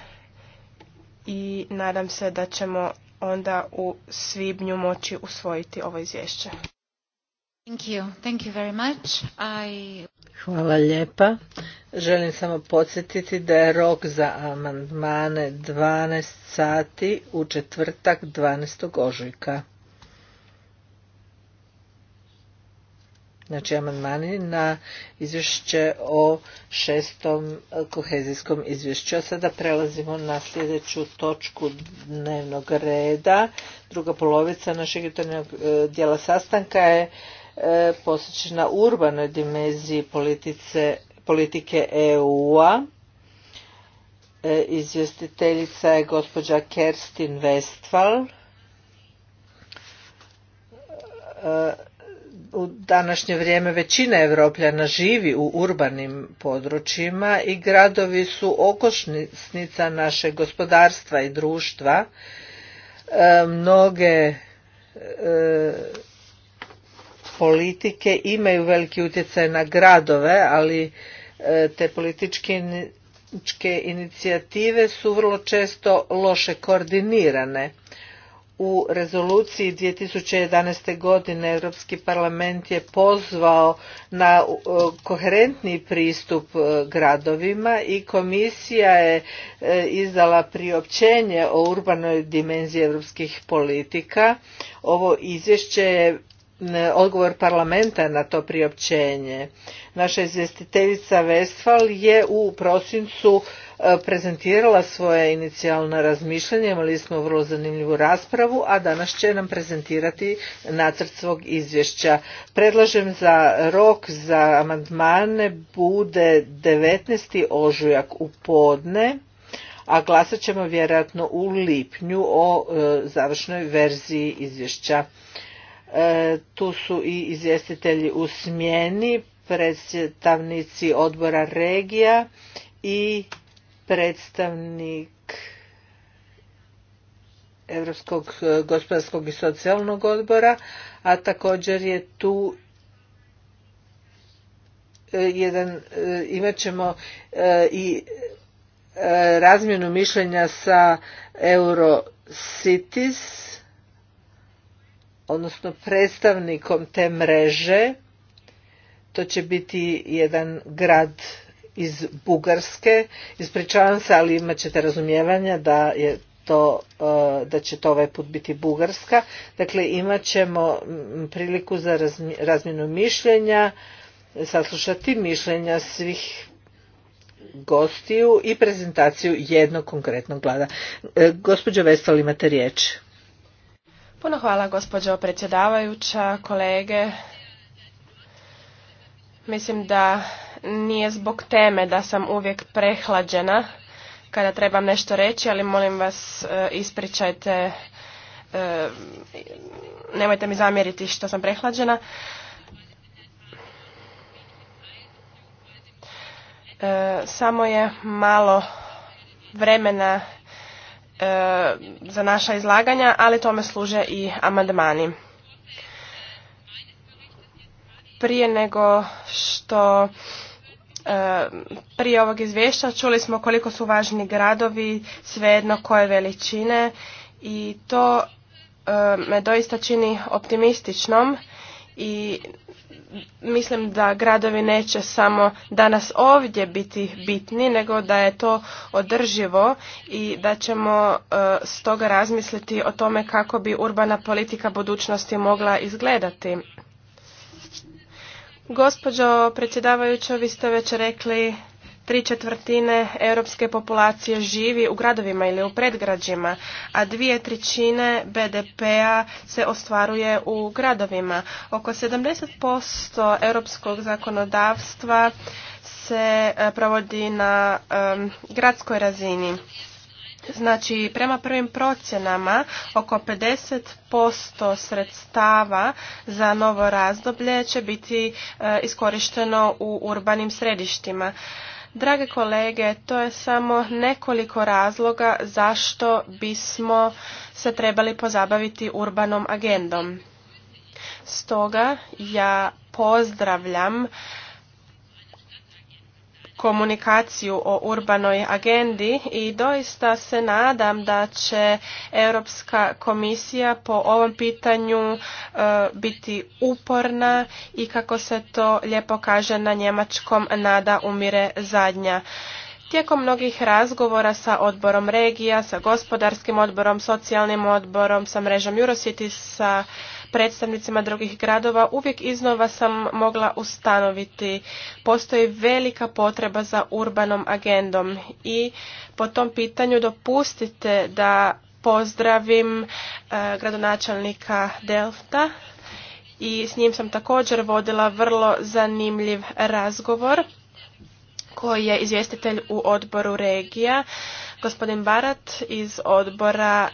Speaker 2: i nadam se da ćemo onda u svibnju moći usvojiti ovo
Speaker 1: izvješće.
Speaker 4: Thank you. Thank I...
Speaker 1: Hvala lijepa. Želim samo podsjetiti da je rok za amandmane 12 sati u četvrtak 12. ožujka. Znači amandmani na izvješće o šestom kohezijskom izvješću. A sada prelazimo na sljedeću točku dnevnog reda. Druga polovica našeg jutarnjeg e, dijela sastanka je postići na urbanoj dimenziji politike EU-a. E, izvjestiteljica je gospođa Kerstin Westphal. E, u današnje vrijeme većina Evropljana živi u urbanim područjima i gradovi su okošnica našeg gospodarstva i društva. E, mnoge politike imaju veliki utjecaj na gradove, ali e, te političke inicijative su vrlo često loše koordinirane. U rezoluciji 2011. godine Europski parlament je pozvao na e, koherentni pristup e, gradovima i komisija je izdala priopćenje o urbanoj dimenziji europskih politika. Ovo izvješće je odgovor parlamenta na to priopćenje. Naša izvjestiteljica Westfal je u prosincu e, prezentirala svoje inicijalna razmišljanje, imali smo vrlo zanimljivu raspravu, a danas će nam prezentirati nacrt svog izvješća. Predlažem za rok za amandmane bude 19. ožujak u podne, a glasat ćemo vjerojatno u lipnju o e, završnoj verziji izvješća. E, tu su i izvjestitelji u smjeni, predstavnici odbora regija i predstavnik Europskog gospodarskog i socijalnog odbora, a također je tu e, jedan, e, imat ćemo i razmjenu mišljenja sa Eurocities, odnosno predstavnikom te mreže. To će biti jedan grad iz Bugarske. Ispričavam se, ali imat ćete razumijevanja da je to, e, da će to ovaj put biti Bugarska. Dakle, imat ćemo priliku za razmjenu mišljenja, saslušati mišljenja svih gostiju i prezentaciju jednog konkretnog glada. E, gospođo Vestal, imate riječ.
Speaker 2: Puno hvala gospođo predsjedavajuća, kolege. Mislim da nije zbog teme da sam uvijek prehlađena kada trebam nešto reći, ali molim vas e, ispričajte, e, nemojte mi zamjeriti što sam prehlađena. E, samo je malo vremena E, za naša izlaganja, ali tome služe i amandmani. Prije nego što e, prije ovog izvješća čuli smo koliko su važni gradovi, svejedno koje veličine i to e, me doista čini optimističnom i mislim da gradovi neće samo danas ovdje biti bitni, nego da je to održivo i da ćemo e, stoga razmisliti o tome kako bi urbana politika budućnosti mogla izgledati. Gospođo predsjedavajuća, vi ste već rekli tri četvrtine europske populacije živi u gradovima ili u predgrađima, a dvije trećine BDP-a se ostvaruje u gradovima. Oko 70% europskog zakonodavstva se e, provodi na gradskoj razini. Znači, prema prvim procjenama, oko 50% sredstava za novo razdoblje će biti e, iskorišteno u urbanim središtima. Drage kolege, to je samo nekoliko razloga zašto bismo se trebali pozabaviti urbanom agendom. Stoga ja pozdravljam komunikaciju o urbanoj agendi i doista se nadam da će Europska komisija po ovom pitanju e, biti uporna i kako se to lijepo kaže na njemačkom nada umire zadnja. Tijekom mnogih razgovora sa odborom regija, sa gospodarskim odborom, socijalnim odborom, sa mrežom Eurocities, sa predstavnicima drugih gradova, uvijek iznova sam mogla ustanoviti. Postoji velika potreba za urbanom agendom i po tom pitanju dopustite da pozdravim e, gradonačelnika Delfta. i s njim sam također vodila vrlo zanimljiv razgovor koji je izvjestitelj u odboru regija, gospodin Barat iz odbora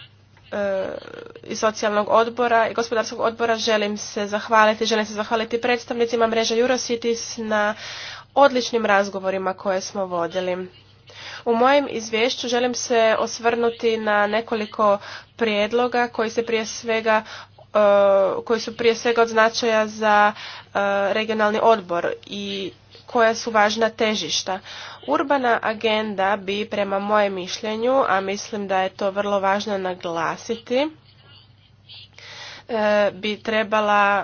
Speaker 2: E, i socijalnog odbora i gospodarskog odbora želim se zahvaliti, želim se zahvaliti predstavnicima mreže Eurocities na odličnim razgovorima koje smo vodili. U mojem izvješću želim se osvrnuti na nekoliko prijedloga koji se prije svega e, koji su prije svega od značaja za e, regionalni odbor i koja su važna težišta. Urbana agenda bi prema mojem mišljenju, a mislim da je to vrlo važno naglasiti, e, bi trebala e,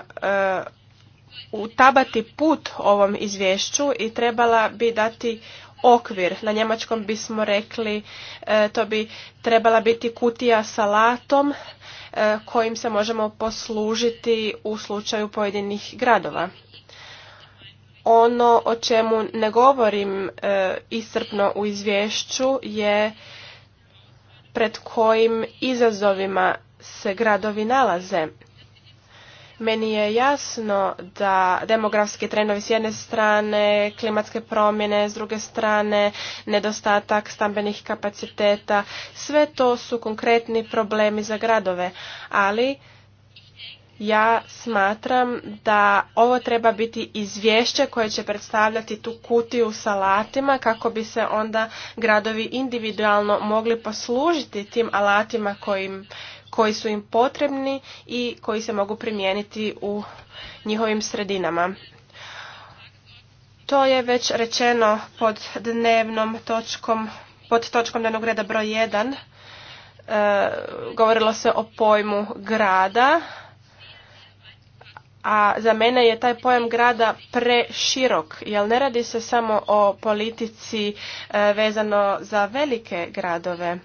Speaker 2: utabati put ovom izvješću i trebala bi dati okvir. Na njemačkom bismo rekli e, to bi trebala biti kutija sa latom kojim se možemo poslužiti u slučaju pojedinih gradova. Ono o čemu ne govorim e, iscrpno u izvješću je pred kojim izazovima se gradovi nalaze. Meni je jasno da demografski trendovi s jedne strane, klimatske promjene s druge strane, nedostatak stambenih kapaciteta, sve to su konkretni problemi za gradove, ali ja smatram da ovo treba biti izvješće koje će predstavljati tu kutiju sa alatima kako bi se onda gradovi individualno mogli poslužiti tim alatima kojim, koji su im potrebni i koji se mogu primijeniti u njihovim sredinama. To je već rečeno pod dnevnom točkom, pod točkom dnevnog reda broj 1. E, govorilo se o pojmu grada a za mene je taj pojam grada preširok, jer ne radi se samo o politici e, vezano za velike gradove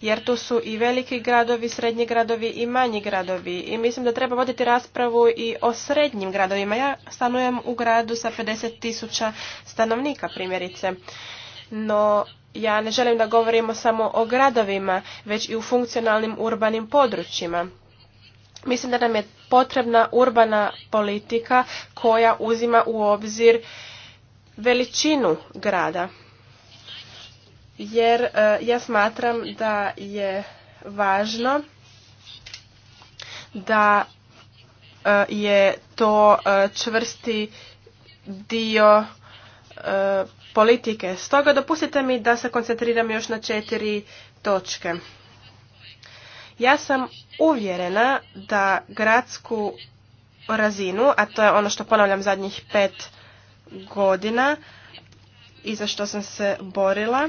Speaker 2: jer tu su i veliki gradovi, srednji gradovi i manji gradovi. I mislim da treba voditi raspravu i o srednjim gradovima. Ja stanujem u gradu sa 50 tisuća stanovnika, primjerice. No, ja ne želim da govorimo samo o gradovima, već i u funkcionalnim urbanim područjima. Mislim da nam je potrebna urbana politika koja uzima u obzir veličinu grada. Jer e, ja smatram da je važno da e, je to e, čvrsti dio politike. Stoga dopustite mi da se koncentriram još na četiri točke. Ja sam uvjerena da gradsku razinu, a to je ono što ponavljam zadnjih pet godina i za što sam se borila,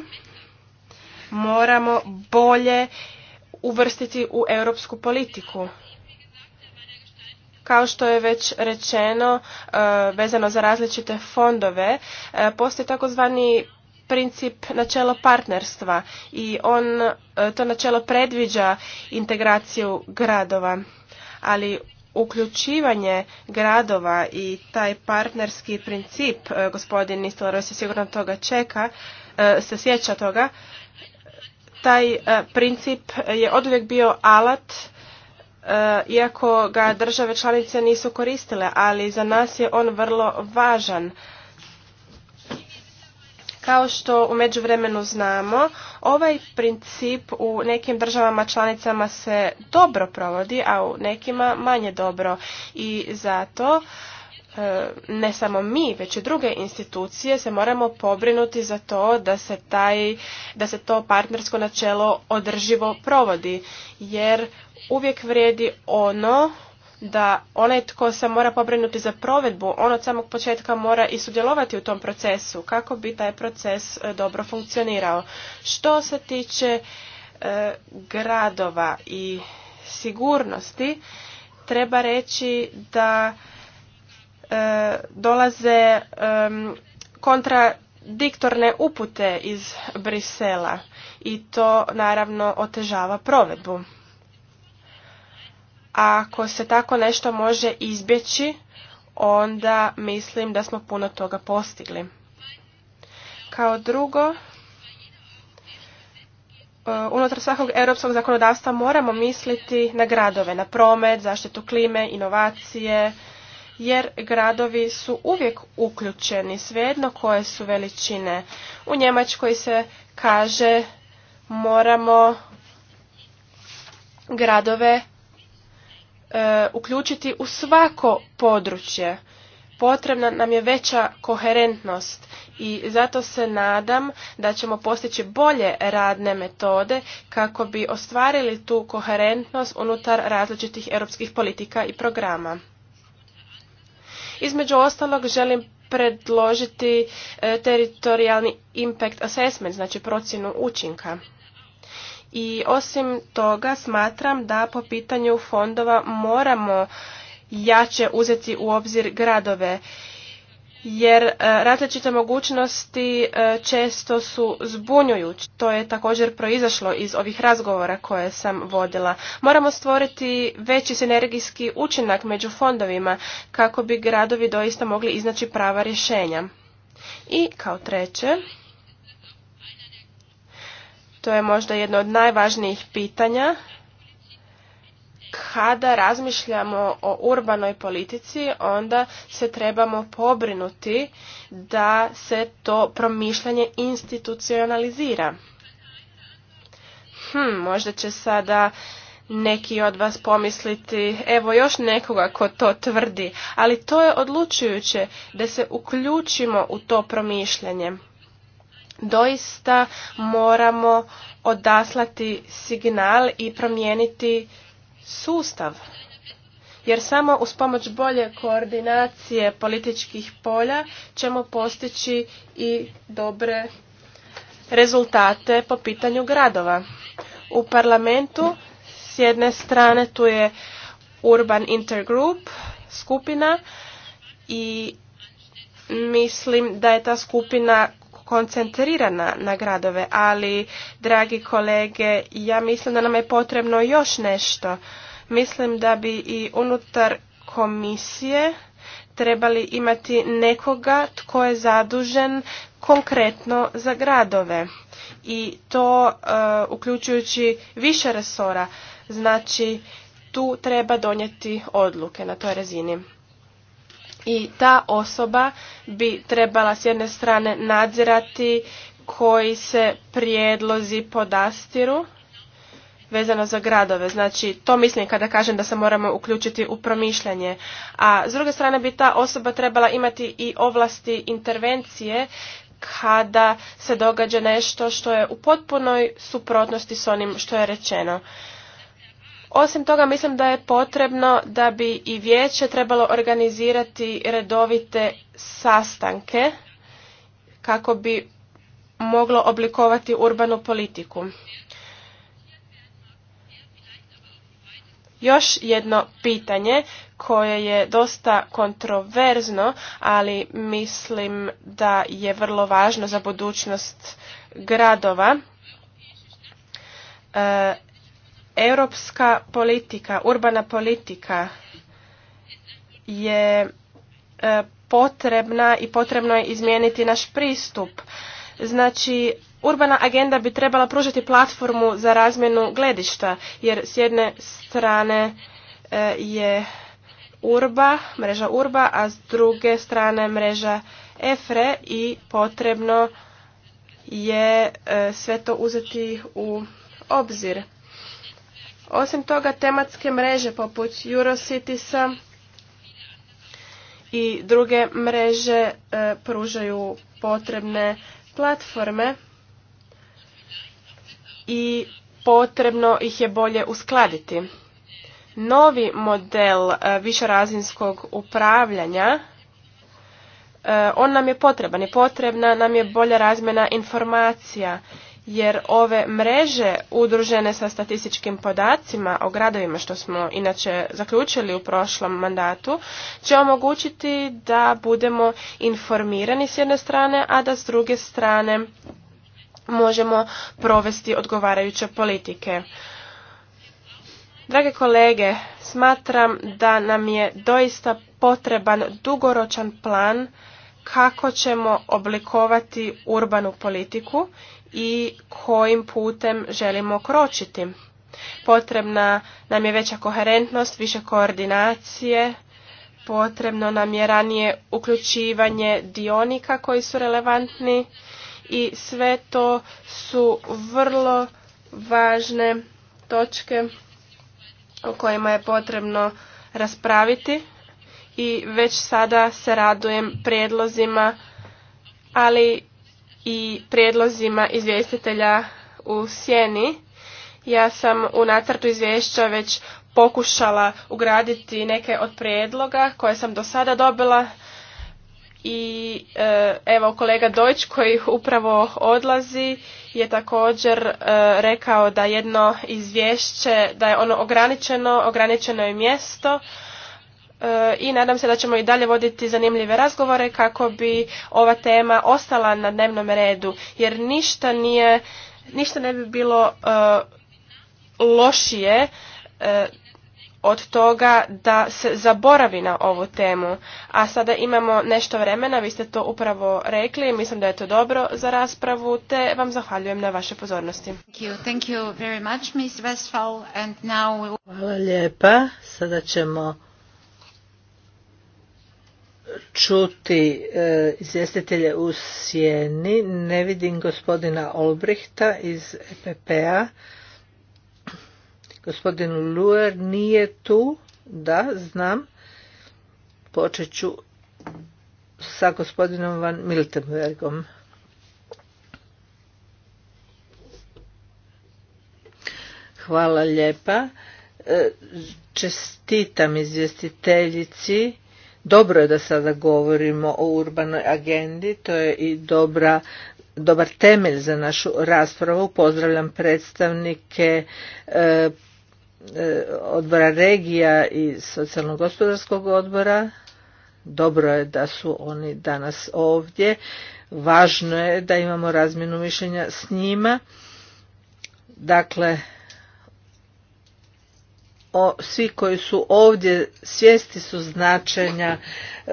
Speaker 2: moramo bolje uvrstiti u europsku politiku. Kao što je već rečeno, e, vezano za različite fondove, e, postoji takozvani princip načelo partnerstva i on e, to načelo predviđa integraciju gradova, ali uključivanje gradova i taj partnerski princip, e, gospodin Nistelaro se sigurno toga čeka, e, se sjeća toga, taj princip je oduvijek bio alat iako ga države članice nisu koristile, ali za nas je on vrlo važan kao što u međuvremenu znamo, ovaj princip u nekim državama članicama se dobro provodi, a u nekima manje dobro. I zato e, ne samo mi, već i druge institucije se moramo pobrinuti za to da se, taj, da se to partnersko načelo održivo provodi, jer uvijek vrijedi ono da onaj tko se mora pobrinuti za provedbu, on od samog početka mora i sudjelovati u tom procesu kako bi taj proces e, dobro funkcionirao. Što se tiče e, gradova i sigurnosti, treba reći da e, dolaze kontradiktorne upute iz Brisela i to naravno otežava provedbu. Ako se tako nešto može izbjeći, onda mislim da smo puno toga postigli. Kao drugo, eh, unutar svakog europskog zakonodavstva moramo misliti na gradove, na promet, zaštitu klime, inovacije, jer gradovi su uvijek uključeni, svejedno koje su veličine. U Njemačkoj se kaže moramo gradove e, uključiti u svako područje. Potrebna nam je veća koherentnost i zato se nadam da ćemo postići bolje radne metode kako bi ostvarili tu koherentnost unutar različitih europskih politika i programa. Između ostalog želim predložiti e, teritorijalni impact assessment, znači procjenu učinka i osim toga smatram da po pitanju fondova moramo jače uzeti u obzir gradove jer e, različite mogućnosti e, često su zbunjujući. To je također proizašlo iz ovih razgovora koje sam vodila. Moramo stvoriti veći sinergijski učinak među fondovima kako bi gradovi doista mogli iznaći prava rješenja. I kao treće, to je možda jedno od najvažnijih pitanja kada razmišljamo o urbanoj politici, onda se trebamo pobrinuti da se to promišljanje institucionalizira. Hm, možda će sada neki od vas pomisliti, evo još nekoga ko to tvrdi, ali to je odlučujuće da se uključimo u to promišljanje doista moramo odaslati signal i promijeniti sustav. Jer samo uz pomoć bolje koordinacije političkih polja ćemo postići i dobre rezultate po pitanju gradova. U parlamentu s jedne strane tu je Urban Intergroup skupina i mislim da je ta skupina koncentrirana na gradove, ali, dragi kolege, ja mislim da nam je potrebno još nešto. Mislim da bi i unutar komisije trebali imati nekoga tko je zadužen konkretno za gradove i to e, uključujući više resora. Znači, tu treba donijeti odluke na toj razini i ta osoba bi trebala s jedne strane nadzirati koji se prijedlozi podastiru vezano za gradove. Znači, to mislim kada kažem da se moramo uključiti u promišljanje. A s druge strane bi ta osoba trebala imati i ovlasti intervencije kada se događa nešto što je u potpunoj suprotnosti s onim što je rečeno. Osim toga mislim da je potrebno da bi i vijeće trebalo organizirati redovite sastanke kako bi moglo oblikovati urbanu politiku. Još jedno pitanje koje je dosta kontroverzno, ali mislim da je vrlo važno za budućnost gradova. E, Europska politika, urbana politika je e, potrebna i potrebno je izmijeniti naš pristup. Znači, urbana agenda bi trebala pružiti platformu za razmjenu gledišta, jer s jedne strane e, je urba, mreža urba, a s druge strane mreža EFRE i potrebno je e, sve to uzeti u obzir. Osim toga, tematske mreže poput Eurocitisa i druge mreže e, pružaju potrebne platforme i potrebno ih je bolje uskladiti. Novi model e, višerazinskog upravljanja e, on nam je potreban i potrebna nam je bolja razmjena informacija jer ove mreže udružene sa statističkim podacima o gradovima što smo inače zaključili u prošlom mandatu će omogućiti da budemo informirani s jedne strane, a da s druge strane možemo provesti odgovarajuće politike. Drage kolege, smatram da nam je doista potreban dugoročan plan kako ćemo oblikovati urbanu politiku i kojim putem želimo kročiti. Potrebna nam je veća koherentnost, više koordinacije, potrebno nam je ranije uključivanje dionika koji su relevantni i sve to su vrlo važne točke o kojima je potrebno raspraviti i već sada se radujem prijedlozima, ali i prijedlozima izvjestitelja u sjeni. Ja sam u nacrtu izvješća već pokušala ugraditi neke od prijedloga koje sam do sada dobila i e, evo kolega Dojč koji upravo odlazi je također e, rekao da jedno izvješće, da je ono ograničeno, ograničeno je mjesto, E, i nadam se da ćemo i dalje voditi zanimljive razgovore kako bi ova tema ostala na dnevnom redu jer ništa nije ništa ne bi bilo e, lošije e, od toga da se zaboravi na ovu temu. A sada imamo nešto vremena, vi ste to upravo rekli, mislim da je to dobro za raspravu, te vam zahvaljujem na vaše pozornosti.
Speaker 1: Hvala lijepa, sada ćemo čuti e, izvjestitelje u sjeni. Ne vidim gospodina Olbrihta iz EPP-a. Gospodin Luer nije tu. Da, znam. Počet ću sa gospodinom Van Miltenbergom. Hvala lijepa. E, čestitam izvjestiteljici dobro je da sada govorimo o urbanoj agendi, to je i dobra dobar temelj za našu raspravu. Pozdravljam predstavnike e, e, odbora regija i socijalno-gospodarskog odbora. Dobro je da su oni danas ovdje. Važno je da imamo razmjenu mišljenja s njima. Dakle, svi koji su ovdje svijesti su značenja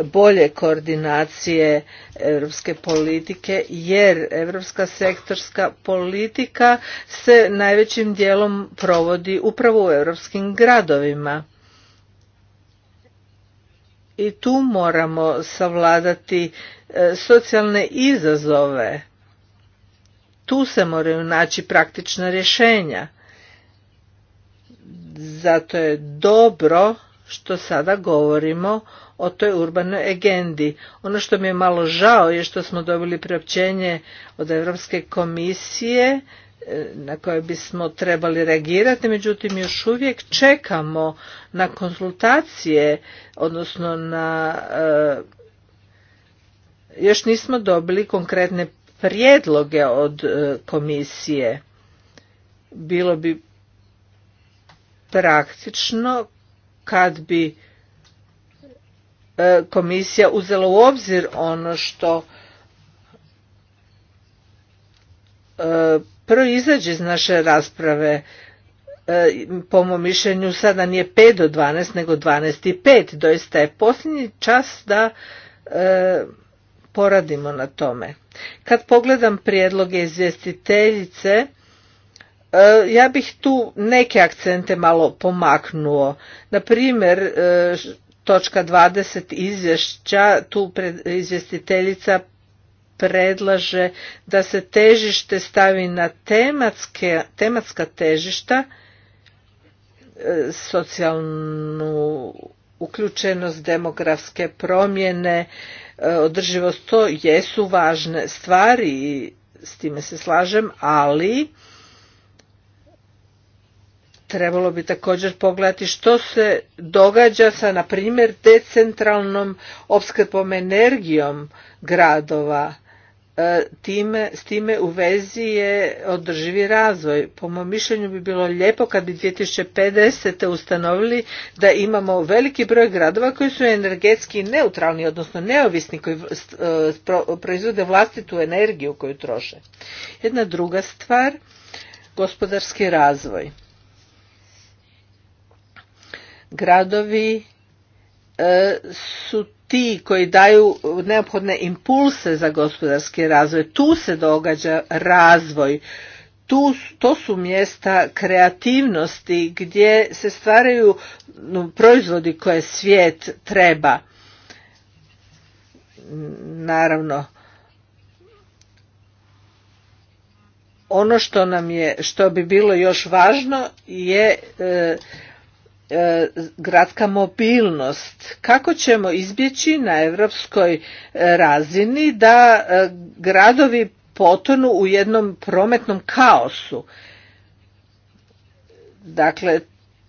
Speaker 1: bolje koordinacije europske politike jer europska sektorska politika se najvećim dijelom provodi upravo u europskim gradovima i tu moramo savladati e, socijalne izazove tu se moraju naći praktična rješenja zato je dobro što sada govorimo o toj urbanoj agendi. Ono što mi je malo žao je što smo dobili priopćenje od Europske komisije e, na koje bismo trebali reagirati, međutim još uvijek čekamo na konsultacije, odnosno na e, još nismo dobili konkretne prijedloge od e, komisije. Bilo bi praktično kad bi e, komisija uzela u obzir ono što e, proizađe iz naše rasprave e, po mom mišljenju sada nije 5 do 12 nego 12 i 5 doista je posljednji čas da poradimo na tome. Kad pogledam prijedloge izvjestiteljice E, ja bih tu neke akcente malo pomaknuo. Na e, točka 20 izvješća, tu izvjestiteljica predlaže da se težište stavi na tematska težišta, e, socijalnu uključenost, demografske promjene, održivost, to jesu važne stvari i s time se slažem, ali trebalo bi također pogledati što se događa sa na primjer decentralnom opskrbom energijom gradova e, time, s time u vezi je održivi razvoj. Po mom mišljenju bi bilo lijepo kad bi 2050. ustanovili da imamo veliki broj gradova koji su energetski neutralni, odnosno neovisni, koji e, proizvode vlastitu energiju koju troše. Jedna druga stvar, gospodarski razvoj gradovi e, su ti koji daju neophodne impulse za gospodarski razvoj. Tu se događa razvoj. Tu, to su mjesta kreativnosti gdje se stvaraju proizvodi koje svijet treba. Naravno, ono što nam je, što bi bilo još važno je e, E, gradska mobilnost. Kako ćemo izbjeći na europskoj e, razini da e, gradovi potonu u jednom prometnom kaosu? Dakle,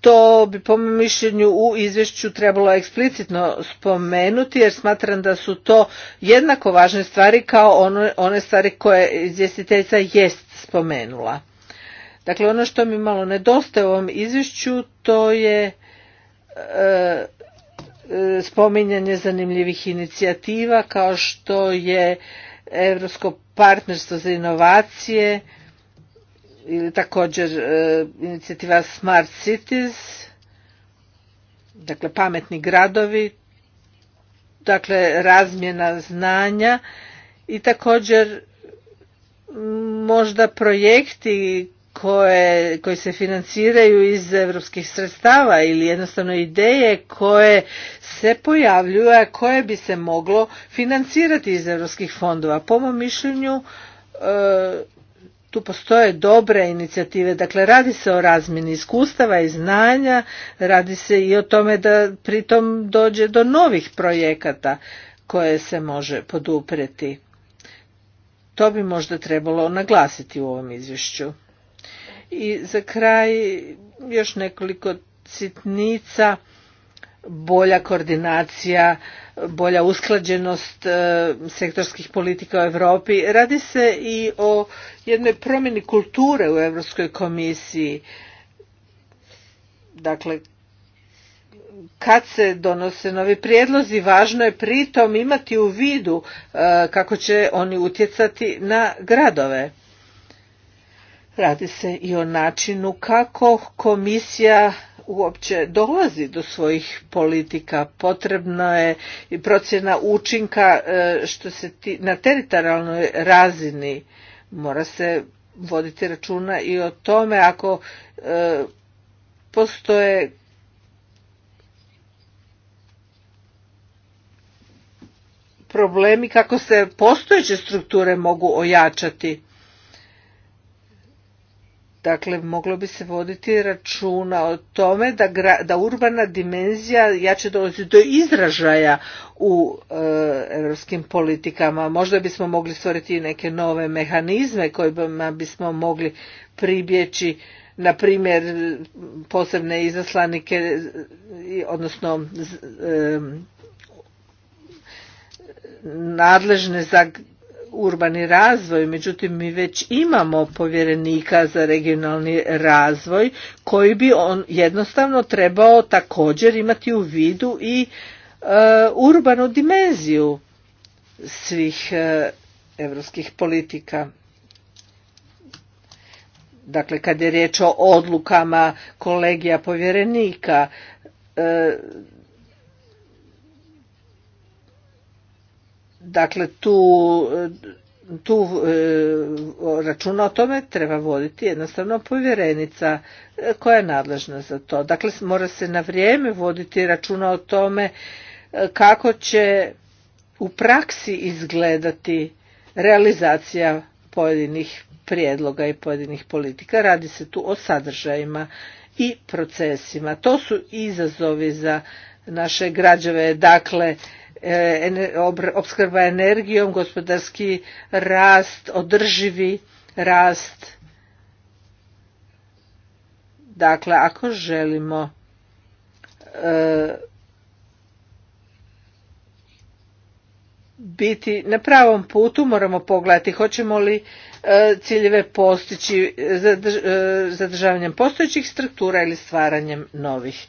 Speaker 1: to bi po mom mišljenju u izvješću trebalo eksplicitno spomenuti jer smatram da su to jednako važne stvari kao ono, one stvari koje izvjestiteljica jest spomenula. Dakle, ono što mi malo nedostaje u ovom izvješću, to je e, e spominjanje zanimljivih inicijativa kao što je Europsko partnerstvo za inovacije ili također e, inicijativa Smart Cities, dakle pametni gradovi, dakle razmjena znanja i također možda projekti koje, koji se financiraju iz europskih sredstava ili jednostavno ideje koje se pojavljuju, a koje bi se moglo financirati iz europskih fondova. Po mom mišljenju e, tu postoje dobre inicijative, dakle radi se o razmjeni iskustava i znanja, radi se i o tome da pritom dođe do novih projekata koje se može poduprijeti. To bi možda trebalo naglasiti u ovom izvješću. I za kraj još nekoliko sitnica bolja koordinacija, bolja usklađenost e, sektorskih politika u Europi. Radi se i o jednoj promjeni kulture u Europskoj komisiji. Dakle, kad se donose novi prijedlozi, važno je pritom imati u vidu e, kako će oni utjecati na gradove. Radi se i o načinu kako komisija uopće dolazi do svojih politika. Potrebna je i procjena učinka e, što se ti, na teritorijalnoj razini mora se voditi računa i o tome ako e, postoje problemi kako se postojeće strukture mogu ojačati Dakle, moglo bi se voditi računa o tome da, da urbana dimenzija jače dolazi do izražaja u europskim politikama. Možda bismo mogli stvoriti i neke nove mehanizme kojima bismo mogli pribjeći na primjer posebne izaslanike, odnosno e, nadležne za urbani razvoj, međutim mi već imamo povjerenika za regionalni razvoj koji bi on jednostavno trebao također imati u vidu i e, urbanu dimenziju svih europskih politika. Dakle, kad je riječ o odlukama kolegija povjerenika, e, Dakle, tu, tu e, računa o tome treba voditi jednostavno povjerenica e, koja je nadležna za to. Dakle, mora se na vrijeme voditi računa o tome e, kako će u praksi izgledati realizacija pojedinih prijedloga i pojedinih politika. Radi se tu o sadržajima i procesima. To su izazovi za naše građave. Dakle, Eh, opskrba energijom, gospodarski rast, održivi rast. Dakle, ako želimo eh, biti na pravom putu moramo pogledati hoćemo li eh, ciljeve postići zadržavanjem postojećih struktura ili stvaranjem novih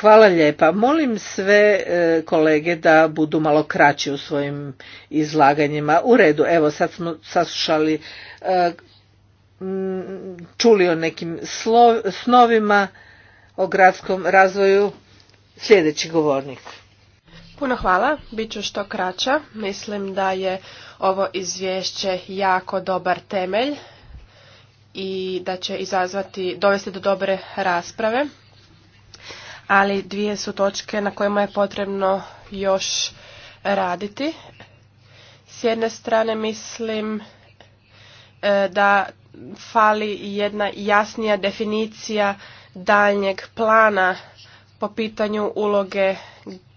Speaker 1: Hvala lijepa. Molim sve e, kolege da budu malo kraći u svojim izlaganjima. U redu, evo sad smo saslušali, e, čuli o nekim snovima o gradskom razvoju. Sljedeći govornik.
Speaker 2: Puno hvala, bit ću što kraća. Mislim da je ovo izvješće jako dobar temelj i da će izazvati, dovesti do dobre rasprave ali dvije su točke na kojima je potrebno još raditi. S jedne strane mislim e, da fali jedna jasnija definicija daljnjeg plana po pitanju uloge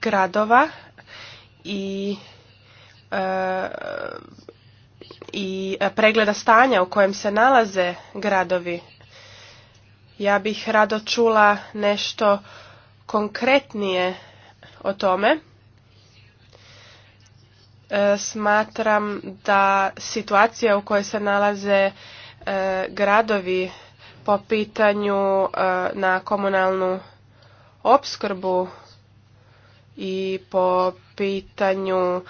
Speaker 2: gradova i e, i pregleda stanja u kojem se nalaze gradovi. Ja bih rado čula nešto konkretnije o tome. E, smatram da situacija u kojoj se nalaze e, gradovi po pitanju e, na komunalnu opskrbu i po pitanju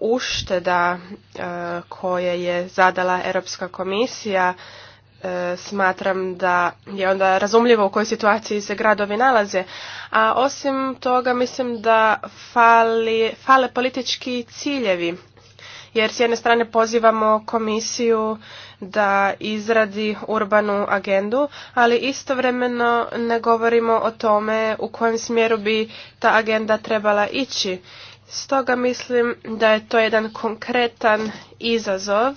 Speaker 2: ušteda koje je zadala Europska komisija E, smatram da je onda razumljivo u kojoj situaciji se gradovi nalaze. A osim toga mislim da fali, fale politički ciljevi. Jer s jedne strane pozivamo komisiju da izradi urbanu agendu, ali istovremeno ne govorimo o tome u kojem smjeru bi ta agenda trebala ići. Stoga mislim da je to jedan konkretan izazov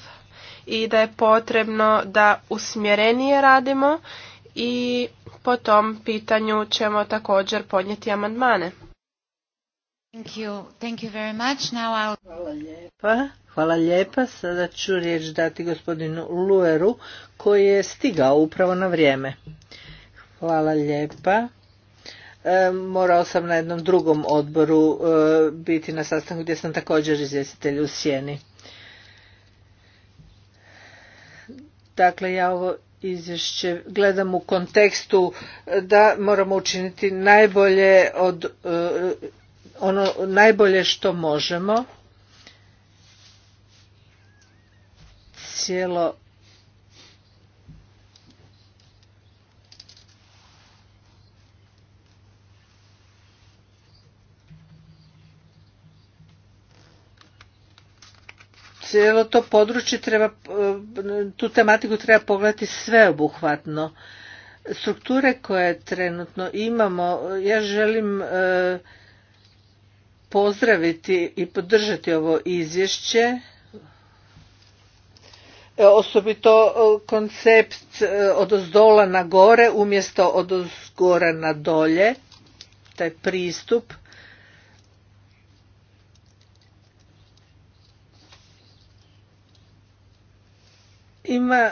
Speaker 2: i da je potrebno da usmjerenije radimo i po tom pitanju ćemo također podnijeti amandmane.
Speaker 4: Thank you. Thank
Speaker 1: Hvala lijepa. Sada ću riječ dati gospodinu Lueru koji je stigao upravo na vrijeme. Hvala lijepa. E, morao sam na jednom drugom odboru e, biti na sastanku gdje sam također izvjestitelj u Sjeni. Dakle, ja ovo izvješće gledam u kontekstu da moramo učiniti najbolje od e, ono najbolje što možemo. Cijelo cijelo to područje treba, e, tu tematiku treba pogledati sveobuhvatno. Strukture koje trenutno imamo, ja želim e, pozdraviti i podržati ovo izvješće, e, osobito koncept od na gore umjesto od ozgora na dolje, taj pristup ima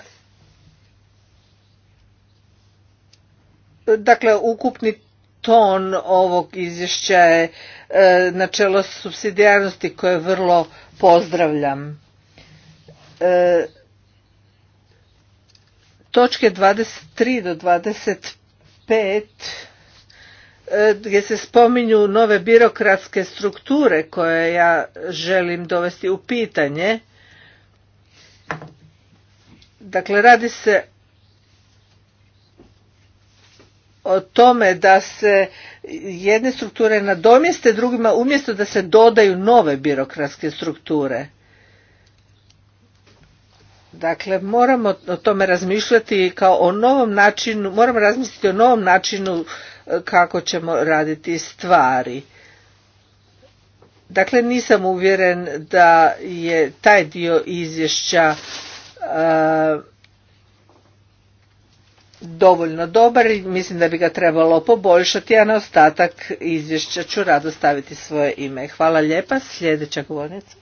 Speaker 1: dakle ukupni ton ovog izvješća je e, načelo subsidijarnosti koje vrlo pozdravljam. E, točke 23 do 25 e, gdje se spominju nove birokratske strukture koje ja želim dovesti u pitanje Dakle, radi se o tome da se jedne strukture nadomjeste drugima umjesto da se dodaju nove birokratske strukture. Dakle, moramo o tome razmišljati kao o novom načinu, moramo razmisliti o novom načinu e, kako ćemo raditi stvari. Dakle, nisam uvjeren da je taj dio izvješća E, dovoljno dobar i mislim da bi ga trebalo poboljšati, a na ostatak izvješća ću rado staviti svoje ime. Hvala lijepa. Sljedeća govornica.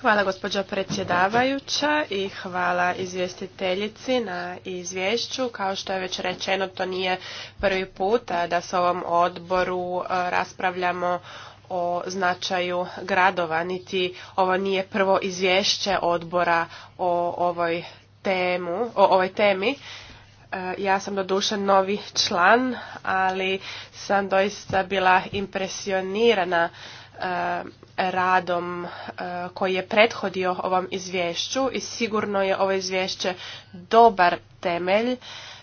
Speaker 2: Hvala gospođa predsjedavajuća i hvala izvjestiteljici na izvješću. Kao što je već rečeno, to nije prvi put da s ovom odboru e, raspravljamo o značaju gradova, niti ovo nije prvo izvješće odbora o ovoj temu, o ovoj temi. E, ja sam doduše novi član, ali sam doista bila impresionirana e, radom e, koji je prethodio ovom izvješću i sigurno je ovo izvješće dobar temelj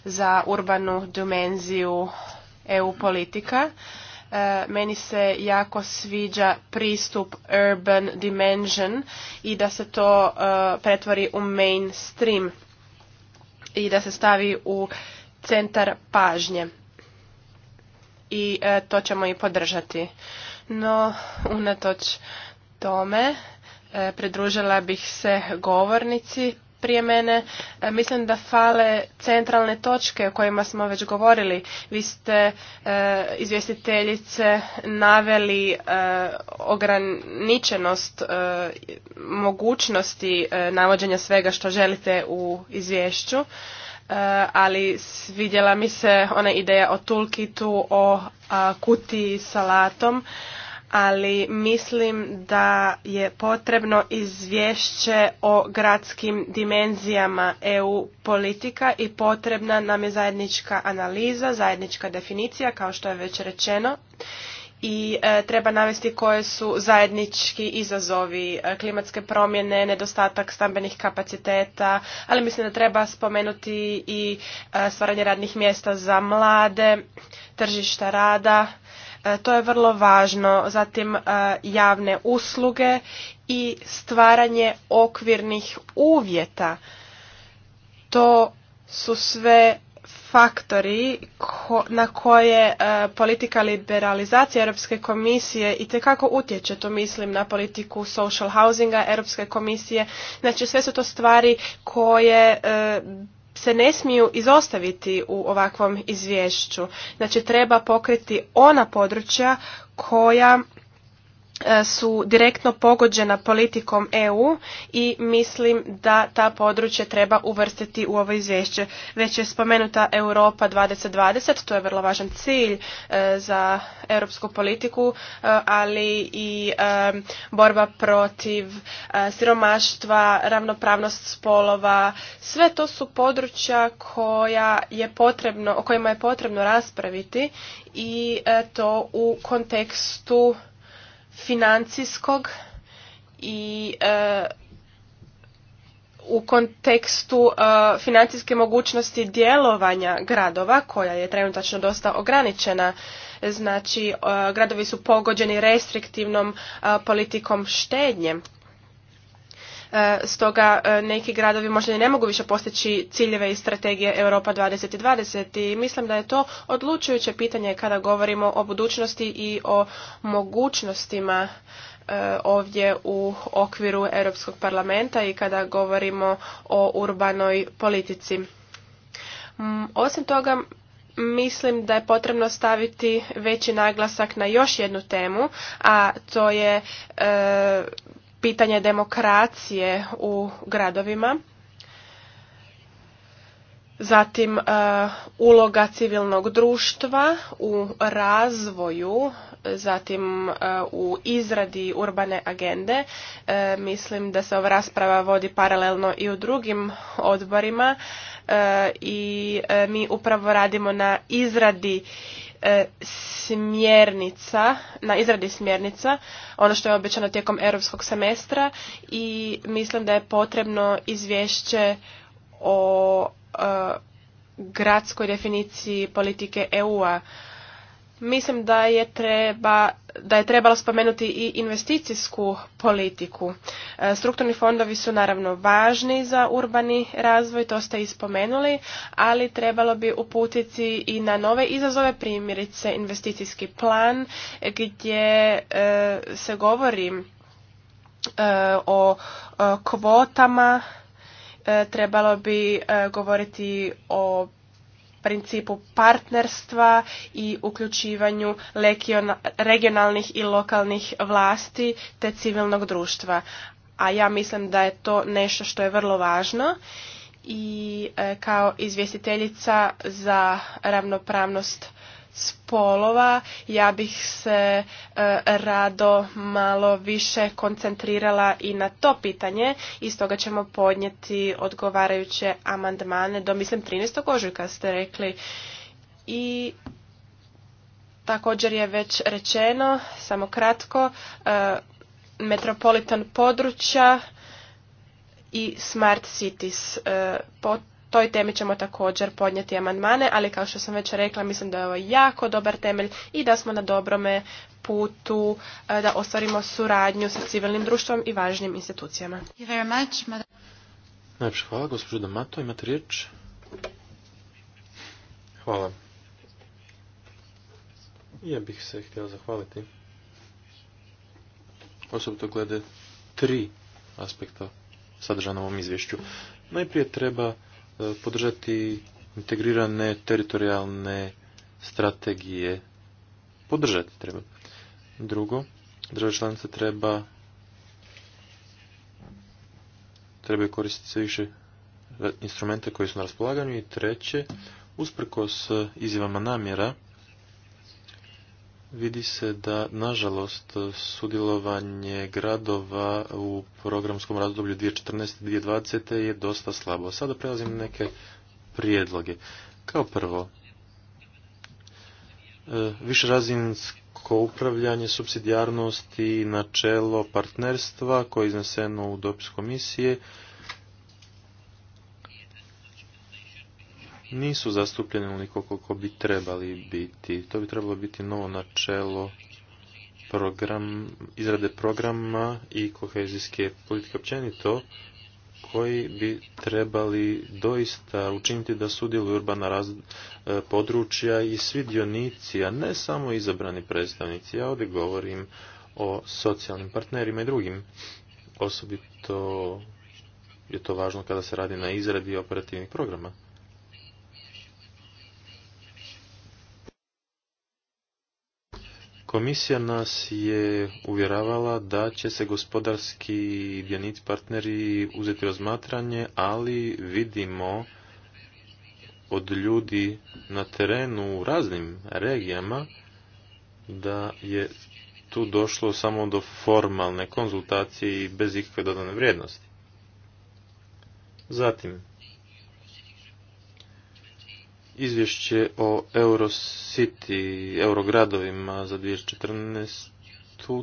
Speaker 2: za urbanu dimenziju EU politika. E, meni se jako sviđa pristup urban dimension i da se to e, pretvori u mainstream i da se stavi u centar pažnje. I e, to ćemo i podržati. No, unatoč tome, pridružila bih se govornici prije mene, e, mislim da fale centralne točke o kojima smo već govorili. Vi ste e, izvjestiteljice naveli e, ograničenost mogućnosti navođenja svega što želite u izvješću ali svidjela mi se ona ideja o tulkitu, o kutiji salatom, ali mislim da je potrebno izvješće o gradskim dimenzijama EU politika i potrebna nam je zajednička analiza, zajednička definicija kao što je već rečeno i e, treba navesti koje su zajednički izazovi e, klimatske promjene, nedostatak stambenih kapaciteta, ali mislim da treba spomenuti i e, stvaranje radnih mjesta za mlade, tržišta rada E, to je vrlo važno. Zatim e, javne usluge i stvaranje okvirnih uvjeta. To su sve faktori na koje e, politika liberalizacije Europske komisije i tekako utječe, to mislim na politiku social housinga Europske komisije, znači sve su to stvari koje se ne smiju izostaviti u ovakvom izvješću. Znači treba pokriti ona područja koja E, su direktno pogođena politikom EU i mislim da ta područja treba uvrstiti u ovo izvješće. Već je spomenuta Europa 2020, to je vrlo važan cilj e, za europsku politiku, e, ali i borba protiv siromaštva, ravnopravnost spolova, sve to su područja koja je potrebno, o kojima je potrebno raspraviti i to u kontekstu financijskog i e, u kontekstu e, financijske mogućnosti djelovanja gradova koja je trenutačno dosta ograničena znači e, gradovi su pogođeni restriktivnom politikom štednje E, stoga e, neki gradovi možda i ne mogu više postići ciljeve i strategije Europa 2020 i mislim da je to odlučujuće pitanje kada govorimo o budućnosti i o mogućnostima e, ovdje u okviru Europskog parlamenta i kada govorimo o urbanoj politici. Osim toga, mislim da je potrebno staviti veći naglasak na još jednu temu, a to je pitanje demokracije u gradovima. Zatim e, uloga civilnog društva u razvoju, zatim e, u izradi urbane agende. E, mislim da se ova rasprava vodi paralelno i u drugim odborima i mi upravo radimo na izradi E, smjernica, na izradi smjernica, ono što je obećano tijekom europskog semestra i mislim da je potrebno izvješće o e, gradskoj definiciji politike EU-a. Mislim da je, treba, da je trebalo spomenuti i investicijsku politiku. E, strukturni fondovi su naravno važni za urbani razvoj, to ste i spomenuli, ali trebalo bi uputiti i na nove izazove, primjerice investicijski plan gdje e, se govori e, o kvotama, trebalo bi govoriti o principu partnerstva i uključivanju regionalnih i lokalnih vlasti te civilnog društva. A ja mislim da je to nešto što je vrlo važno i e, kao izvjestiteljica za ravnopravnost spolova. Ja bih se e, rado malo više koncentrirala i na to pitanje i stoga ćemo podnijeti odgovarajuće amandmane do mislim 13. ožujka ste rekli. I također je već rečeno, samo kratko, e, metropolitan područja i smart cities. E, toj temi ćemo također podnijeti amandmane, ali kao što sam već rekla, mislim da je ovo jako dobar temelj i da smo na dobrome putu e, da ostvarimo suradnju sa civilnim društvom i važnim institucijama.
Speaker 5: Najprej hvala, gospođo Damato, imate riječ? Hvala. Ja bih se htjela zahvaliti. Osobito glede tri aspekta sadržana u ovom izvješću. Najprije treba podržati integrirane teritorijalne strategije. Podržati treba. Drugo, države članice treba treba koristiti sve više instrumente koji su na raspolaganju i treće, usprkos izjavama namjera vidi se da, nažalost, sudjelovanje gradova u programskom razdoblju 2014-2020 je dosta slabo. Sada prelazim na neke prijedloge. Kao prvo, e, višerazinsko upravljanje, subsidijarnost i načelo partnerstva koje je izneseno u dopis komisije nisu zastupljeni onoliko koliko bi trebali biti. To bi trebalo biti novo načelo program, izrade programa i kohezijske politike općenito koji bi trebali doista učiniti da sudjeluju urbana e, područja i svi dionici, a ne samo izabrani predstavnici. Ja ovdje govorim o socijalnim partnerima i drugim. Osobito je to važno kada se radi na izradi operativnih programa. Komisija nas je uvjeravala da će se gospodarski djenici partneri uzeti razmatranje, ali vidimo od ljudi na terenu u raznim regijama da je tu došlo samo do formalne konzultacije i bez ikakve dodane vrijednosti. Zatim, izvješće o Eurocity, Eurogradovima za 2014.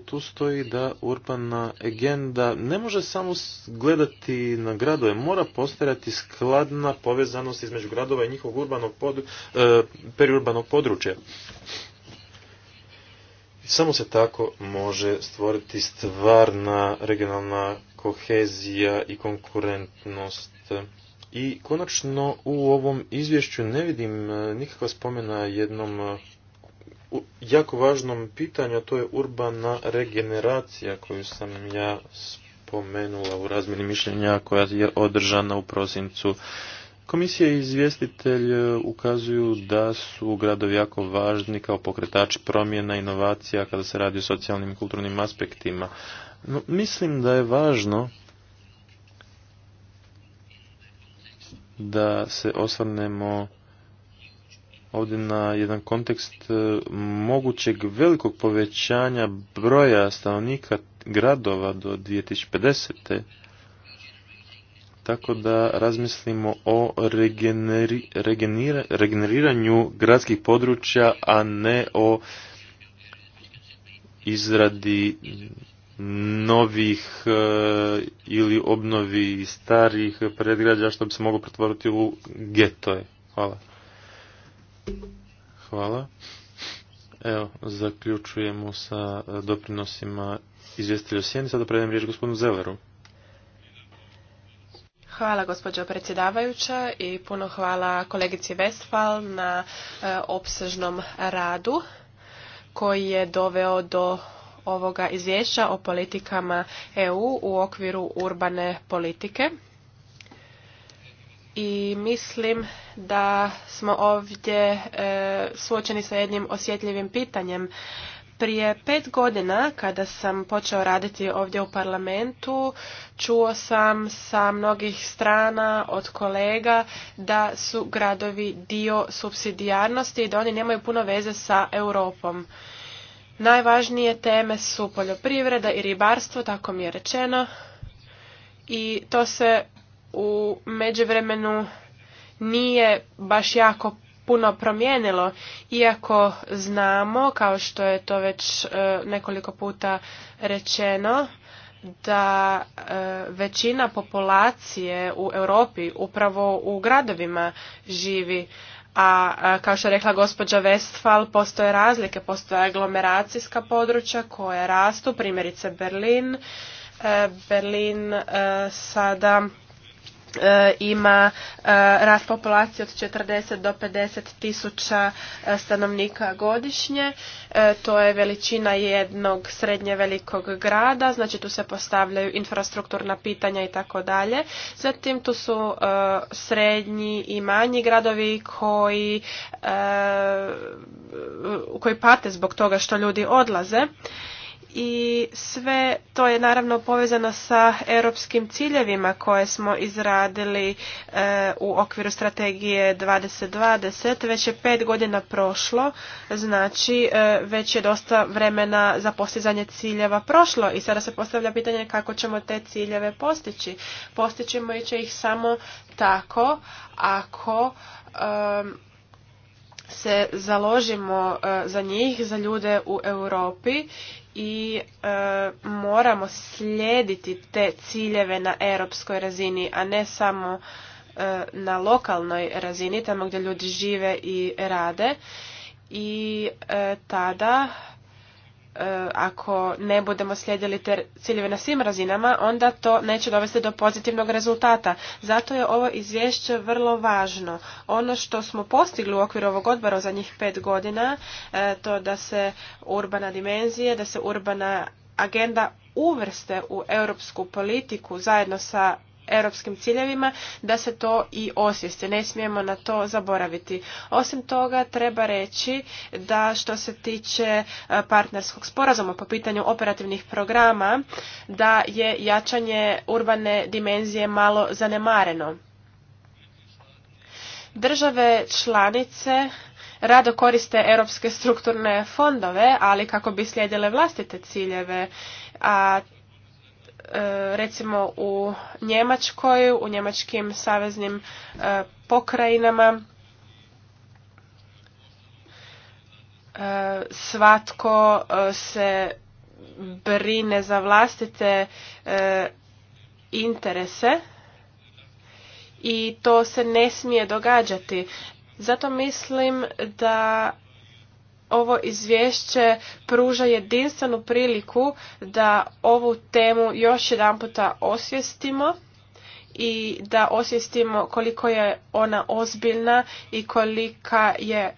Speaker 5: Tu stoji da urbana agenda ne može samo gledati na gradove, mora postarati skladna povezanost između gradova i njihovog urbanog podru, e, periurbanog područja. Samo se tako može stvoriti stvarna regionalna kohezija i konkurentnost. I konačno u ovom izvješću ne vidim e, nikakva spomena jednom e, jako važnom pitanju, a to je urbana regeneracija koju sam ja spomenula u razmjeni mišljenja koja je održana u prosincu. Komisija i izvjestitelj e, ukazuju da su gradovi jako važni kao pokretači promjena, inovacija kada se radi o socijalnim i kulturnim aspektima. No, mislim da je važno da se osvrnemo ovdje na jedan kontekst e, mogućeg velikog povećanja broja stanovnika gradova do 2050. Tako da razmislimo o regeneriranju gradskih područja, a ne o izradi novih e, ili obnovi starih predgrađa što bi se moglo pretvoriti u getoje. Hvala. Hvala. Evo, zaključujemo sa e, doprinosima izvjestilja sjeni. Sada predajem riječ gospodinu Zeleru.
Speaker 2: Hvala gospođo predsjedavajuća i puno hvala kolegici Westfall na e, opsežnom radu koji je doveo do ovoga izvješća o politikama EU u okviru urbane politike. I mislim da smo ovdje e, suočeni sa jednim osjetljivim pitanjem. Prije pet godina, kada sam počeo raditi ovdje u parlamentu, čuo sam sa mnogih strana od kolega da su gradovi dio subsidijarnosti i da oni nemaju puno veze sa Europom. Najvažnije teme su poljoprivreda i ribarstvo, tako mi je rečeno. I to se u međuvremenu nije baš jako puno promijenilo, iako znamo, kao što je to već e, nekoliko puta rečeno, da e, većina populacije u Europi upravo u gradovima živi a kao što je rekla gospođa Westphal, postoje razlike, postoje aglomeracijska područja koje rastu, primjerice Berlin. E, Berlin e, sada E, ima e, rast populacije od 40 do 50 tisuća e, stanovnika godišnje. To je veličina jednog srednje velikog grada, znači tu se postavljaju infrastrukturna pitanja i tako dalje. Zatim tu su srednji i manji gradovi koji, koji pate zbog toga što ljudi odlaze i sve to je naravno povezano sa europskim ciljevima koje smo izradili e, u okviru strategije 2020. Već je pet godina prošlo, znači e, već je dosta vremena za postizanje ciljeva prošlo i sada se postavlja pitanje kako ćemo te ciljeve postići. Postićemo i će ih samo tako ako... se založimo e, za njih, za ljude u Europi i e, moramo slijediti te ciljeve na europskoj razini, a ne samo e, na lokalnoj razini, tamo gdje ljudi žive i rade. I e, tada E, ako ne budemo slijedili te ciljeve na svim razinama, onda to neće dovesti do pozitivnog rezultata. Zato je ovo izvješće vrlo važno. Ono što smo postigli u okviru ovog odbora za njih pet godina, e, to da se urbana dimenzije, da se urbana agenda uvrste u europsku politiku zajedno sa europskim ciljevima, da se to i osvijeste. Ne smijemo na to zaboraviti. Osim toga, treba reći da što se tiče e, partnerskog sporazuma po pitanju operativnih programa, da je jačanje urbane dimenzije malo zanemareno. Države članice rado koriste europske strukturne fondove, ali kako bi slijedile vlastite ciljeve, a E, recimo u Njemačkoj, u njemačkim saveznim e, pokrajinama e, svatko se brine za vlastite interese i to se ne smije događati. Zato mislim da ovo izvješće pruža jedinstvenu priliku da ovu temu još puta osvijestimo i da osvijestimo koliko je ona ozbiljna i kolika je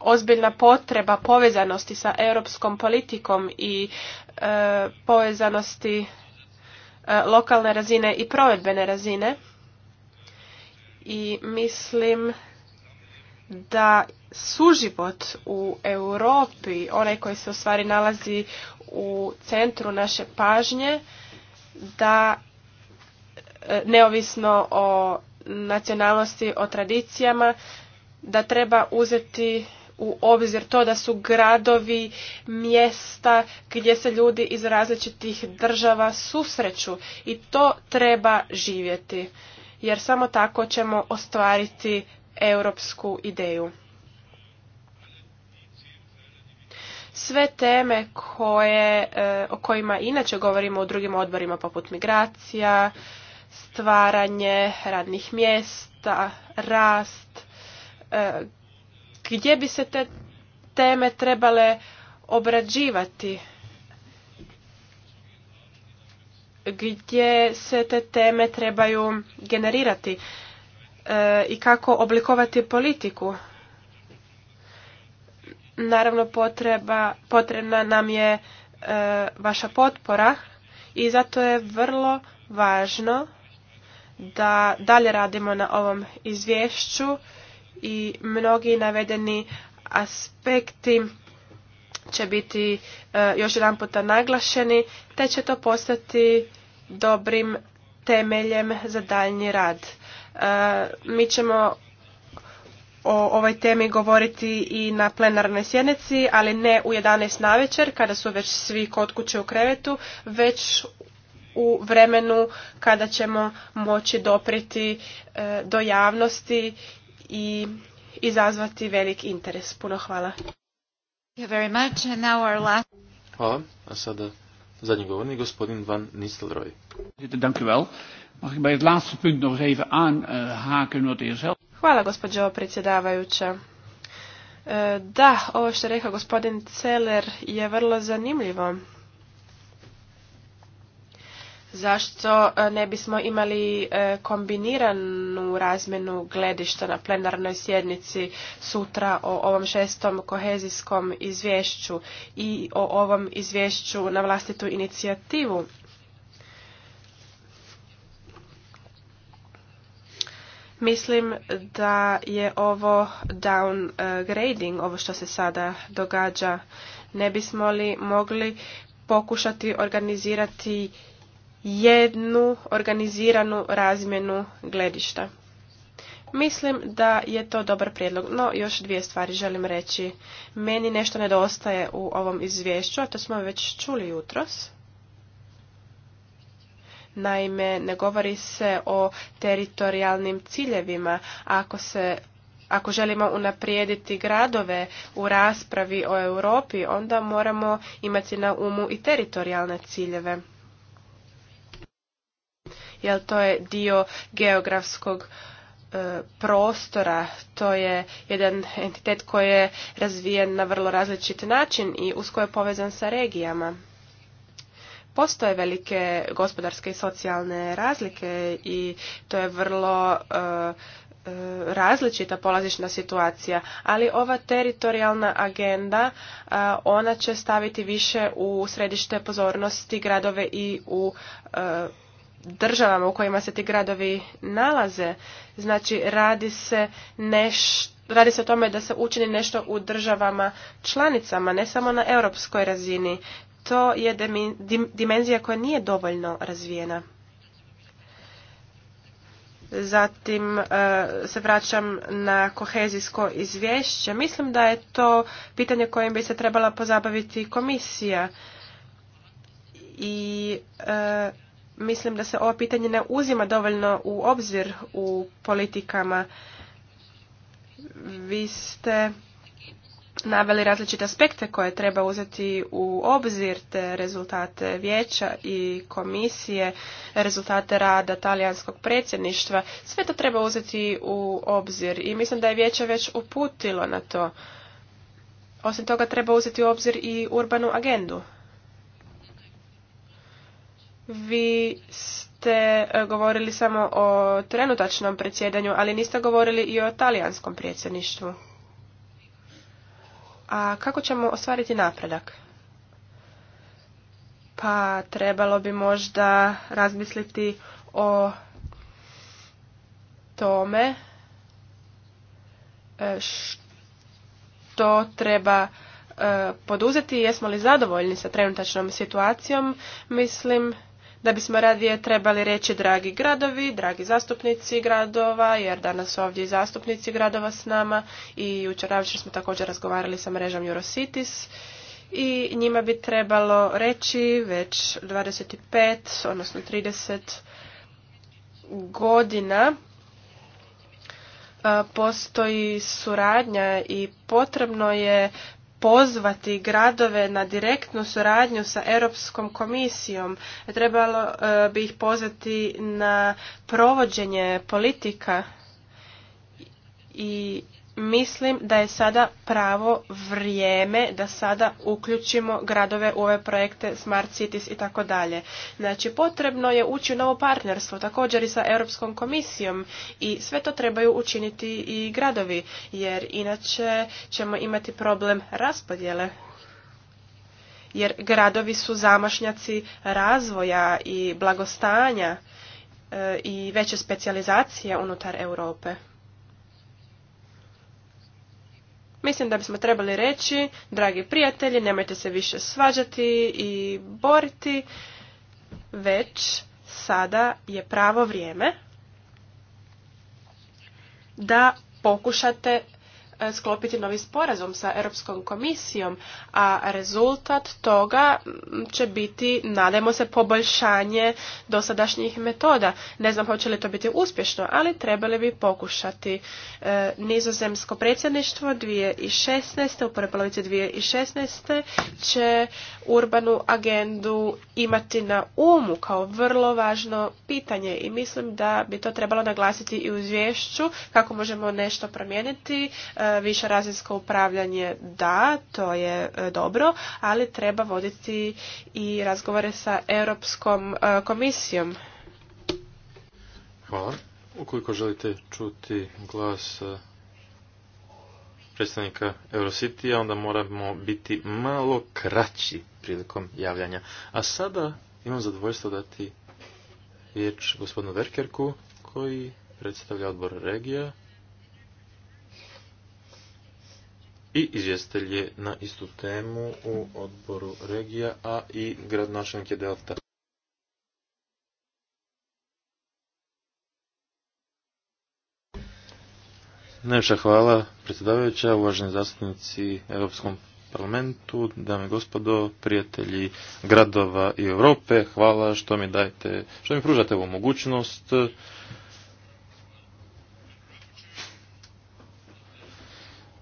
Speaker 2: ozbiljna potreba povezanosti sa europskom politikom i e, povezanosti e, lokalne razine i provedbene razine i mislim da suživot u Europi, onaj koji se u stvari nalazi u centru naše pažnje, da e, neovisno o nacionalnosti, o tradicijama, da treba uzeti u obzir to da su gradovi, mjesta gdje se ljudi iz različitih država susreću i to treba živjeti. Jer samo tako ćemo ostvariti europsku ideju. Sve teme koje, e, o kojima inače govorimo u drugim odborima poput migracija, stvaranje radnih mjesta, rast, e, gdje bi se te teme trebale obrađivati, gdje se te teme trebaju generirati i kako oblikovati politiku. Naravno potreba, potrebna nam je e, vaša potpora i zato je vrlo važno da dalje radimo na ovom izvješću i mnogi navedeni aspekti će biti e, još jedan puta naglašeni, te će to postati dobrim temeljem za daljnji rad. Mi ćemo o ovoj temi govoriti i na plenarnoj sjednici, ali ne u 11 na večer, kada su već svi kod kuće u krevetu, već u vremenu kada ćemo moći dopriti e, do javnosti i izazvati velik interes. Puno hvala.
Speaker 5: Hvala. A sada zadnji govornik, gospodin Van Nistelrooy.
Speaker 2: Hvala gospođo predsjedavajuća. Eh, da, ovo što je rekao gospodin Celer je vrlo zanimljivo. Zašto eh, ne bismo imali eh, kombiniranu razmjenu gledišta na plenarnoj sjednici sutra o ovom šestom kohezijskom izvješću i o ovom izvješću na vlastitu inicijativu? Mislim da je ovo downgrading, eh, ovo što se sada događa. Ne bismo li mogli pokušati organizirati jednu organiziranu razmjenu gledišta. Mislim da je to dobar prijedlog, no još dvije stvari želim reći. Meni nešto nedostaje u ovom izvješću, a to smo već čuli jutros. Naime, ne govori se o teritorijalnim ciljevima. Ako se ako želimo unaprijediti gradove u raspravi o Europi, onda moramo imati na umu i teritorijalne ciljeve. Jer to je dio geografskog e, prostora, to je jedan entitet koji je razvijen na vrlo različit način i usko je povezan sa regijama. Postoje velike gospodarske i socijalne razlike i to je vrlo e, e, različita polazišna situacija, ali ova teritorijalna agenda e, ona će staviti više u središte pozornosti gradove i u državama u kojima se ti gradovi nalaze. Znači radi se nešto Radi se o tome da se učini nešto u državama članicama, ne samo na europskoj razini to je dimenzija koja nije dovoljno razvijena. Zatim e, se vraćam na kohezijsko izvješće. Mislim da je to pitanje kojim bi se trebala pozabaviti komisija. I e, mislim da se ovo pitanje ne uzima dovoljno u obzir u politikama. Vi ste naveli različite aspekte koje treba uzeti u obzir te rezultate vijeća i komisije, rezultate rada talijanskog predsjedništva. Sve to treba uzeti u obzir i mislim da je vijeće već uputilo na to. Osim toga treba uzeti u obzir i urbanu agendu. Vi ste e, govorili samo o trenutačnom predsjedanju, ali niste govorili i o talijanskom predsjedništvu. A kako ćemo ostvariti napredak? Pa trebalo bi možda razmisliti o tome e, što treba e, poduzeti, jesmo li zadovoljni sa trenutačnom situacijom, mislim da bismo radije trebali reći dragi gradovi, dragi zastupnici gradova, jer danas su ovdje i zastupnici gradova s nama i jučer smo također razgovarali sa mrežom Eurocities i njima bi trebalo reći već 25, odnosno 30 godina postoji suradnja i potrebno je pozvati gradove na direktnu suradnju sa Europskom komisijom. Trebalo e, bi ih pozvati na provođenje politika i mislim da je sada pravo vrijeme da sada uključimo gradove u ove projekte Smart Cities i tako dalje. Znači potrebno je ući u novo partnerstvo također i sa Europskom komisijom i sve to trebaju učiniti i gradovi jer inače ćemo imati problem raspodjele jer gradovi su zamašnjaci razvoja i blagostanja e, i veće specijalizacije unutar Europe. Mislim da bismo trebali reći, dragi prijatelji, nemojte se više svađati i boriti, već sada je pravo vrijeme da pokušate E, sklopiti novi sporazum sa Europskom komisijom, a rezultat toga će biti, nadajmo se, poboljšanje dosadašnjih metoda. Ne znam hoće li to biti uspješno, ali trebali bi pokušati. E, nizozemsko predsjedništvo 2016. u prvoj polovici 2016. će urbanu agendu imati na umu kao vrlo važno pitanje i mislim da bi to trebalo naglasiti i u izvješću kako možemo nešto promijeniti e, višerazinsko upravljanje da, to je e, dobro, ali treba voditi i razgovore sa Europskom e, komisijom.
Speaker 5: Hvala. Ukoliko želite čuti glas e, predstavnika Eurocity, onda moramo biti malo kraći prilikom javljanja. A sada imam zadovoljstvo dati riječ gospodinu Verkerku koji predstavlja odbor regija. i izvjestitelj je na istu temu u odboru regija, a i gradonačelnik je Delta. Najviše hvala predsjedavajuća, uvaženi zastupnici Europskom parlamentu, dame i gospodo, prijatelji gradova i Europe, hvala što mi dajete, što mi pružate ovu mogućnost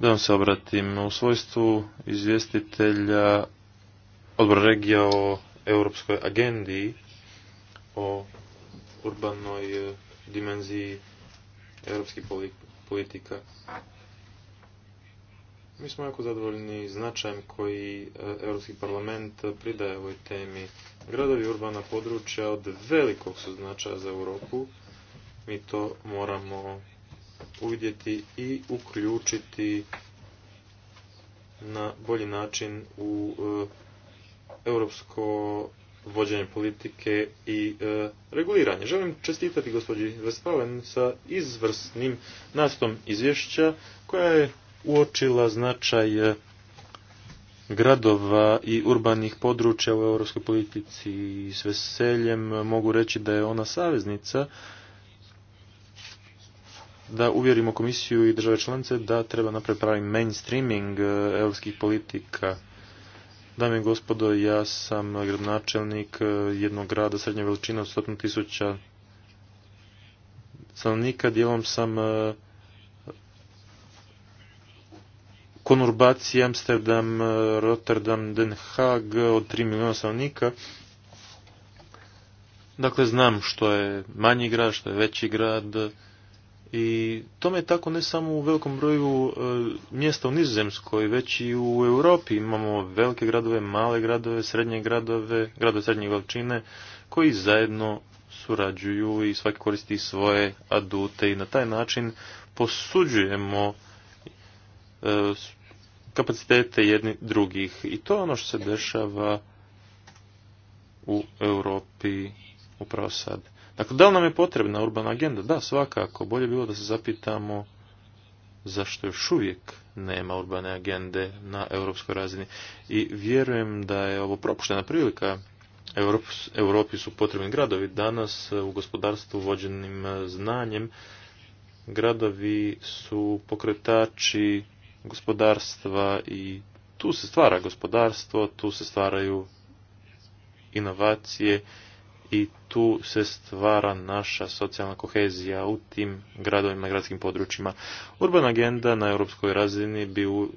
Speaker 5: da vam se obratim. U svojstvu izvjestitelja odbor regija o europskoj agendi o urbanoj eh, dimenziji europskih politika. Mi smo jako zadovoljni značajem koji eh, Europski parlament pridaje ovoj temi. Gradovi urbana područja od velikog su značaja za Europu. Mi to moramo uvidjeti i uključiti na bolji način u e, europsko vođenje politike i e, reguliranje. Želim čestitati gospođi Vespalen sa izvrsnim nastom izvješća koja je uočila značaj e, gradova i urbanih područja u europskoj politici i s veseljem mogu reći da je ona saveznica da uvjerimo komisiju i države članice da treba napraviti pravi mainstreaming e, europskih politika. Dame i gospodo, ja sam gradonačelnik e, jednog grada srednje veličine od 100.000 tisuća stanovnika. Dijelom sam e, konurbacija Amsterdam, Rotterdam, Den Haag od 3 milijuna stanovnika. Dakle, znam što je manji grad, što je veći grad, i tome je tako ne samo u velikom broju e, mjesta u Nizozemskoj, već i u Europi imamo velike gradove, male gradove, srednje gradove, gradove srednje veličine, koji zajedno surađuju i svaki koristi svoje adute i na taj način posuđujemo e, kapacitete jedni drugih. I to je ono što se dešava u Europi upravo sad. Dakle, da li nam je potrebna urbana agenda? Da, svakako. Bolje bilo da se zapitamo zašto još uvijek nema urbane agende na europskoj razini. I vjerujem da je ovo propuštena prilika. Europi su potrebni gradovi. Danas e, u gospodarstvu vođenim e, znanjem gradovi su pokretači gospodarstva i tu se stvara gospodarstvo, tu se stvaraju inovacije i tu se stvara naša socijalna kohezija u tim gradovima i gradskim područjima. Urbana agenda na europskoj razini bi u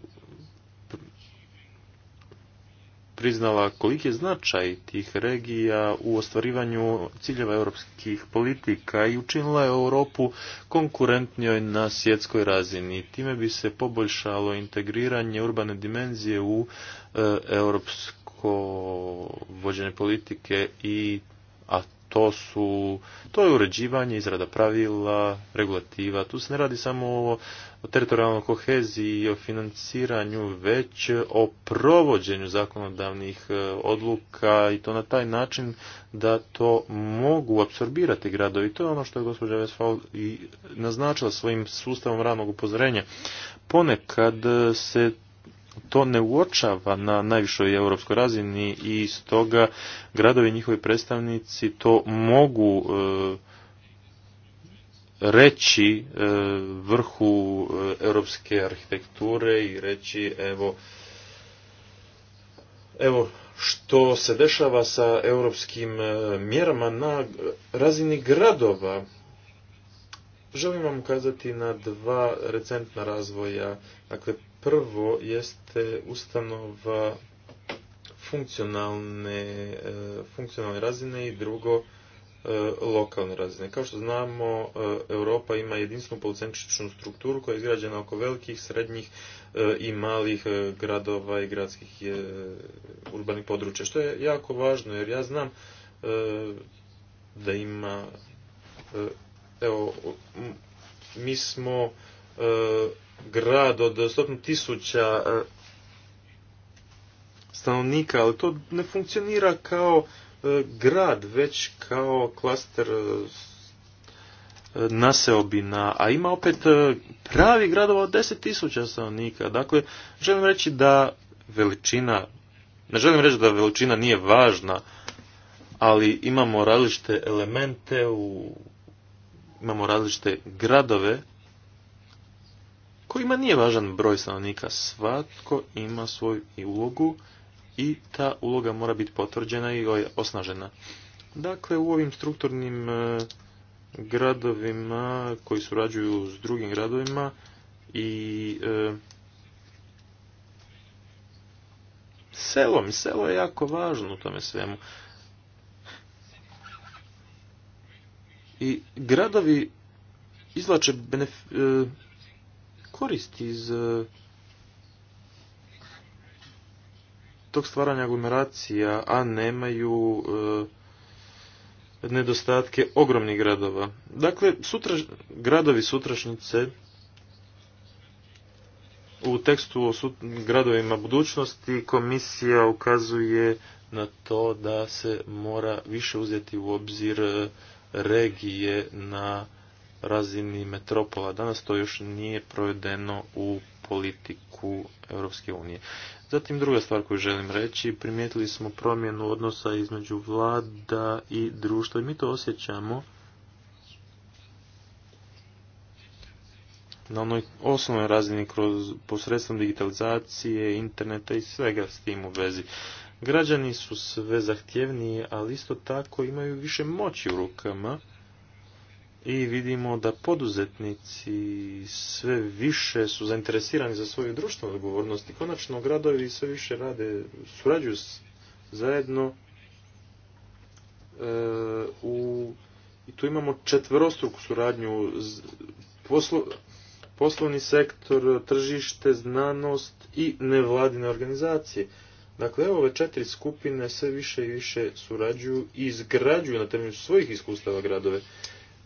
Speaker 5: priznala koliki je značaj tih regija u ostvarivanju ciljeva europskih politika i učinila je Europu konkurentnijoj na svjetskoj razini. Time bi se poboljšalo integriranje urbane dimenzije u e, europsko vođene politike i to su, to je uređivanje, izrada pravila, regulativa. Tu se ne radi samo o teritorijalnoj koheziji i o financiranju, već o provođenju zakonodavnih e, odluka i to na taj način da to mogu apsorbirati gradovi. To je ono što je gospođa Vesfal i naznačila svojim sustavom radnog upozorenja. Ponekad se to ne uočava na najvišoj europskoj razini i stoga gradovi i njihovi predstavnici to mogu e, reći e, vrhu e, europske arhitekture i reći evo evo što se dešava sa europskim mjerama na razini gradova. Želim vam ukazati na dva recentna razvoja. Dakle, Prvo jeste ustanova funkcionalne, e, funkcionalne razine i drugo e, lokalne razine. Kao što znamo, e, Europa ima jedinstvenu policentričnu strukturu koja je izgrađena oko velikih, srednjih i malih gradova i gradskih urbanih područja, što je jako važno jer ja znam da ima evo mi smo grad od sto tisuća e, stanovnika, ali to ne funkcionira kao e, grad, već kao klaster e, naseobina, a ima opet pravi gradova od 10.000 stanovnika. Dakle, želim reći da veličina, ne želim reći da veličina nije važna, ali imamo različite elemente, u, imamo različite gradove kojima nije važan broj stanovnika. Svatko ima svoju ulogu i ta uloga mora biti potvrđena i osnažena. Dakle, u ovim strukturnim e, gradovima koji surađuju s drugim gradovima i e, selom, selo je jako važno u tome svemu. I gradovi izlače e, korist iz eh, tog stvaranja aglomeracija, a nemaju eh, nedostatke ogromnih gradova. Dakle, gradovi sutrašnjice u tekstu o gradovima budućnosti komisija ukazuje na to da se mora više uzeti u obzir eh, regije na razini metropola. Danas to još nije provedeno u politiku Europske unije. Zatim druga stvar koju želim reći, primijetili smo promjenu odnosa između vlada i društva i mi to osjećamo na onoj osnovnoj razini kroz posredstvom digitalizacije, interneta i svega s tim u vezi. Građani su sve zahtjevniji, ali isto tako imaju više moći u rukama i vidimo da poduzetnici sve više su zainteresirani za svoju društvenu odgovornost i konačno gradovi sve više rade, surađuju zajedno e, u, i tu imamo četvrostruku suradnju poslo, poslovni sektor, tržište, znanost i nevladine organizacije. Dakle, ove četiri skupine sve više i više surađuju i izgrađuju na temelju svojih iskustava gradove.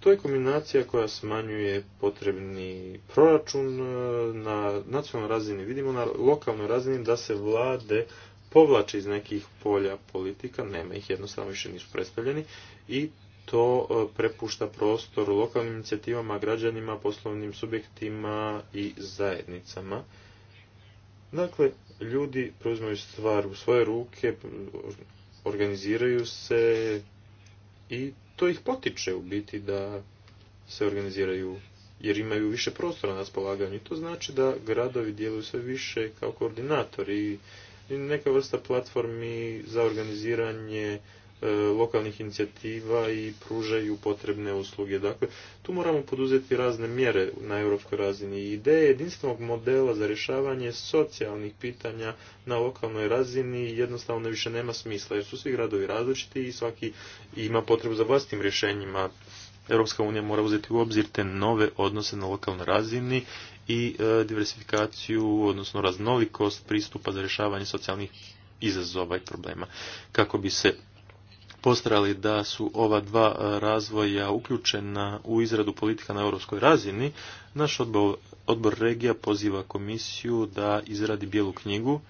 Speaker 5: To je kombinacija koja smanjuje potrebni proračun e, na nacionalnoj razini. Vidimo na lokalnoj razini da se vlade povlače iz nekih polja politika, nema ih jednostavno više nisu predstavljeni i to e, prepušta prostor lokalnim inicijativama, građanima, poslovnim subjektima i zajednicama. Dakle, ljudi preuzmaju stvar u svoje ruke, organiziraju se i to ih potiče u biti da se organiziraju jer imaju više prostora na raspolaganju. I to znači da gradovi djeluju sve više kao koordinatori i neka vrsta platformi za organiziranje E, lokalnih inicijativa i pružaju potrebne usluge. Dakle, tu moramo poduzeti razne mjere na europskoj razini. Ideje jedinstvenog modela za rješavanje socijalnih pitanja na lokalnoj razini jednostavno više nema smisla, jer su svi gradovi različiti i svaki ima potrebu za vlastitim rješenjima. Europska unija mora uzeti u obzir te nove odnose na lokalnoj razini i e, diversifikaciju, odnosno raznolikost pristupa za rješavanje socijalnih izazova i problema. Kako bi se postrali da su ova dva e, razvoja uključena u izradu politika na europskoj razini, naš odbor, odbor regija poziva komisiju da izradi bijelu knjigu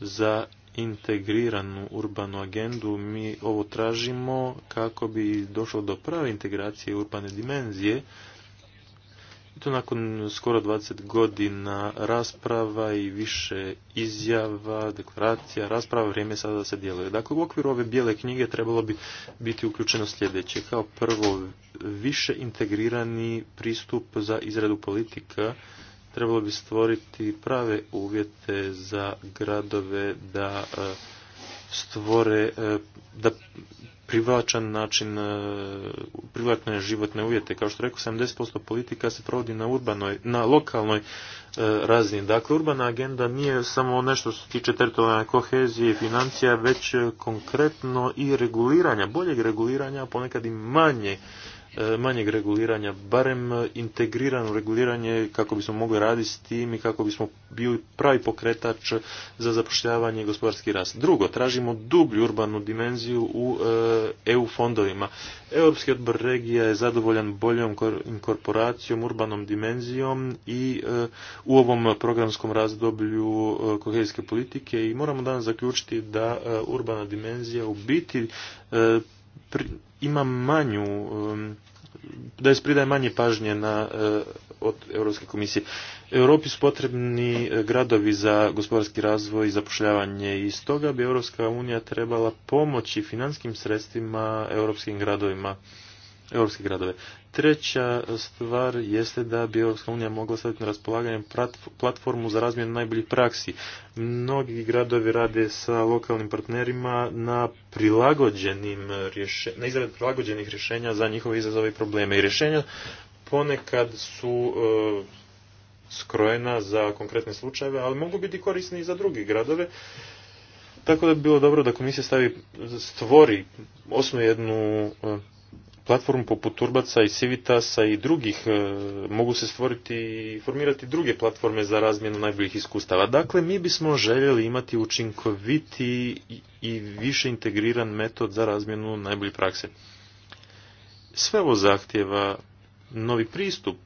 Speaker 5: za integriranu urbanu agendu. Mi ovo tražimo kako bi došlo do prave integracije urbane dimenzije i to nakon skoro 20 godina rasprava i više izjava, deklaracija, rasprava, vrijeme sada da se djeluje. Dakle, u okviru ove bijele knjige trebalo bi biti uključeno sljedeće. Kao prvo, više integrirani pristup za izradu politika trebalo bi stvoriti prave uvjete za gradove da e, stvore, e, da privlačan način, e, privlačne životne uvjete. Kao što rekao, 70% politika se provodi na, urbanoj, na lokalnoj e, razini. Dakle, urbana agenda nije samo nešto što se tiče teritorijalne kohezije i financija, već e, konkretno i reguliranja, boljeg reguliranja, ponekad i manje E, manjeg reguliranja, barem integrirano reguliranje kako bismo mogli raditi s tim i kako bismo bili pravi pokretač za zapošljavanje i gospodarski rast. Drugo, tražimo dublju urbanu dimenziju u e, EU fondovima. Europski odbor regija je zadovoljan boljom inkorporacijom, urbanom dimenzijom i e, u ovom programskom razdoblju kohezijske politike i moramo danas zaključiti da urbana dimenzija u biti ima manju da se pridaje manje pažnje na, e, od Europske komisije. Europi su potrebni e, gradovi za gospodarski razvoj i zapošljavanje i stoga bi Europska unija trebala pomoći financijskim sredstvima europskim gradovima europske gradove. Treća stvar jeste da bi Europska mogla staviti na raspolaganje platformu za razmjenu najboljih praksi. Mnogi gradovi rade sa lokalnim partnerima na prilagođenim na izradi prilagođenih rješenja za njihove izazove i probleme. I rješenja ponekad su e, skrojena za konkretne slučajeve, ali mogu biti korisni i za druge gradove. Tako da bi bilo dobro da komisija stavi, stvori, osnovu jednu e, platformu poput Turbaca i Civitasa i drugih e, mogu se stvoriti i formirati druge platforme za razmjenu najboljih iskustava. Dakle, mi bismo željeli imati učinkoviti i više integriran metod za razmjenu najboljih prakse. Sve ovo zahtjeva novi pristup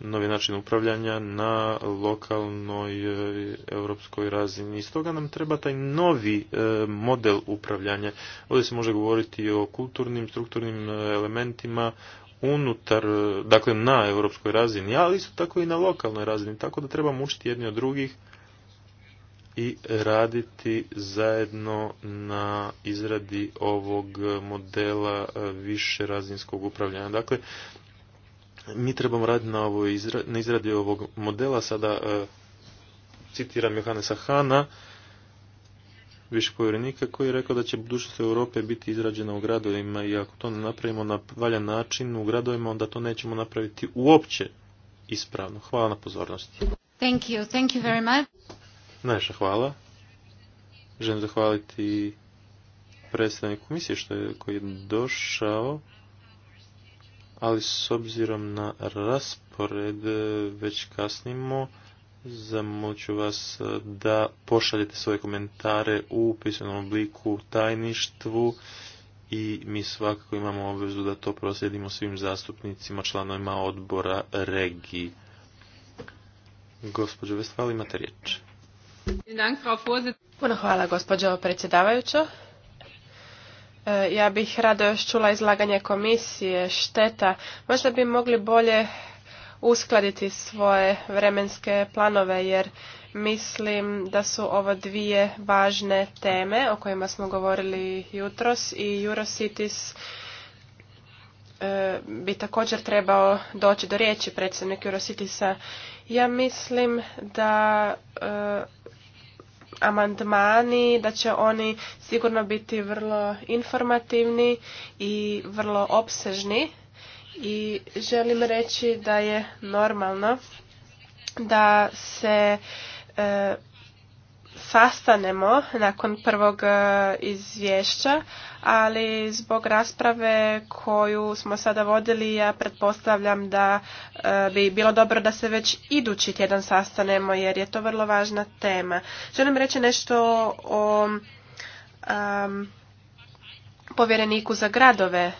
Speaker 5: novi način upravljanja na lokalnoj e, europskoj razini. I stoga nam treba taj novi e, model upravljanja. Ovdje se može govoriti o kulturnim, strukturnim e, elementima unutar, dakle na europskoj razini, ali isto tako i na lokalnoj razini, tako da trebamo učiti jedni od drugih i raditi zajedno na izradi ovog modela više razinskog upravljanja. Dakle, mi trebamo raditi na, ovoj na izradi ovog modela. Sada e, citiram Johannesa Hana, više povjerenika, koji je rekao da će budućnost Europe biti izrađena u gradovima i ako to ne napravimo na valjan način u gradovima, onda to nećemo napraviti uopće ispravno. Hvala na pozornosti.
Speaker 4: Thank you. Thank you very much.
Speaker 5: Najša hvala. Želim zahvaliti predstavniku komisije što je, koji je došao ali s obzirom na raspored e, već kasnimo, zamoću vas e, da pošaljete svoje komentare u pisanom obliku tajništvu i mi svakako imamo obvezu da to proslijedimo svim zastupnicima, članovima odbora regiji. Gospođo Vestvali, imate riječ.
Speaker 2: hvala gospođo predsjedavajuća. E, ja bih rado još čula izlaganje komisije, šteta. Možda bi mogli bolje uskladiti svoje vremenske planove jer mislim da su ovo dvije važne teme o kojima smo govorili jutros i Eurocities e, bi također trebao doći do riječi predsjednik Jurositisa. Ja mislim da e, amandmani, da će oni sigurno biti vrlo informativni i vrlo opsežni i želim reći da je normalno da se e, sastanemo nakon prvog e, izvješća, ali zbog rasprave koju smo sada vodili, ja pretpostavljam da e, bi bilo dobro da se već idući tjedan sastanemo, jer je to vrlo važna tema. Želim reći nešto o povjereniku za gradove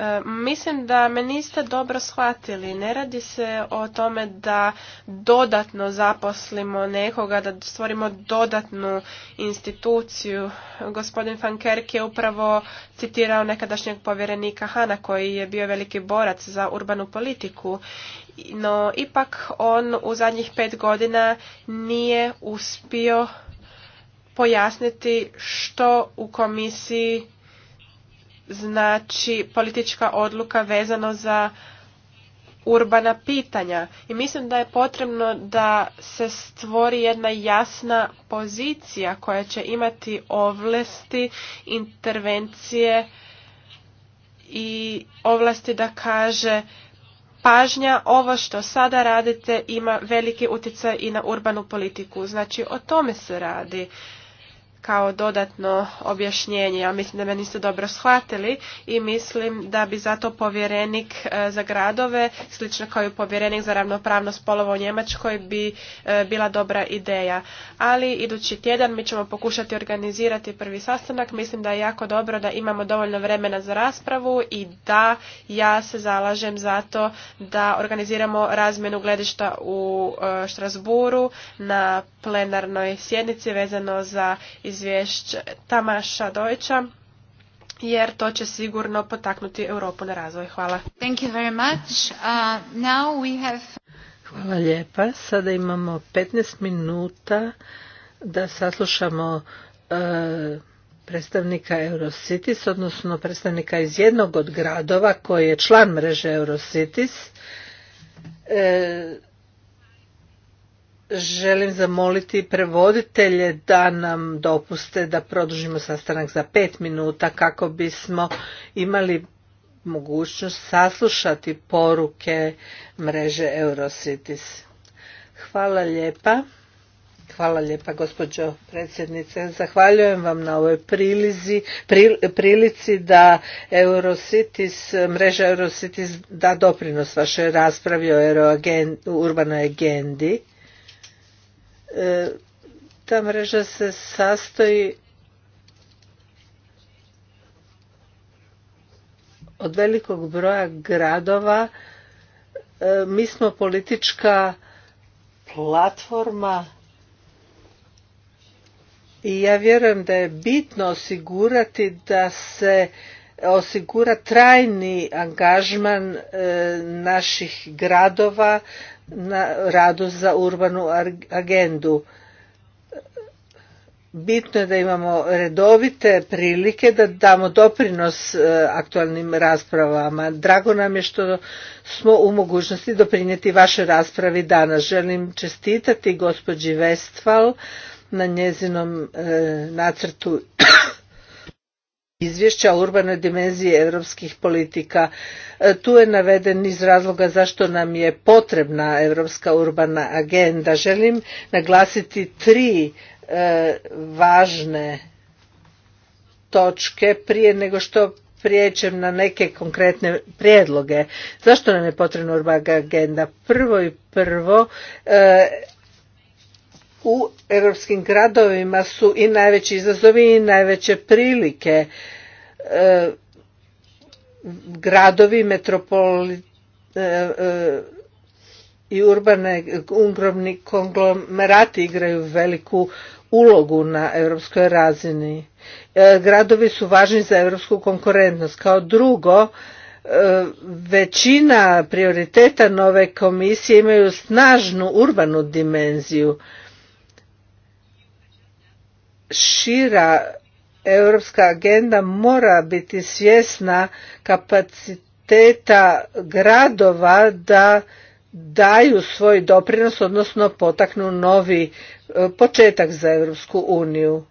Speaker 2: E, mislim da me niste dobro shvatili. Ne radi se o tome da dodatno zaposlimo nekoga, da stvorimo dodatnu instituciju. Gospodin Van je upravo citirao nekadašnjeg povjerenika Hana koji je bio veliki borac za urbanu politiku. No, ipak on u zadnjih pet godina nije uspio pojasniti što u komisiji znači politička odluka vezano za urbana pitanja i mislim da je potrebno da se stvori jedna jasna pozicija koja će imati ovlasti intervencije i ovlasti da kaže pažnja ovo što sada radite ima veliki utjecaj i na urbanu politiku znači o tome se radi kao dodatno objašnjenje. Ja mislim da me niste dobro shvatili i mislim da bi zato povjerenik e, za gradove, slično kao i povjerenik za ravnopravnost spolova u Njemačkoj, bi e, bila dobra ideja. Ali idući tjedan mi ćemo pokušati organizirati prvi sastanak. Mislim da je jako dobro da imamo dovoljno vremena za raspravu i da ja se zalažem za to da organiziramo razmjenu gledišta u Štrasburu e, na plenarnoj sjednici vezano za izvješće Tamaša Dojča jer to će sigurno potaknuti Europu na razvoj. Hvala. Thank you very much. Uh,
Speaker 4: now we have...
Speaker 1: Hvala lijepa. Sada imamo 15 minuta da saslušamo uh, predstavnika Eurocities, odnosno predstavnika iz jednog od gradova koji je član mreže Eurocities. Uh, želim zamoliti prevoditelje da nam dopuste da produžimo sastanak za pet minuta kako bismo imali mogućnost saslušati poruke mreže Eurocities. Hvala lijepa. Hvala lijepa gospođo predsjednice. Zahvaljujem vam na ovoj prilizi, prilici da Eurocities, mreža Eurocities da doprinos vašoj raspravi o urbanoj agendi. E, ta mreža se sastoji od velikog broja gradova. E, mi smo politička platforma i ja vjerujem da je bitno osigurati da se osigura trajni angažman e, naših gradova na radu za urbanu agendu. Bitno je da imamo redovite prilike da damo doprinos e, aktualnim raspravama. Drago nam je što smo u mogućnosti doprinijeti vaše raspravi danas. Želim čestitati gospođi Vestval na njezinom e, nacrtu izvješća o urbanoj dimenziji europskih politika. E, tu je naveden iz razloga zašto nam je potrebna europska urbana agenda. Želim naglasiti tri e, važne točke prije nego što prijećem na neke konkretne prijedloge. Zašto nam je potrebna urbana agenda? Prvo i prvo, e, u europskim gradovima su i najveći izazovi i najveće prilike. E, gradovi, metropoli e, e, i urbane konglomerati igraju veliku ulogu na europskoj razini. Gradovi su važni za europsku konkurentnost. Kao drugo, većina prioriteta nove komisije imaju snažnu urbanu dimenziju šira europska agenda mora biti svjesna kapaciteta gradova da daju svoj doprinos, odnosno potaknu novi e, početak za Europsku uniju.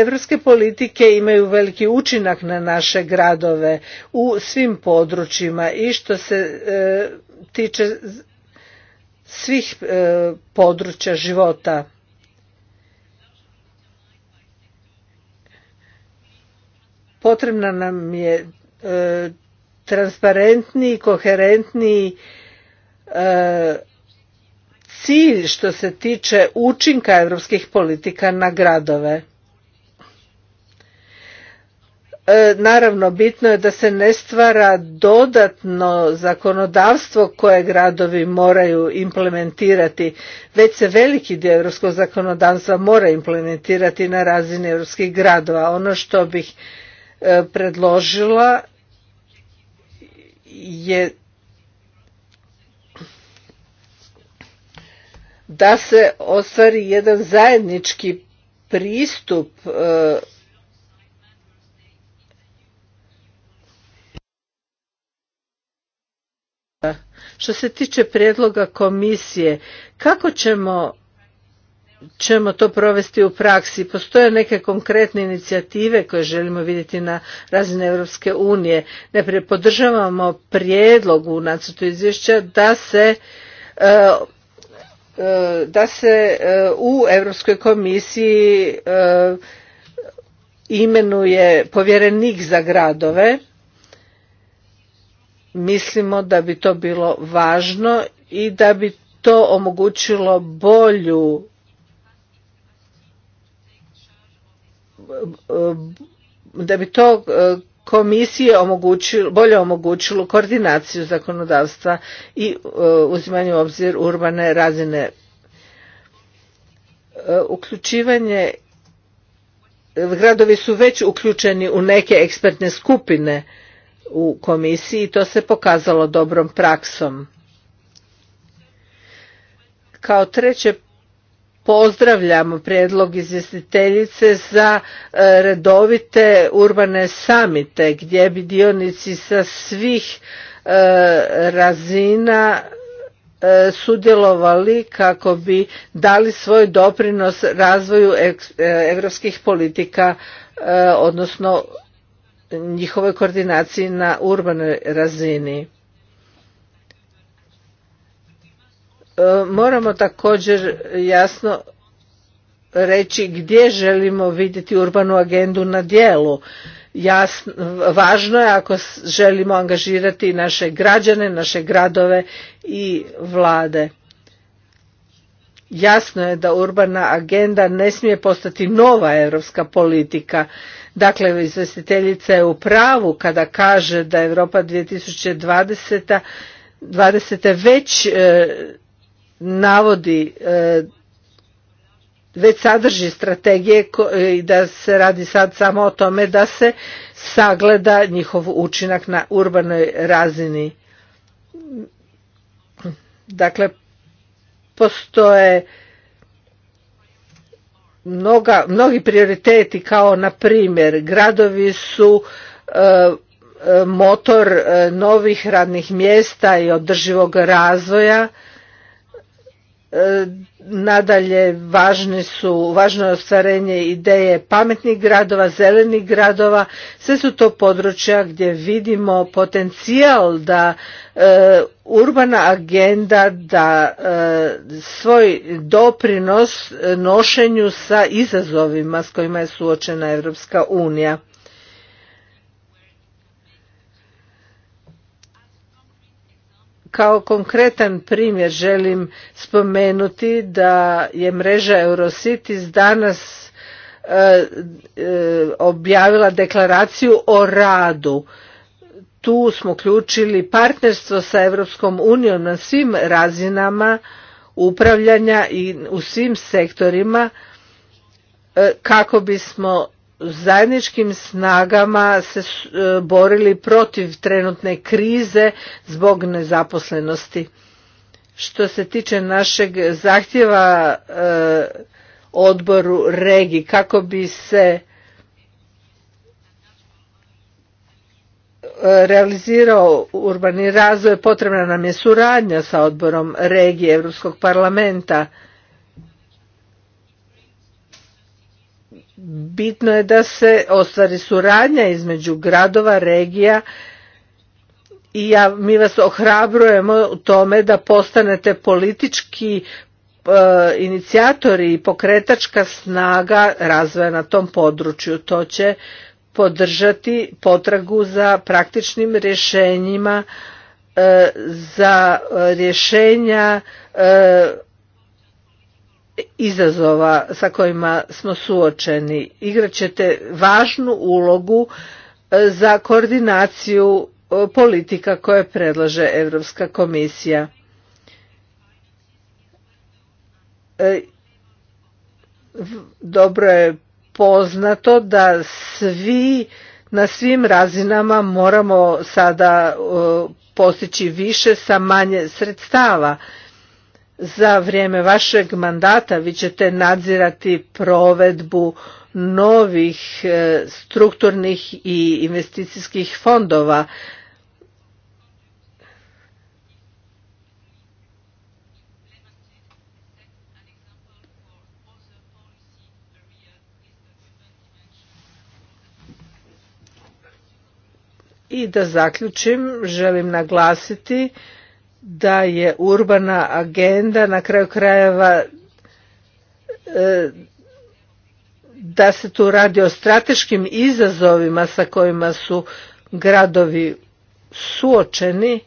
Speaker 1: Europske politike imaju veliki učinak na naše gradove u svim područjima i što se e, tiče svih e, područja života. Potrebna nam je e, transparentni i koherentni e, cilj što se tiče učinka europskih politika na gradove. E, naravno, bitno je da se ne stvara dodatno zakonodavstvo koje gradovi moraju implementirati, već se veliki dio europskog zakonodavstva mora implementirati na razini europskih gradova. Ono što bih e, predložila je da se ostvari jedan zajednički pristup e, Što se tiče prijedloga komisije, kako ćemo ćemo to provesti u praksi. Postoje neke konkretne inicijative koje želimo vidjeti na razini Europske unije. Ne prepodržavamo prijedlog u nacrtu izvješća da se e, e, da se e, u Europskoj komisiji imenuje povjerenik za gradove mislimo da bi to bilo važno i da bi to omogućilo bolju da bi to e, komisije omogućilo, bolje omogućilo koordinaciju zakonodavstva i e, uzimanje u obzir urbane razine. E, uključivanje gradovi su već uključeni u neke ekspertne skupine u komisiji i to se pokazalo dobrom praksom. Kao treće pozdravljamo prijedlog izvjestiteljice za e, redovite urbane samite gdje bi dionici sa svih e, razina e, sudjelovali kako bi dali svoj doprinos razvoju europskih politika odnosno njihovoj koordinaciji na urbanoj razini. E, moramo također jasno reći gdje želimo vidjeti urbanu agendu na dijelu. Jasno, važno je ako želimo angažirati naše građane, naše gradove i vlade. Jasno je da urbana agenda ne smije postati nova europska politika Dakle, izvjestiteljica je u pravu kada kaže da Europa 2020. 20. već e, navodi e, već sadrži strategije e, i da se radi sad samo o tome da se sagleda njihov učinak na urbanoj razini. Dakle, postoje mnoga, mnogi prioriteti kao na primjer gradovi su e, e, motor e, novih radnih mjesta i održivog razvoja Nadalje, važni su, važno je ostvarenje ideje pametnih gradova, zelenih gradova, sve su to područja gdje vidimo potencijal da e, urbana agenda da e, svoj doprinos nošenju sa izazovima s kojima je suočena Europska unija. Kao konkretan primjer želim spomenuti da je mreža Eurocities danas e, e, objavila deklaraciju o radu. Tu smo uključili partnerstvo sa Europskom unijom na svim razinama upravljanja i u svim sektorima e, kako bismo zajedničkim snagama se e, borili protiv trenutne krize zbog nezaposlenosti. Što se tiče našeg zahtjeva e, odboru regiji kako bi se e, realizirao urbani razvoj potrebna nam je suradnja sa odborom regije Europskog parlamenta bitno je da se ostvari suradnja između gradova, regija i ja, mi vas ohrabrujemo u tome da postanete politički e, inicijatori i pokretačka snaga razvoja na tom području. To će podržati potragu za praktičnim rješenjima, e, za rješenja e, izazova sa kojima smo suočeni. ćete važnu ulogu e, za koordinaciju e, politika koje predlaže Evropska komisija. E, dobro je poznato da svi na svim razinama moramo sada postići više sa manje sredstava za vrijeme vašeg mandata vi ćete nadzirati provedbu novih e, strukturnih i investicijskih fondova. I da zaključim, želim naglasiti da je urbana agenda na kraju krajeva e, da se tu radi o strateškim izazovima sa kojima su gradovi suočeni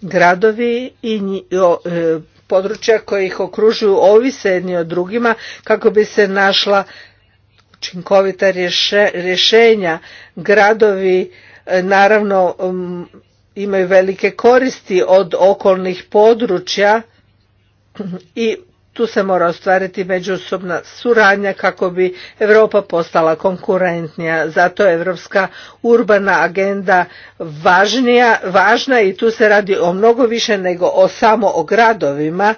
Speaker 1: gradovi i e, područja koji ih okružuju ovise jedni od drugima kako bi se našla učinkovita rješenja gradovi E, naravno um, imaju velike koristi od okolnih područja i tu se mora ostvariti međusobna suradnja kako bi Europa postala konkurentnija. Zato je Europska urbana agenda važnija, važna i tu se radi o mnogo više nego o samo o gradovima.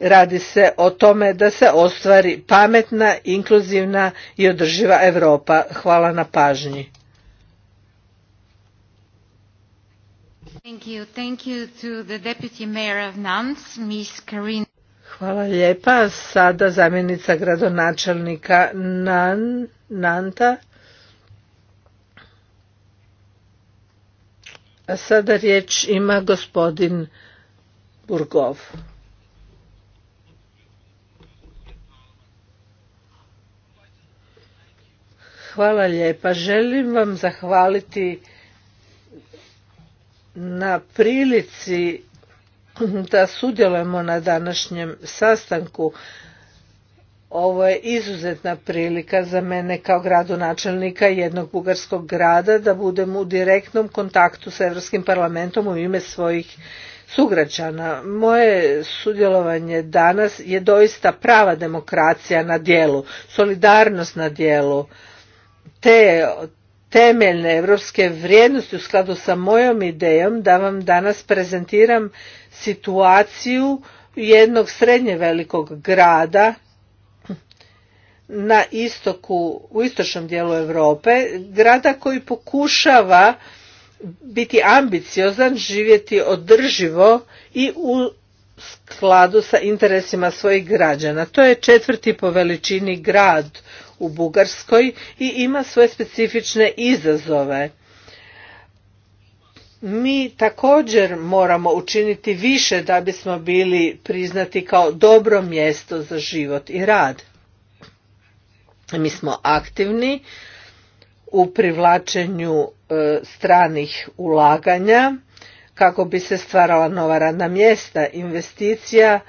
Speaker 1: Radi se o tome da se ostvari pametna, inkluzivna i održiva Europa. Hvala na pažnji.
Speaker 4: Thank you. Thank
Speaker 1: Hvala lijepa. Sada zamjenica gradonačelnika Nan, Nanta. A sada riječ ima gospodin Burgov. Hvala lijepa. Želim vam zahvaliti na prilici da sudjelujemo na današnjem sastanku. Ovo je izuzetna prilika za mene kao gradonačelnika jednog bugarskog grada da budem u direktnom kontaktu sa Europskim parlamentom u ime svojih sugrađana. Moje sudjelovanje danas je doista prava demokracija na dijelu, solidarnost na dijelu. Te temeljne evropske vrijednosti u skladu sa mojom idejom da vam danas prezentiram situaciju jednog srednje velikog grada na istoku, u istočnom dijelu Europe, grada koji pokušava biti ambiciozan, živjeti održivo i u skladu sa interesima svojih građana. To je četvrti po veličini grad u Bugarskoj i ima svoje specifične izazove. Mi također moramo učiniti više da bismo bili priznati kao dobro mjesto za život i rad. Mi smo aktivni u privlačenju e, stranih ulaganja kako bi se stvarala nova radna mjesta, investicija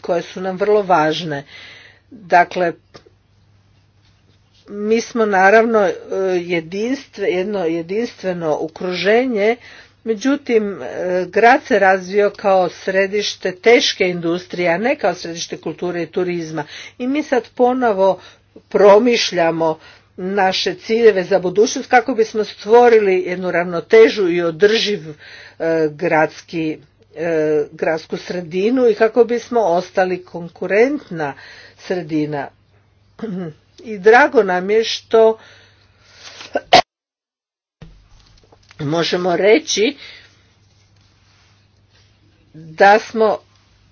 Speaker 1: koje su nam vrlo važne. Dakle, mi smo naravno e, jedinstve, jedno jedinstveno okruženje, međutim e, grad se razvio kao središte teške industrije, a ne kao središte kulture i turizma. I mi sad ponovo promišljamo naše ciljeve za budućnost kako bismo stvorili jednu ravnotežu i održiv e, gradski, gradsku sredinu i kako bismo ostali konkurentna sredina. I drago nam je što možemo reći da smo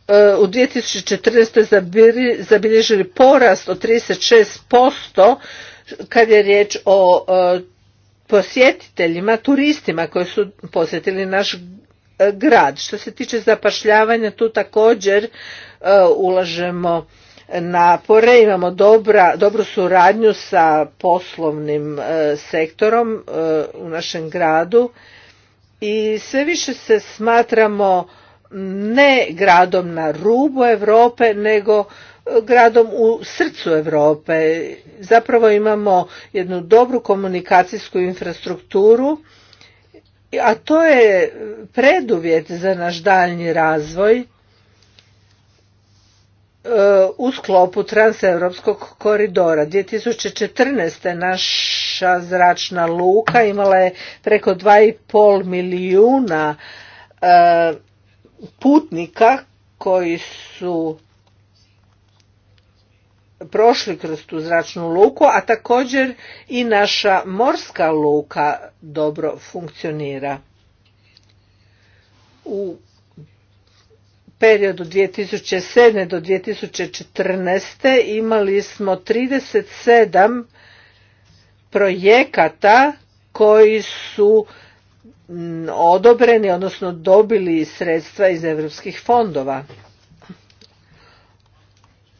Speaker 1: e, u 2014. zabilježili porast od 36% kad je riječ o e, posjetiteljima, turistima koji su posjetili naš e, grad. Što se tiče zapašljavanja, tu također ulažemo napore, imamo dobra, dobru suradnju sa poslovnim e, sektorom e, u našem gradu i sve više se smatramo ne gradom na rubu Europe nego e, gradom u srcu Europe. Zapravo imamo jednu dobru komunikacijsku infrastrukturu, a to je preduvjet za naš daljnji razvoj u sklopu transeuropskog koridora. 2014. naša zračna luka imala je preko 2,5 milijuna e, putnika koji su prošli kroz tu zračnu luku, a također i naša morska luka dobro funkcionira. U periodu 2007. do 2014. imali smo 37 projekata koji su odobreni, odnosno dobili sredstva iz europskih fondova.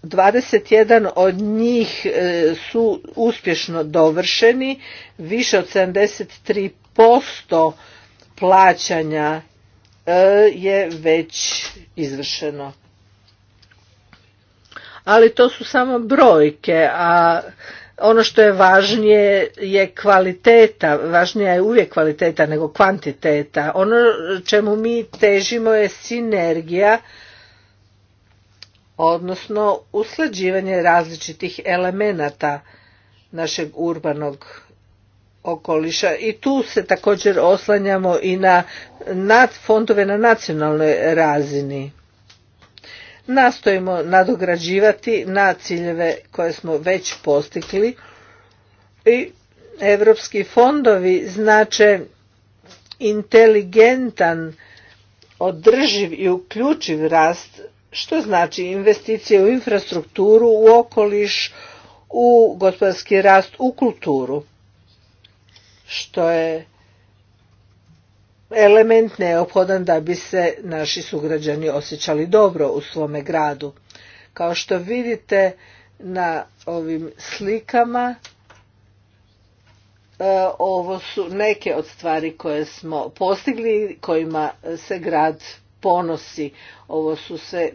Speaker 1: 21 od njih e, su uspješno dovršeni, više od 73% plaćanja E, je već izvršeno. Ali to su samo brojke, a ono što je važnije je kvaliteta, važnija je uvijek kvaliteta nego kvantiteta. Ono čemu mi težimo je sinergija, odnosno usklađivanje različitih elemenata našeg urbanog okoliša i tu se također oslanjamo i na fondove na nacionalnoj razini. Nastojimo nadograđivati na ciljeve koje smo već postigli i europski fondovi znače inteligentan, održiv i uključiv rast što znači investicije u infrastrukturu, u okoliš, u gospodarski rast, u kulturu što je element neophodan da bi se naši sugrađani osjećali dobro u svome gradu. Kao što vidite na ovim slikama, e, ovo su neke od stvari koje smo postigli, kojima se grad ponosi. Ovo su se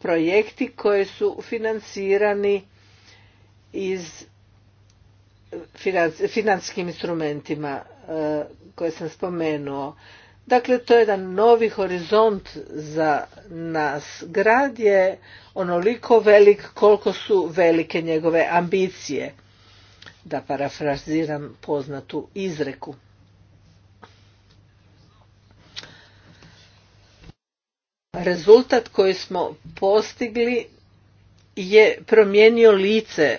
Speaker 1: projekti koji su financirani iz financijskim instrumentima e, koje sam spomenuo. Dakle, to je jedan novi horizont za nas. Grad je onoliko velik koliko su velike njegove ambicije, da parafraziram poznatu izreku. Rezultat koji smo postigli je promijenio lice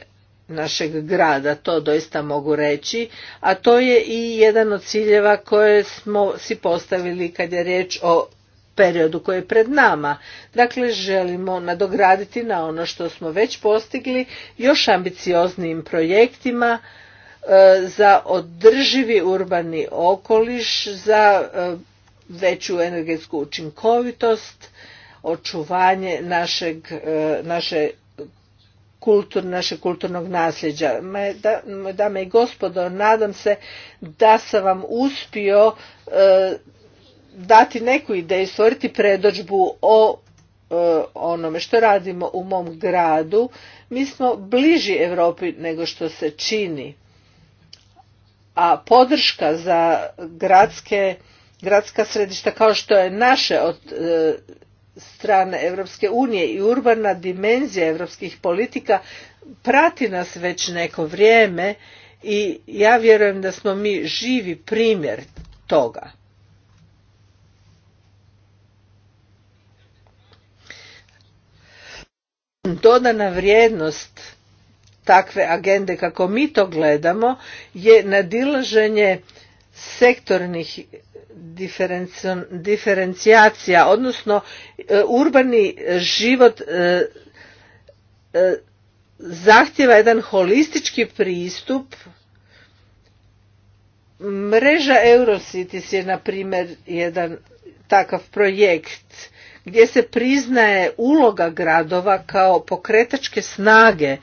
Speaker 1: našeg grada, to doista mogu reći, a to je i jedan od ciljeva koje smo si postavili kad je riječ o periodu koji je pred nama. Dakle, želimo nadograditi na ono što smo već postigli još ambicioznijim projektima e, za održivi urbani okoliš, za e, veću energetsku učinkovitost, očuvanje našeg, e, naše kultur, našeg kulturnog nasljeđa. Dame i gospodo, nadam se da sam vam uspio e, dati neku ideju, stvoriti predođbu o e, onome što radimo u mom gradu. Mi smo bliži Europi nego što se čini. A podrška za gradske, gradska središta kao što je naše od e, strane Europske unije i urbana dimenzija europskih politika prati nas već neko vrijeme i ja vjerujem da smo mi živi primjer toga. Dodana vrijednost takve agende kako mi to gledamo je nadilaženje sektornih diferencijacija, odnosno e, urbani život e, e, zahtjeva jedan holistički pristup. Mreža Eurocities je, na primjer, jedan takav projekt gdje se priznaje uloga gradova kao pokretačke snage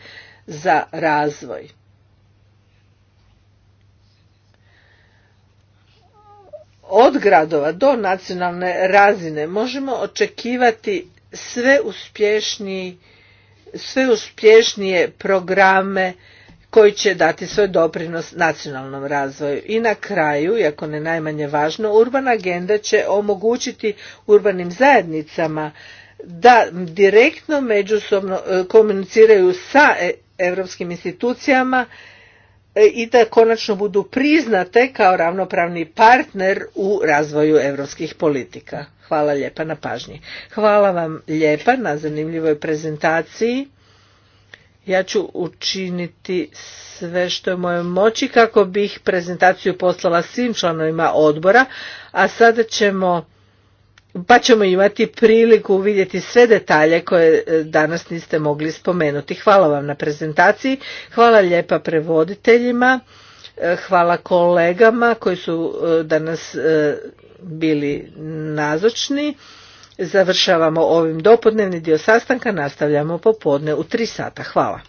Speaker 1: za razvoj. od gradova do nacionalne razine možemo očekivati sve uspješniji sve uspješnije programe koji će dati svoj doprinos nacionalnom razvoju. I na kraju, iako ne najmanje važno, urbana agenda će omogućiti urbanim zajednicama da direktno međusobno e, komuniciraju sa europskim institucijama E, i da konačno budu priznate kao ravnopravni partner u razvoju europskih politika. Hvala lijepa na pažnji. Hvala vam lijepa na zanimljivoj prezentaciji. Ja ću učiniti sve što je moje moći kako bih prezentaciju poslala svim članovima odbora, a sada ćemo pa ćemo imati priliku vidjeti sve detalje koje e, danas niste mogli spomenuti. Hvala vam na prezentaciji, hvala lijepa prevoditeljima, e, hvala kolegama koji su e, danas bili nazočni. Završavamo ovim dopodnevni dio sastanka, nastavljamo popodne u tri sata. Hvala.